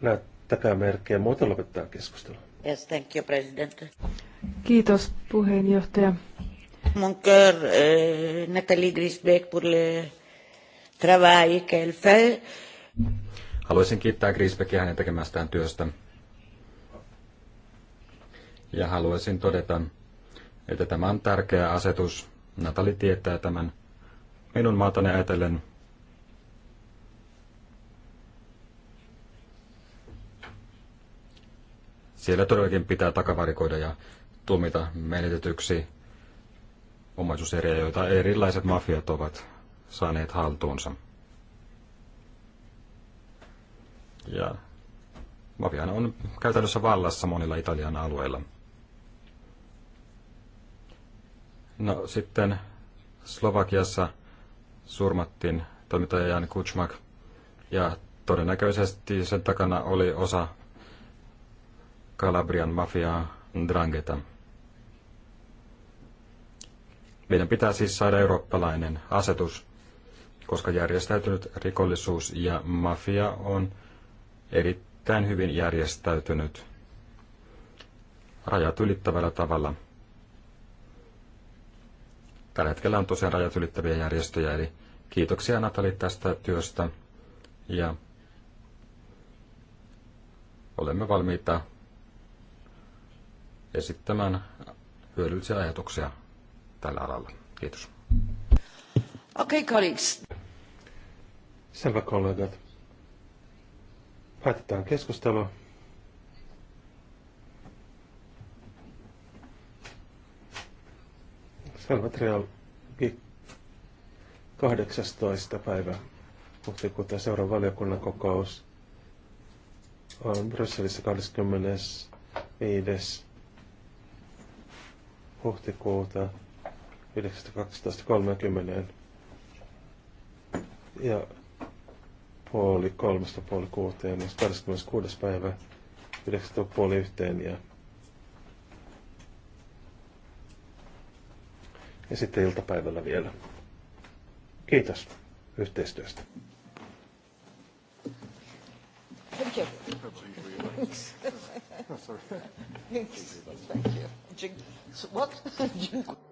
[SPEAKER 1] näyttäkää merkkejä, muuten lopettaa keskustelua.
[SPEAKER 2] Yes, thank you, President. Kiitos puheenjohtaja. Mon cœur, euh, Nathalie Grisbeck, pour le travail qu'elle fait.
[SPEAKER 4] Haluaisin kiittää Grisbeckia hänen tekemästään työstä. Ja haluaisin todeta, että tämä on tärkeä asetus. Natali tietää tämän minun maatani ajatellen. Siellä todellakin pitää takavarikoida ja tuomita menetetyksi omaisuuseriä, joita erilaiset mafiat ovat saaneet haltuunsa. Ja mafia on käytännössä vallassa monilla Italian alueilla. No sitten Slovakiassa surmattiin toimittaja Jan Kutsmak ja todennäköisesti sen takana oli osa Kalabrian mafiaa Drangheta. Meidän pitää siis saada eurooppalainen asetus, koska järjestäytynyt rikollisuus ja mafia on erittäin hyvin järjestäytynyt rajat ylittävällä tavalla. Tällä hetkellä on tosiaan rajat ylittäviä järjestöjä, eli kiitoksia Natali tästä työstä ja olemme valmiita esittämään hyödyllisiä ajatuksia tällä alalla. Kiitos.
[SPEAKER 2] Okei, okay, colleagues.
[SPEAKER 4] Selvä kollegat.
[SPEAKER 1] Päätetään keskustelua. Selvä Trial. 18. päivä huhtikuuta seuraava valiokunnan kokous on Brysselissä 25. huhtikuuta 9.12.30 ja puoli kolmesta puoli kuuteen myös 26. päivä 9. yhteen ja, ja sitten iltapäivällä vielä. Kiitos yhteistyöstä.
[SPEAKER 3] Thank you. Thanks. Thanks. Thank you. What?